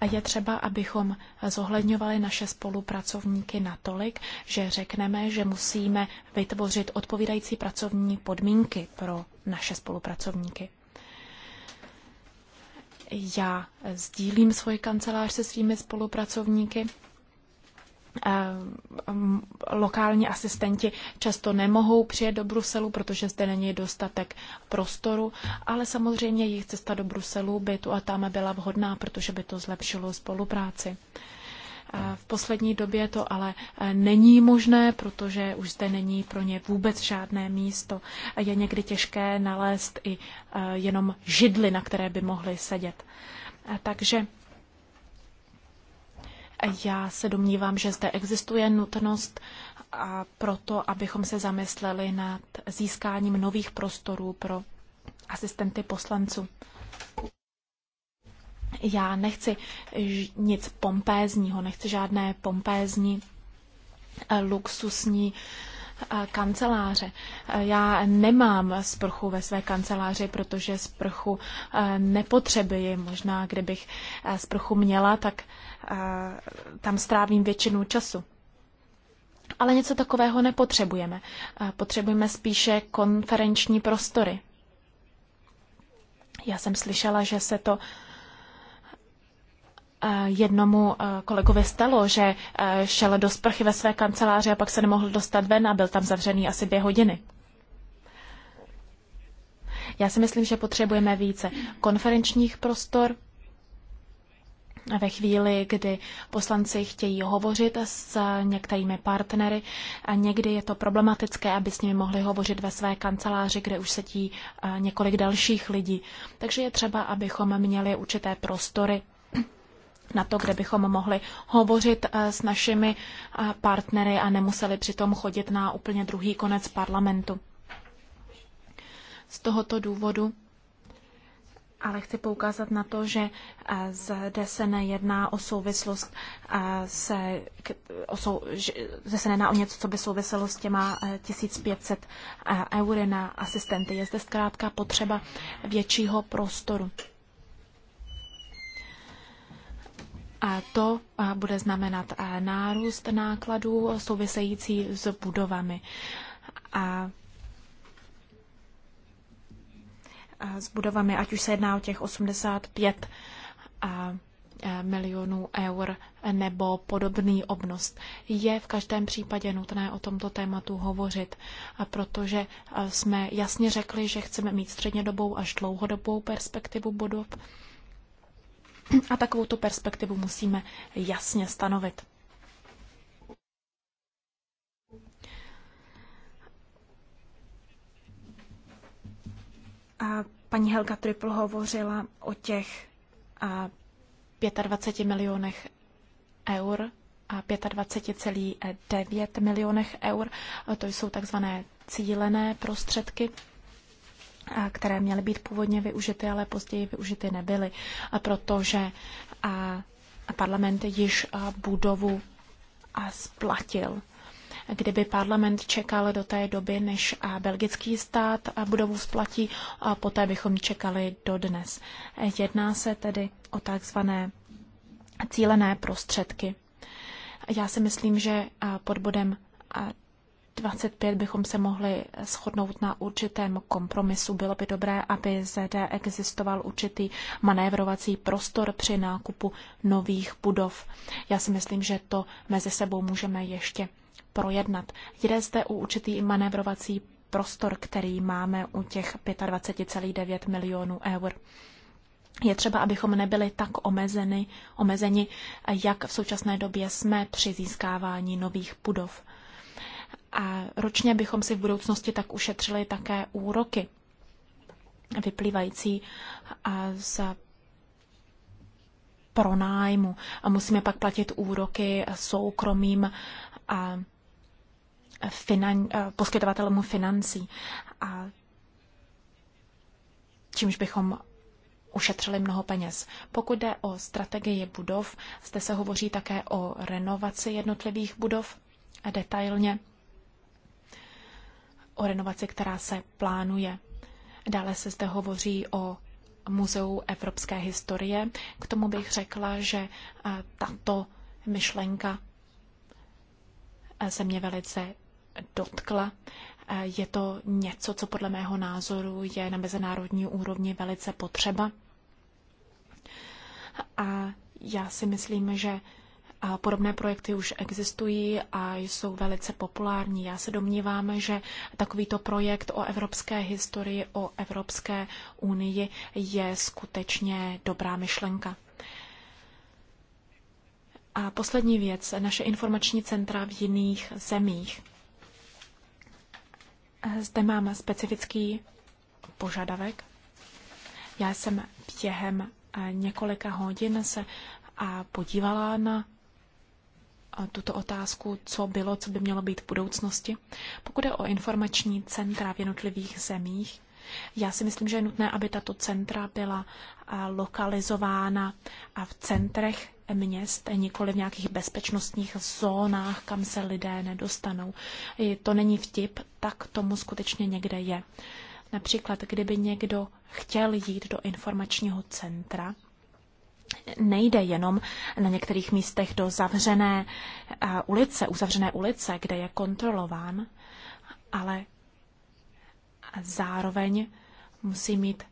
A je třeba, abychom zohledňovali naše spolupracovníky natolik, že řekneme, že musíme vytvořit odpovídající pracovní podmínky pro naše spolupracovníky. Já sdílím svoji kancelář se svými spolupracovníky Eh, lokální asistenti často nemohou přijet do Bruselu, protože zde není dostatek prostoru, ale samozřejmě jejich cesta do Bruselu by tu a tam byla vhodná, protože by to zlepšilo spolupráci. Eh, v poslední době to ale eh, není možné, protože už zde není pro ně vůbec žádné místo. Je někdy těžké nalézt i jenom židly, na které by mohli sedět. Takže já se domnívám, že zde existuje nutnost a proto, abychom se zamysleli nad získáním nových prostorů pro asistenty poslanců. Já nechci nic pompézního, nechci žádné pompézní, eh, luxusní uh, kanceláře. Já nemám sprchu ve své kanceláři, protože sprchu nepotřebuji. Možná, kdybych sprchu měla, tak tam strávím většinu času. Ale něco takového nepotřebujeme. Potřebujeme spíše konferenční prostory. Já jsem slyšela, že se to uh, Eh, jednomu eh, kolegovi stalo, že eh, šel do sprchy ve své kanceláři a pak se nemohl dostat ven a byl tam zavřený asi dvě hodiny. Já si myslím, že potřebujeme více konferenčních prostor ve chvíli, kdy poslanci chtějí hovořit s některými partnery a někdy je to problematické, aby s nimi mohli hovořit ve své kanceláři, kde už sedí několik dalších lidí. Takže je třeba, abychom měli určité prostory na to, kde bychom mohli hovořit eh, s našimi eh, partnery a nemuseli přitom chodit na úplně druhý konec parlamentu. Z tohoto důvodu ale chci poukázat na to, že eh, zde se nejedná o souvislost, se, o sou, že se nejedná o něco, co by souviselo s těma 1500 eur na asistenty. Je zde zkrátka potřeba většího prostoru. A to bude znamenat nárůst nákladů související s budovami. A s budovami, ať už se jedná o těch 85 milionů eur nebo podobný obnos. Je v každém případě nutné o tomto tématu hovořit, protože jsme jasně řekli, že chceme mít střednědobou až dlouhodobou perspektivu budov a takovou tu perspektivu musíme jasně stanovit. A paní Helga Triple hovořila o těch 25 milionech eur a 25,9 e, milionech eur. To jsou takzvané cílené prostředky které měly být původně využity, ale později využity nebyly, protože parlament již budovu splatil. Kdyby parlament čekal do té doby, než belgický stát budovu splatí, a poté bychom čekali do dnes. Jedná se tedy o takzvané cílené prostředky. Já si myslím, že pod bodem 25 bychom se mohli shodnout na určitém kompromisu. Bylo by dobré, aby zde existoval určitý manévrovací prostor při nákupu nových budov. Já si myslím, že to mezi sebou můžeme ještě projednat. Jde zde o určitý manévrovací prostor, který máme u těch 25,9 milionů eur. Je třeba, abychom nebyli tak omezeni, omezeni, jak v současné době jsme při získávání nových budov. A ročně bychom si v budoucnosti tak ušetřili také úroky vyplývající z pronájmu. A musíme pak platit úroky soukromým a finan, poskytovatelům financí. A čímž bychom ušetřili mnoho peněz. Pokud jde o strategii budov, zde se hovoří také o renovaci jednotlivých budov detailně o renovaci, která se plánuje. Dále se zde hovoří o Muzeu evropské historie. K tomu bych řekla, že eh, tato myšlenka eh, se mě velice dotkla. Eh, je to něco, co podle mého názoru je na mezinárodní úrovni velice potřeba. A já si myslím, že a podobné projekty už existují a jsou velice populární. Já se domnívám, že takovýto projekt o evropské historii, o Evropské unii je skutečně dobrá myšlenka. A poslední věc, naše informační centra v jiných zemích. Zde mám specifický požadavek. Já jsem během eh, několika hodin se a podívala na tuto otázku, co bylo, co by mělo být v budoucnosti. Pokud je o informační centra v jednotlivých zemích, já si myslím, že je nutné, aby tato centra byla lokalizována a v centrech měst, nikoli v nějakých bezpečnostních zónách, kam se lidé nedostanou. To není vtip, tak tomu skutečně někde je. Například, kdyby někdo chtěl jít do informačního centra, nejde jenom na některých místech do zavřené eh, ulice, uzavřené ulice, kde je kontrolován, ale zároveň musí mít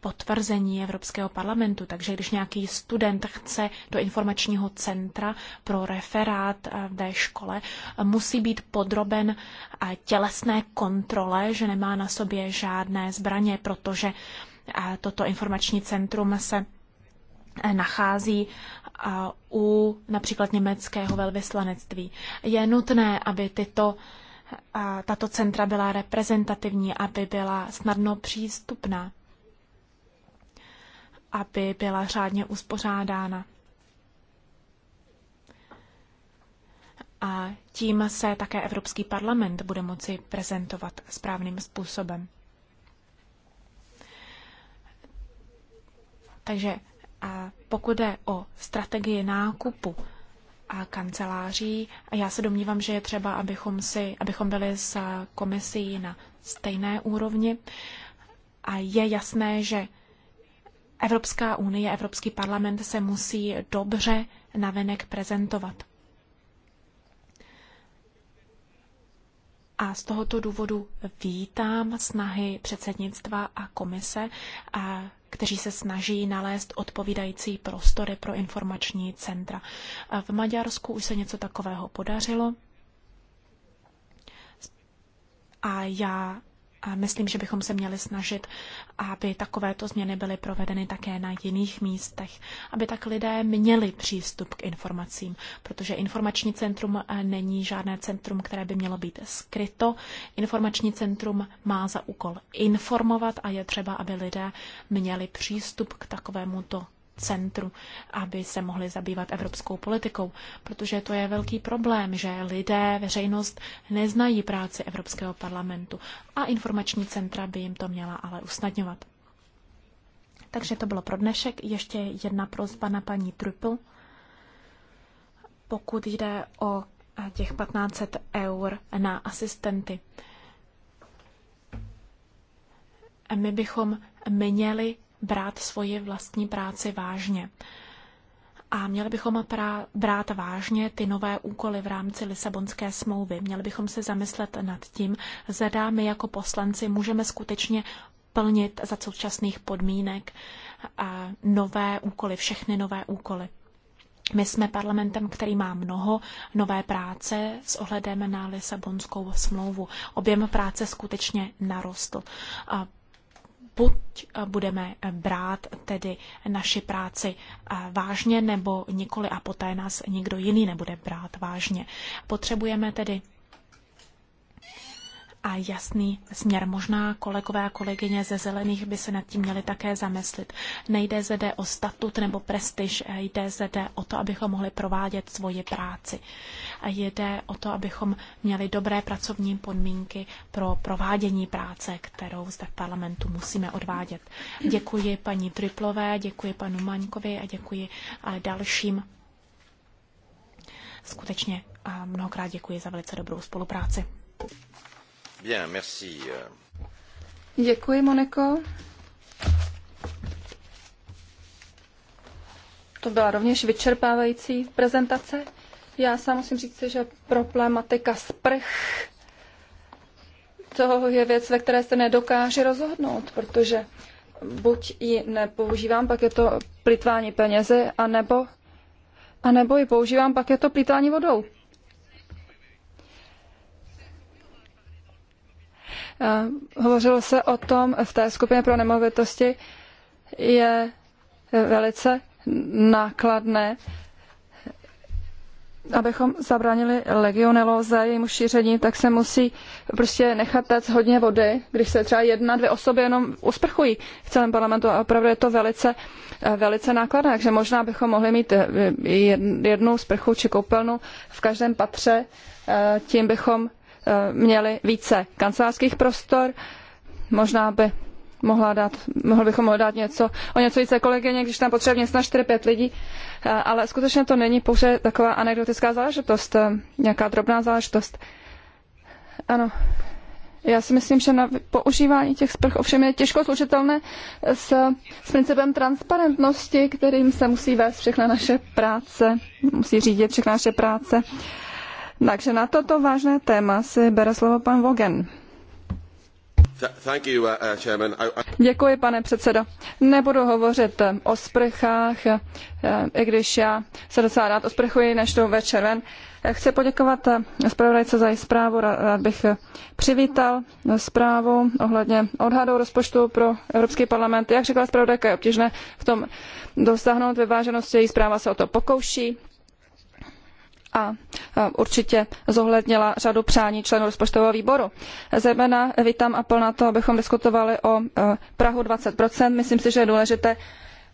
potvrzení Evropského parlamentu. Takže když nějaký student chce do informačního centra pro referát eh, ve škole, eh, musí být podroben tělesné kontrole, že nemá na sobě žádné zbraně, protože toto informační centrum se nachází u například německého velvyslanectví. Je nutné, aby tyto, tato centra byla reprezentativní, aby byla snadno přístupná, aby byla řádně uspořádána. A tím se také Evropský parlament bude moci prezentovat správným způsobem. Takže a pokud jde o strategii nákupu a kanceláří, a já se domnívám, že je třeba, abychom, si, abychom byli s komisí na stejné úrovni. A je jasné, že Evropská unie, Evropský parlament se musí dobře navenek prezentovat. A z tohoto důvodu vítám snahy předsednictva a komise a kteří se snaží nalézt odpovídající prostory pro informační centra. V Maďarsku už se něco takového podařilo. A já a myslím, že bychom se měli snažit, aby takovéto změny byly provedeny také na jiných místech, aby tak lidé měli přístup k informacím, protože informační centrum eh, není žádné centrum, které by mělo být skryto. Informační centrum má za úkol informovat a je třeba, aby lidé měli přístup k takovémuto centru, aby se mohli zabývat evropskou politikou, protože to je velký problém, že lidé, veřejnost neznají práci Evropského parlamentu a informační centra by jim to měla ale usnadňovat. Takže to bylo pro dnešek. Ještě jedna prozba na paní Trupl. Pokud jde o těch 1500 eur na asistenty. My bychom měli brát svoji vlastní práci vážně. A měli bychom prá- brát vážně ty nové úkoly v rámci Lisabonské smlouvy. Měli bychom se zamyslet nad tím, zda my jako poslanci můžeme skutečně plnit za současných podmínek a nové úkoly, všechny nové úkoly. My jsme parlamentem, který má mnoho nové práce s ohledem na Lisabonskou smlouvu. Objem práce skutečně narostl. A buď eh, budeme eh, brát tedy naši práci eh, vážně nebo nikoli a poté nás nikdo jiný nebude brát vážně. Potřebujeme tedy a jasný směr. Možná kolegové a kolegyně ze Zelených by se nad tím měli také zamyslit. Nejde zde o statut nebo prestiž, jde zde o to, abychom mohli provádět svoji práci. A jde o to, abychom měli dobré pracovní podmínky pro provádění práce, kterou zde v parlamentu musíme odvádět. Děkuji paní Triplové, děkuji panu Maňkovi a děkuji eh, dalším. Skutečně a eh, mnohokrát děkuji za velice dobrou spolupráci. Bien, merci. Euh. Děkuji, Moniko. To byla rovněž vyčerpávající prezentace. Já sám musím říct, že problematika sprch to je věc, ve které se nedokáže rozhodnout, protože buď ji nepoužívám, pak je to plitvání penězi, anebo, anebo ji používám, pak je to plitvání vodou. Eh, hovořilo se o tom v té skupině pro nemovitosti, je eh, velice nákladné, abychom zabránili legioneloze, jejímu šíření, tak se musí prostě nechat tec hodně vody, když se třeba jedna, dvě osoby jenom usprchují v celém parlamentu a opravdu je to velice, eh, velice nákladné, takže možná bychom mohli mít jednu sprchu či koupelnu v každém patře, tím bychom Eh, měli více kancelářských prostor. Možná by mohla dát, mohl bychom mohli dát něco, o něco více kolegyně, když tam potřebuje něco na 4-5 lidí, eh, ale skutečně to není pouze taková anekdotická záležitost, eh, nějaká drobná záležitost. Ano, já si myslím, že na používání těch sprch ovšem je těžko slučitelné s, s principem transparentnosti, kterým se musí vést všechna naše práce, musí řídit všechna naše práce. Uh, takže na toto vážné téma si bere slovo pan Vogen. Uh, uh, Děkuji, pane předsedo. Nebudu hovořit eh, o sprchách, eh, i když já se docela rád osprchuji, než jdu večer ven. Eh, chci poděkovat zpravodajce za její zprávu. Rád bych přivítal zprávu ohledně odhadu rozpočtu pro Evropský parlament. Jak řekla zpravodajka, je obtížné v tom dosáhnout vyváženosti. Její zpráva se o to pokouší a určitě zohlednila řadu přání členů rozpočtového výboru. Zejména vítám apel na to, abychom diskutovali o e, Prahu 20%. Myslím si, že je důležité,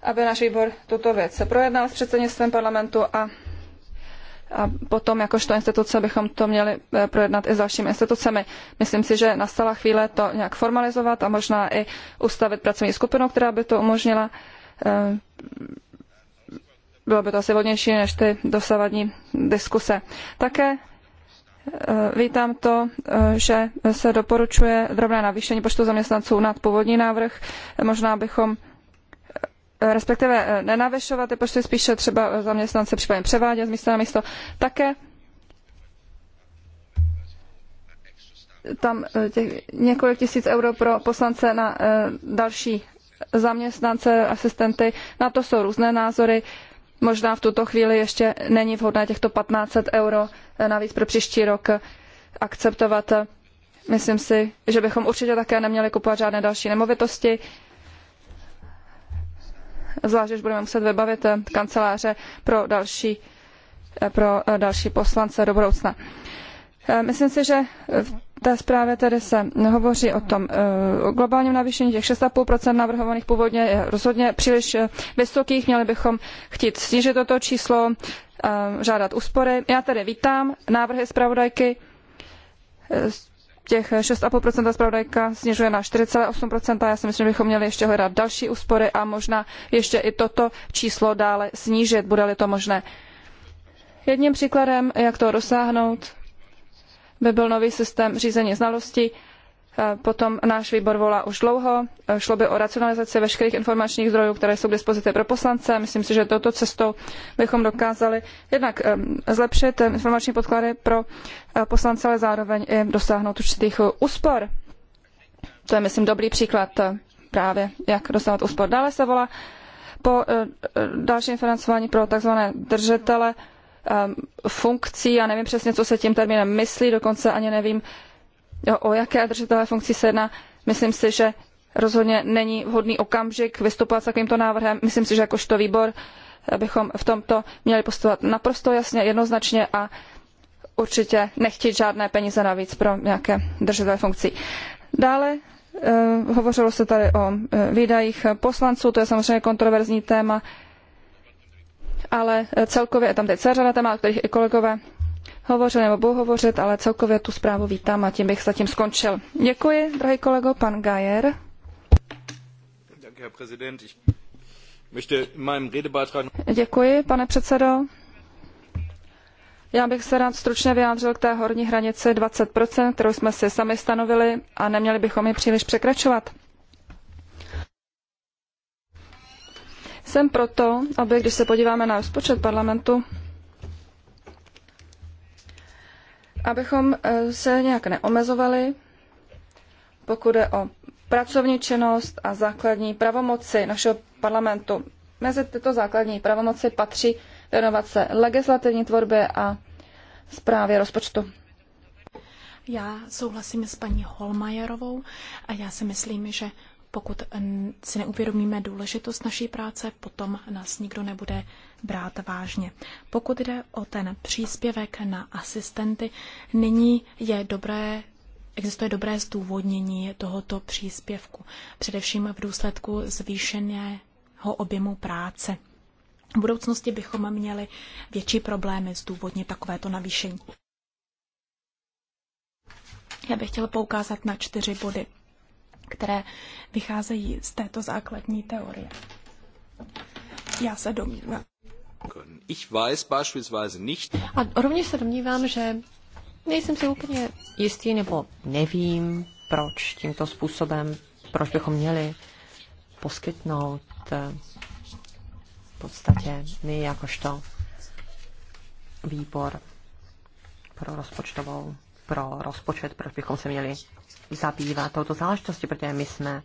aby náš výbor tuto věc projednal s předsednictvem parlamentu a a potom jakožto instituce bychom to měli e, projednat i s dalšími institucemi. Myslím si, že nastala chvíle to nějak formalizovat a možná i ustavit pracovní skupinu, která by to umožnila e, bylo by to asi vodnější než ty dosavadní diskuse. Také eh, Vítám to, eh, že se doporučuje drobné navýšení počtu zaměstnanců nad původní návrh. Možná bychom eh, respektive nenavyšovat ty počty, spíše třeba zaměstnance případně převádět z místa na místo. Také tam těch několik tisíc euro pro poslance na další zaměstnance, asistenty, na to jsou různé názory. Možná v tuto chvíli ještě není vhodné těchto 1500 euro eh, navíc pro příští rok eh, akceptovat. Myslím si, že bychom určitě také neměli kupovat žádné další nemovitosti, zvlášť, že budeme muset vybavit eh, kanceláře pro další, pro další poslance do budoucna. Eh, myslím si, že eh, v té zprávě tedy se hovoří o tom eh, o globálním navýšení těch 6,5 navrhovaných původně je rozhodně příliš vysokých. Měli bychom chtít snížit toto číslo, žádat úspory. Já tedy vítám návrhy zpravodajky. Těch 6,5 zpravodajka snižuje na 4,8 Já si myslím, že bychom měli ještě hledat další úspory a možná ještě i toto číslo dále snížit, bude-li to možné. Jedním příkladem, jak to dosáhnout, by byl nový systém řízení znalostí. E, potom náš výbor volá už dlouho. E, šlo by o racionalizaci veškerých informačních zdrojů, které jsou k dispozici pro poslance. Myslím si, že touto cestou bychom dokázali jednak e, zlepšit informační podklady pro poslance, ale zároveň i dosáhnout určitých úspor. To je, myslím, dobrý příklad právě, jak dosáhnout úspor. Dále se volá po dalším financování pro takzvané držitele Ehm, funkcí. Já nevím přesně, co se tím termínem myslí, dokonce ani nevím, o jaké držitele funkcí se jedná. Myslím si, že rozhodně není vhodný okamžik vystupovat s takovýmto návrhem. Myslím si, že jakožto výbor eh, bychom v tomto měli postupovat naprosto jasně, jednoznačně a určitě nechtít žádné peníze navíc pro nějaké držitele funkcí. Dále eh, hovořilo se tady o eh, výdajích poslanců, to je samozřejmě kontroverzní téma ale e, celkově tam teď celá řada témat, o kterých i kolegové hovořili nebo budou hovořit, ale celkově tu zprávu vítám a tím bych zatím skončil. Děkuji, drahý kolego, pan Gajer. Děkuji, pane předsedo. Já bych se rád stručně vyjádřil k té horní hranici 20%, kterou jsme si sami stanovili a neměli bychom ji příliš překračovat. Jsem proto, aby když se podíváme na rozpočet parlamentu, abychom eh, se nějak neomezovali, pokud je o pracovní činnost a základní pravomoci našeho parlamentu. Mezi tyto základní pravomoci patří věnovat se legislativní tvorbě a zprávě rozpočtu. Já souhlasím s paní Holmajerovou a já si myslím, že pokud si neuvědomíme důležitost naší práce, potom nás nikdo nebude brát vážně. Pokud jde o ten příspěvek na asistenty, nyní je dobré Existuje dobré zdůvodnění tohoto příspěvku, především v důsledku zvýšeného objemu práce. V budoucnosti bychom měli větší problémy zdůvodnit takovéto navýšení. Já bych chtěla poukázat na čtyři body které vycházejí z této základní teorie. Já se domnívám. Ich weiß beispielsweise nicht. A rovněž se domnívám, že nejsem si úplně jistý nebo nevím, proč tímto způsobem, proč bychom měli poskytnout eh, v podstatě my jakožto výbor pro rozpočtovou, pro rozpočet, proč bychom se měli zabývá touto záležitostí, protože my jsme,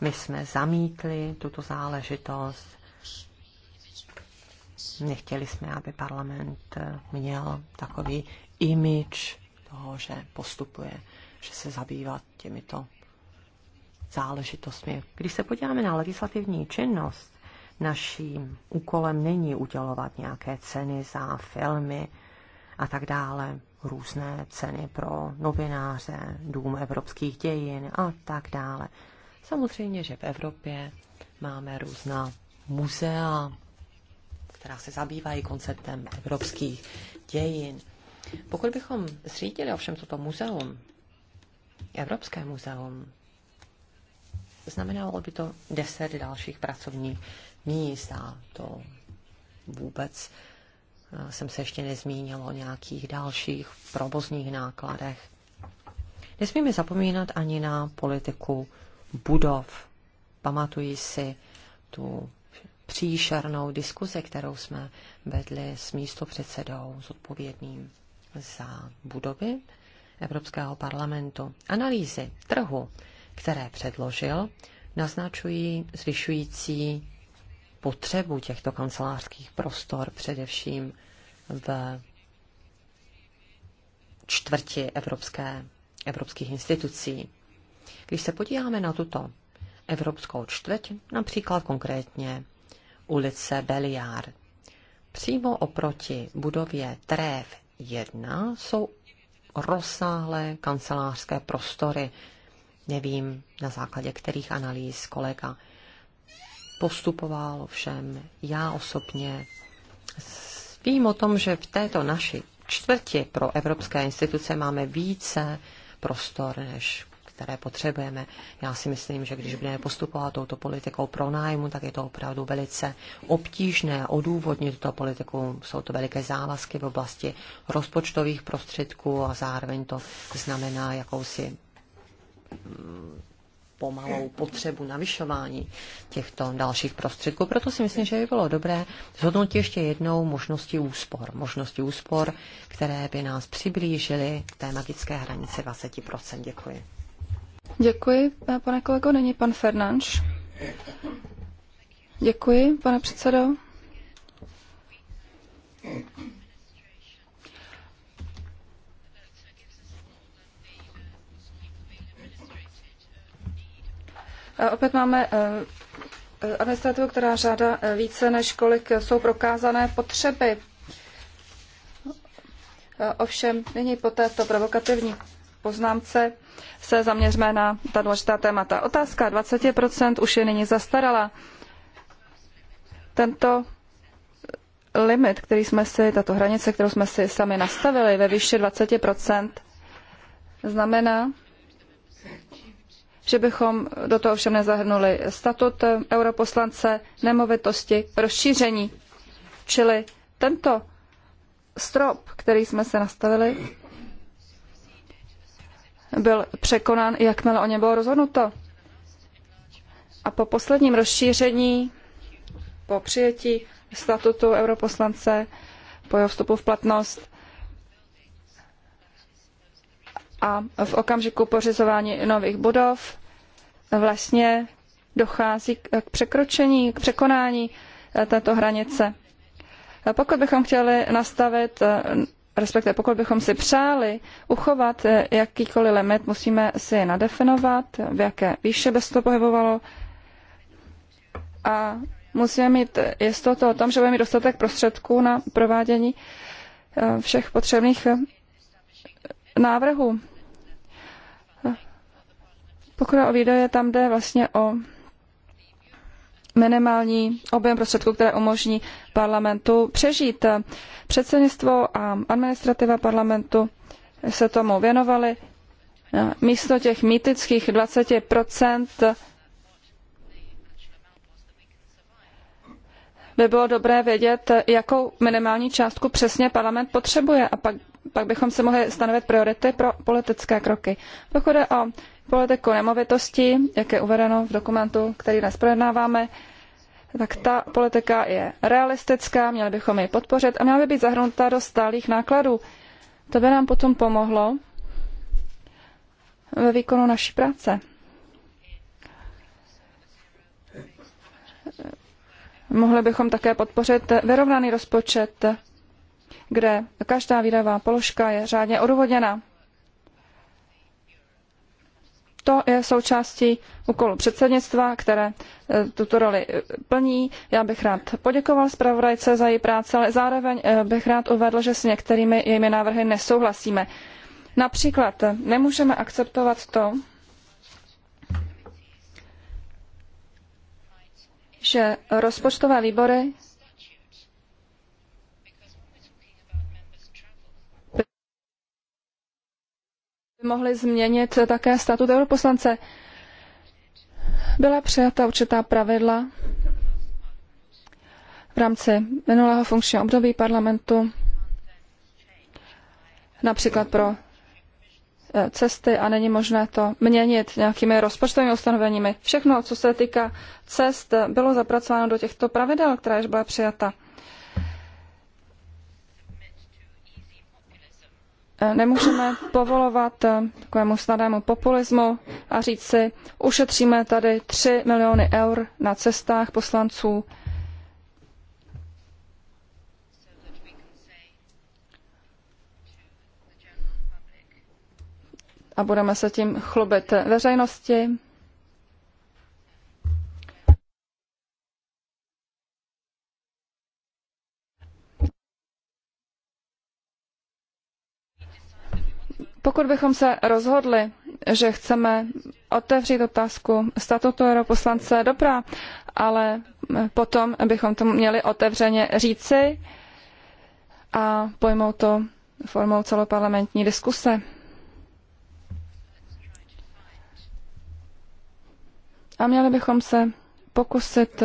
my jsme zamítli tuto záležitost. Nechtěli jsme, aby parlament eh, měl takový imič toho, že postupuje, že se zabývá těmito záležitostmi. Když se podíváme na legislativní činnost, naším úkolem není udělovat nějaké ceny za filmy a tak dále různé ceny pro novináře, Dům evropských dějin a tak dále. Samozřejmě, že v Evropě máme různá muzea, která se zabývají konceptem evropských dějin. Pokud bychom zřídili ovšem toto muzeum, Evropské muzeum, znamenalo by to deset dalších pracovních míst a to vůbec Eh, jsem se ještě nezmínil o nějakých dalších provozních nákladech. Nesmíme zapomínat ani na politiku budov. Pamatuji si tu příšernou diskuzi, kterou jsme vedli s místopředsedou odpovědným za budovy Evropského parlamentu. Analýzy trhu, které předložil, naznačují zvyšující potřebu těchto kancelářských prostor, především v čtvrti evropské, evropských institucí. Když se podíváme na tuto evropskou čtvrť, například konkrétně ulice Beliard, přímo oproti budově Trév 1 jsou rozsáhlé kancelářské prostory. Nevím, na základě kterých analýz kolega postupoval všem já osobně. Vím o tom, že v této naší čtvrti pro evropské instituce máme více prostor, než které potřebujeme. Já si myslím, že když budeme postupovat touto politikou pro nájmu, tak je to opravdu velice obtížné odůvodnit tuto politiku. Jsou to veliké závazky v oblasti rozpočtových prostředků a zároveň to znamená jakousi pomalou potřebu navyšování těchto dalších prostředků. Proto si myslím, že by bylo dobré zhodnotit ještě jednou možnosti úspor. Možnosti úspor, které by nás přiblížily k té magické hranici 20%. Děkuji. Děkuji, eh, pane kolego. Není pan Fernanš. Děkuji, pane předsedo. Eh, opět máme eh, eh, administrativu, která žádá více, než kolik jsou prokázané potřeby. Ovšem, nyní po této provokativní poznámce se zaměřme na ta důležitá témata. Otázka 20% už je nyní zastarala. Tento limit, který jsme si, tato hranice, kterou jsme si sami nastavili ve výši 20%, znamená, že bychom do toho všem nezahrnuli statut europoslance, nemovitosti, rozšíření. Čili tento strop, který jsme se nastavili, byl překonán, jakmile o něm bylo rozhodnuto. A po posledním rozšíření, po přijetí statutu europoslance, po jeho vstupu v platnost a v okamžiku pořizování nových budov, vlastně dochází k překročení, k překonání eh, této hranice. Pokud bychom chtěli nastavit, eh, respektive pokud bychom si přáli uchovat eh, jakýkoliv limit, musíme si je nadefinovat, v jaké výše by se to pohybovalo a musíme mít jistotu o tom, že budeme mít dostatek prostředků na provádění všech potřebných návrhů. Pokud o výdaje, tam jde vlastně o minimální objem prostředků, které umožní parlamentu přežít. Předsednictvo a administrativa parlamentu se tomu věnovali. Místo těch mýtických 20 by bylo dobré vědět, jakou minimální částku přesně parlament potřebuje a pak, pak bychom se mohli stanovit priority pro politické kroky. Pokud je o politiku nemovitostí, jak je uvedeno v dokumentu, který dnes projednáváme, tak ta politika je realistická, měli bychom ji podpořit a měla by být zahrnuta do stálých nákladů. To by nám potom pomohlo ve výkonu naší práce. Mohli bychom také podpořit vyrovnaný rozpočet, kde každá výdajová položka je řádně odůvodněna. To je součástí úkolu předsednictva, které eh, tuto roli eh, plní. Já bych rád poděkoval zpravodajce za její práci, ale zároveň eh, bych rád uvedl, že s některými jejími návrhy nesouhlasíme. Například nemůžeme akceptovat to, že rozpočtové výbory by mohly změnit také statut europoslance. Byla přijata určitá pravidla v rámci minulého funkčního období parlamentu, například pro Eh, cesty a není možné to měnit nějakými rozpočtovými ustanoveními. Všechno, co se týká cest, eh, bylo zapracováno do těchto pravidel, která již byla přijata. Eh, nemůžeme povolovat takovému snadému populismu a říct si, ušetříme tady 3 miliony eur na cestách poslanců a budeme se tím chlubit veřejnosti. Pokud bychom se rozhodli, že chceme otevřít otázku statutu europoslance, dobrá, ale potom bychom to měli otevřeně říci a pojmout to formou celoparlamentní diskuse. a měli bychom se pokusit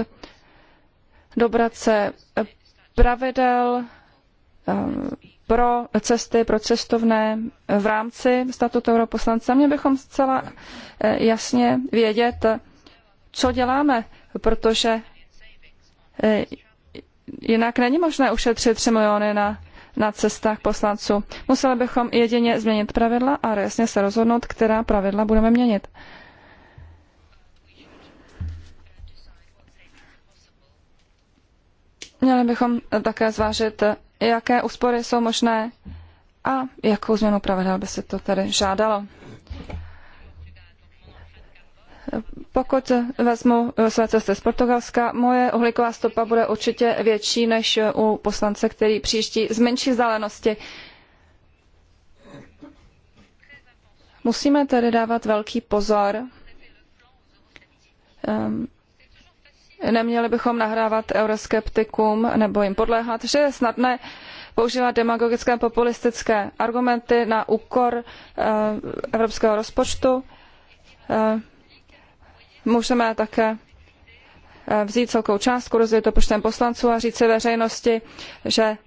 dobrat se pravidel eh, pro cesty, pro cestovné v rámci statutu europoslance. Měli bychom zcela eh, jasně vědět, co děláme, protože eh, jinak není možné ušetřit 3 miliony na, na cestách poslanců. Museli bychom jedině změnit pravidla a jasně se rozhodnout, která pravidla budeme měnit. Měli bychom také zvážit, jaké úspory jsou možné a jakou změnu pravidel by se to tedy žádalo. Pokud vezmu své cesty z Portugalska, moje uhlíková stopa bude určitě větší než u poslance, který příští z menší vzdálenosti. Musíme tedy dávat velký pozor. Ehm, neměli bychom nahrávat euroskeptikům nebo jim podléhat, že je snadné používat demagogické a populistické argumenty na úkor eh, evropského rozpočtu. Eh, můžeme také eh, vzít celkou částku, rozdělit to počtem poslanců a říct si veřejnosti, že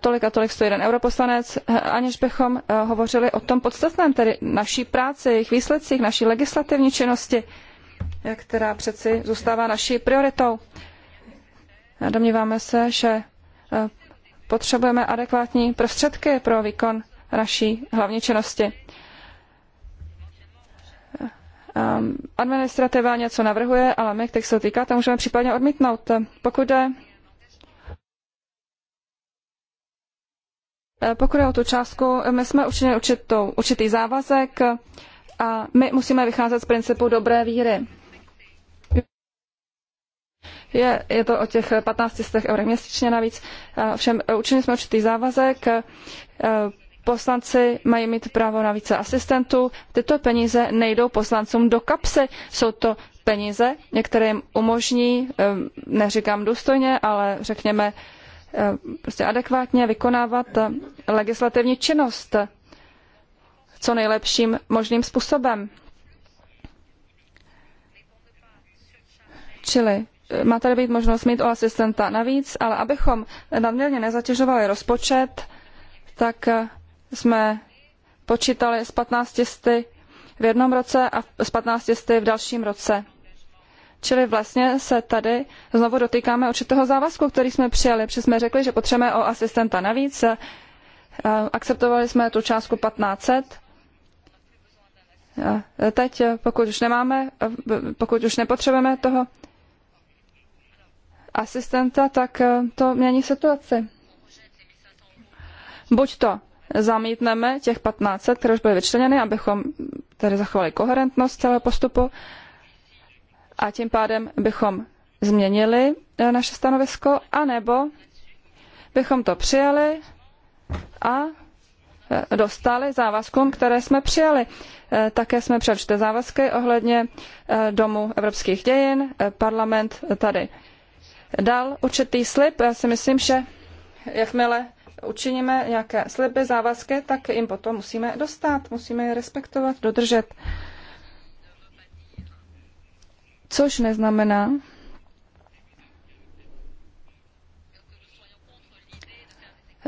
tolik a tolik stojí jeden europoslanec, aniž bychom hovořili o tom podstatném, tedy naší práci, jejich výsledcích, naší legislativní činnosti která přeci zůstává naší prioritou. Domníváme se, že e, potřebujeme adekvátní prostředky pro výkon naší hlavní činnosti. E, e, administrativa něco navrhuje, ale my, když se týká, to můžeme případně odmítnout. Pokud jde Pokud je o tu částku, my jsme učinili určitou, určitý závazek a my musíme vycházet z principu dobré víry. Je, je to o těch 1500 eur měsíčně navíc. Všem e, učinili jsme určitý závazek. E, poslanci mají mít právo na více asistentů. Tyto peníze nejdou poslancům do kapsy. Jsou to peníze, některé jim umožní, e, neříkám důstojně, ale řekněme prostě adekvátně vykonávat legislativní činnost co nejlepším možným způsobem. Čili má tady být možnost mít o asistenta navíc, ale abychom nadměrně nezatěžovali rozpočet, tak eh, jsme počítali z 15 v jednom roce a z 15 v dalším roce. Čili vlastně se tady znovu dotýkáme určitého závazku, který jsme přijali, protože jsme řekli, že potřebujeme o asistenta navíc. Eh, akceptovali jsme tu částku 1500. Eh, teď, pokud už nemáme, pokud už nepotřebujeme toho asistenta, tak eh, to mění situaci. Buď to zamítneme těch 15, které už byly vyčleněny, abychom tedy zachovali koherentnost celého postupu a tím pádem bychom změnili eh, naše stanovisko, anebo bychom to přijali a eh, dostali závazkům, které jsme přijali. Také jsme přečte závazky ohledně Domu evropských dějin. Parlament tady dal určitý slib. Já si myslím, že jakmile učiníme nějaké sliby, závazky, tak jim potom musíme dostat, musíme je respektovat, dodržet. Což neznamená,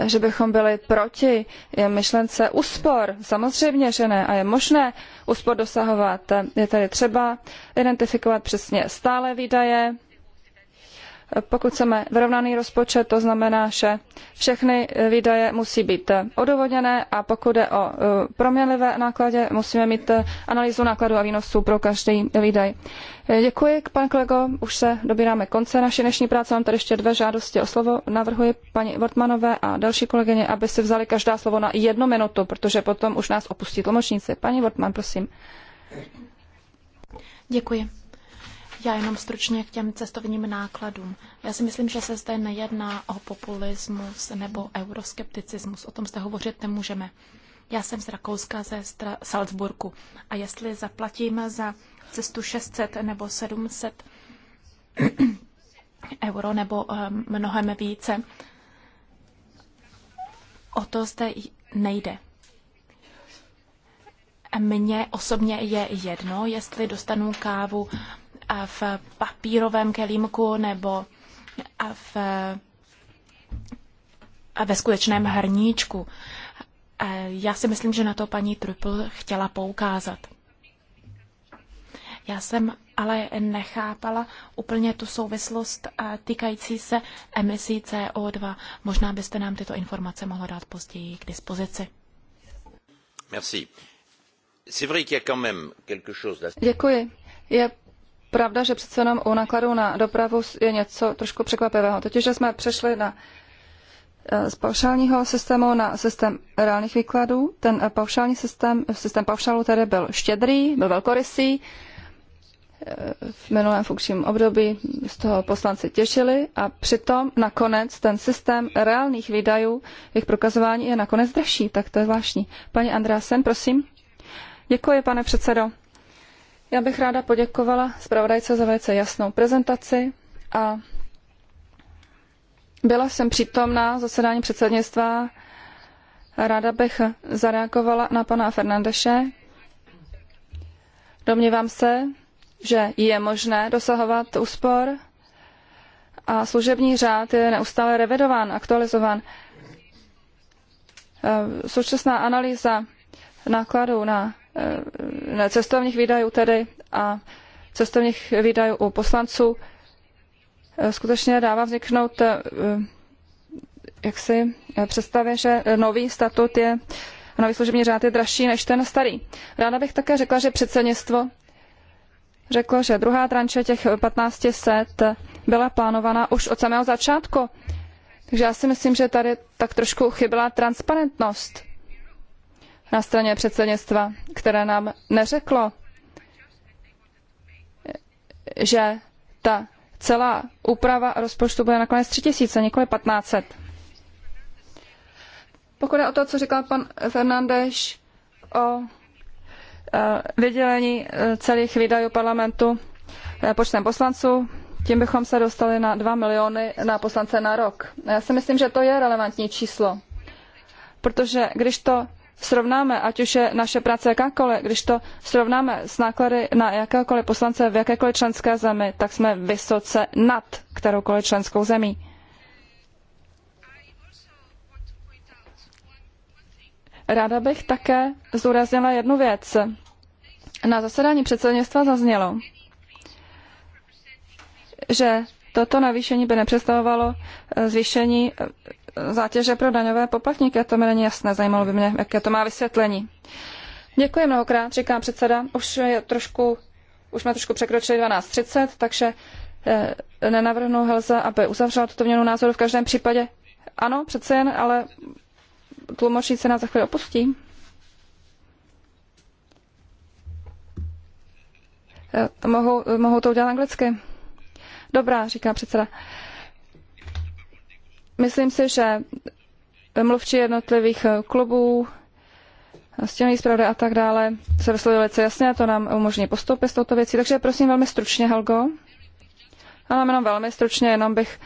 že bychom byli proti je myšlence úspor. Samozřejmě, že ne. A je možné úspor dosahovat. Je tady třeba identifikovat přesně stále výdaje, pokud chceme vyrovnaný rozpočet, to znamená, že všechny výdaje musí být odůvodněné a pokud je o e, proměnlivé náklady, musíme mít analýzu nákladů a výnosů pro každý výdaj. E, děkuji, pan kolego, už se dobíráme konce naší dnešní práce. Mám tady ještě dvě žádosti o slovo. Navrhuji paní Wortmanové a další kolegyně, aby si vzali každá slovo na jednu minutu, protože potom už nás opustí tlumočníci. Paní Wortman, prosím. Děkuji. Já jenom stručně k těm cestovním nákladům. Já si myslím, že se zde nejedná o populismus nebo euroskepticismus. O tom zde hovořit nemůžeme. Já jsem z Rakouska, ze Stra- Salzburku. A jestli zaplatíme za cestu 600 nebo 700 [CLEARS THROAT] euro nebo ehm, mnohem více, o to zde nejde. Mně osobně je jedno, jestli dostanu kávu v papírovém kelímku nebo v, ve skutečném hrníčku. Já si myslím, že na to paní Trupl chtěla poukázat. Já jsem ale nechápala úplně tu souvislost týkající se emisí CO2. Možná byste nám tyto informace mohla dát později k dispozici. Merci. Děkuji. Je pravda, že přece jenom u nákladů na dopravu je něco trošku překvapivého. Totiž, že jsme přešli na eh, z paušálního systému na systém reálných výkladů. Ten eh, paušální systém, systém paušálu tedy byl štědrý, byl velkorysý. Eh, v minulém funkčním období z toho poslanci těšili a přitom nakonec ten systém reálných výdajů, jejich prokazování je nakonec dražší, tak to je zvláštní. Paní Andrásen, prosím. Děkuji, pane předsedo. Já bych ráda poděkovala zpravodajce za velice jasnou prezentaci a byla jsem přítomna zasedání předsednictva. Ráda bych zareagovala na pana Fernandeše. Domnívám se, že je možné dosahovat úspor a služební řád je neustále revidován, aktualizován. Ehm, současná analýza nákladů na Eh, cestovních výdajů tedy a cestovních výdajů u poslanců eh, skutečně dává vzniknout eh, jaksi představě, že nový statut je, nový služební řád je dražší než ten starý. Ráda bych také řekla, že předsednictvo řeklo, že druhá tranče těch 1500 byla plánovaná už od samého začátku. Takže já si myslím, že tady tak trošku chyběla transparentnost na straně předsednictva, které nám neřeklo, že ta celá úprava rozpočtu bude nakonec 3000, nikoli 1500. Pokud je o to, co říkal pan Fernandeš o eh, vydělení eh, celých výdajů parlamentu eh, počtem poslanců, tím bychom se dostali na 2 miliony na poslance na rok. Já si myslím, že to je relevantní číslo, protože když to srovnáme, ať už je naše práce jakákoliv, když to srovnáme s náklady na jakékoliv poslance v jakékoliv členské zemi, tak jsme vysoce nad kteroukoliv členskou zemí. Ráda bych také zdůraznila jednu věc. Na zasedání předsednictva zaznělo, že toto navýšení by nepředstavovalo eh, zvýšení eh, zátěže pro daňové poplatníky. To mi není jasné, zajímalo by mě, jaké to má vysvětlení. Děkuji mnohokrát, říká předseda. Už je trošku, už jsme trošku překročili 12.30, takže eh, nenavrhnu Helze, aby uzavřela tuto měnu názoru v každém případě. Ano, přece jen, ale tlumočníci nás za chvíli opustí. Eh, mohou, mohou to udělat anglicky. Dobrá, říká předseda. Myslím si, že mluvčí jednotlivých eh, klubů, eh, stěný zpravda a tak dále se vyslovili velice jasně a to nám umožní postoupit s touto věcí. Takže prosím velmi stručně, Helgo. Ano, jenom velmi stručně, jenom bych,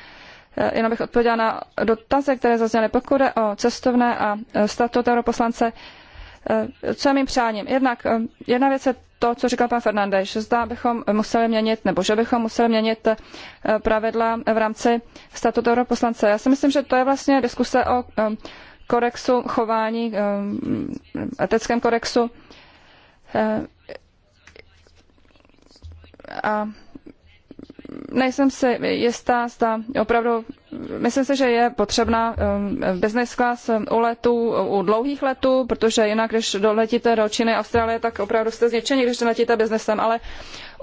eh, jenom bych odpověděla na dotazy, které zazněly, pokud o cestovné a statut europoslance. poslance Eh, co je mým přáním? Jednak eh, jedna věc je to, co říkal pan Fernandeš, že zda bychom museli měnit, nebo že bychom museli měnit eh, pravidla v rámci statutu europoslance. Já si myslím, že to je vlastně diskuse o kodexu chování, mm, etickém kodexu. A nejsem si jistá, zda opravdu, myslím si, že je potřebná um, business class u letů, u dlouhých letů, protože jinak, když doletíte do Číny, Austrálie, tak opravdu jste zničeni, když doletíte biznesem, ale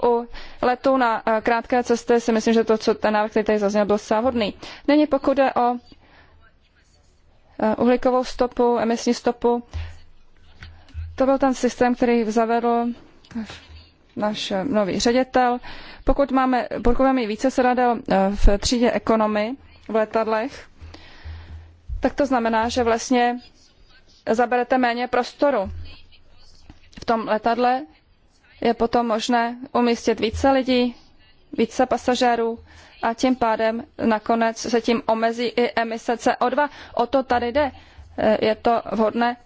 u letů na eh, krátké cesty si myslím, že to, co ten návrh, který tady zazněl, byl sáhodný. Není pokud jde o eh, uhlíkovou stopu, emisní stopu, to byl ten systém, který zavedl náš eh, nový ředitel. Pokud máme, pokud máme více sedadel eh, v třídě ekonomy v letadlech, tak to znamená, že vlastně zaberete méně prostoru. V tom letadle je potom možné umístit více lidí, více pasažérů a tím pádem nakonec se tím omezí i emise CO2. O to tady jde je to vhodné,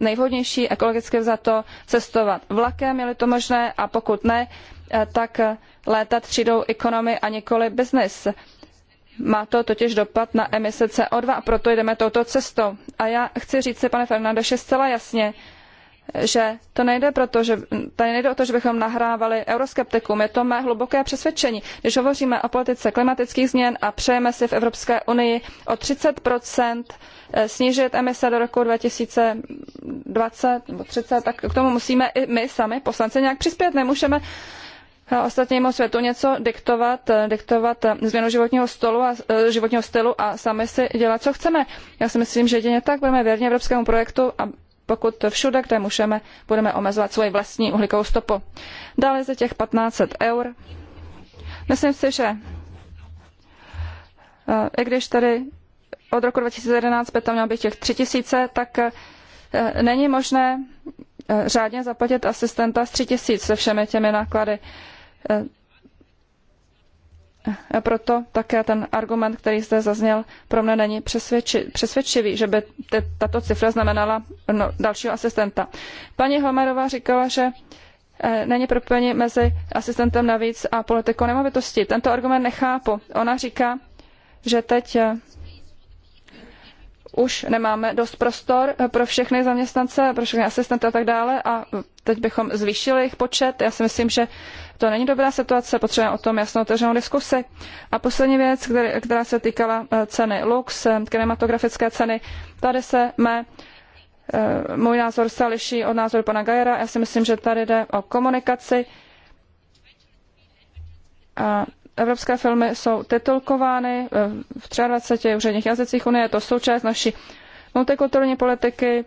nejvhodnější ekologicky za to cestovat vlakem, je-li to možné, a pokud ne, eh, tak eh, létat třídou ekonomy a nikoli business. Má to totiž dopad na emise CO2 a proto jdeme touto cestou. A já chci říct si, pane Fernandeši, zcela jasně, že to nejde, proto, že, tady nejde o to, že bychom nahrávali euroskeptikům. Je to mé hluboké přesvědčení. Když hovoříme o politice klimatických změn a přejeme si v Evropské unii o 30 eh, snížit emise do roku 2020 nebo 30, tak k tomu musíme i my sami, poslanci, nějak přispět. Nemůžeme eh, ostatnímu světu něco diktovat, eh, diktovat změnu životního, stolu a, životního stylu a sami si dělat, co chceme. Já si myslím, že jedině tak budeme věrně evropskému projektu a pokud všude, kde můžeme, budeme omezovat svoji vlastní uhlíkovou stopu. Dále za těch 1500 eur. Myslím si, že eh, i když tady od roku 2011 by tam mělo být těch 3000, tak eh, není možné eh, řádně zaplatit asistenta z 3000 se všemi těmi náklady proto také ten argument, který zde zazněl, pro mne není přesvědči, přesvědčivý, že by tato cifra znamenala no, dalšího asistenta. Paní Homerová říkala, že eh, není propojení mezi asistentem navíc a politikou nemovitosti. Tento argument nechápu. Ona říká, že teď eh, už nemáme dost prostor eh, pro všechny zaměstnance, pro všechny asistenty a tak dále a eh, teď bychom zvýšili jejich počet. Já si myslím, že to není dobrá situace, potřebujeme o tom jasnou otevřenou diskusi. A poslední věc, která se týkala eh, ceny lux, kinematografické ceny, tady se mé můj názor se liší od názoru pana Gajera. Já si myslím, že tady jde o komunikaci. A Evropské filmy jsou titulkovány eh, v 23 úředních jazycích Unie, je to součást naší multikulturní politiky.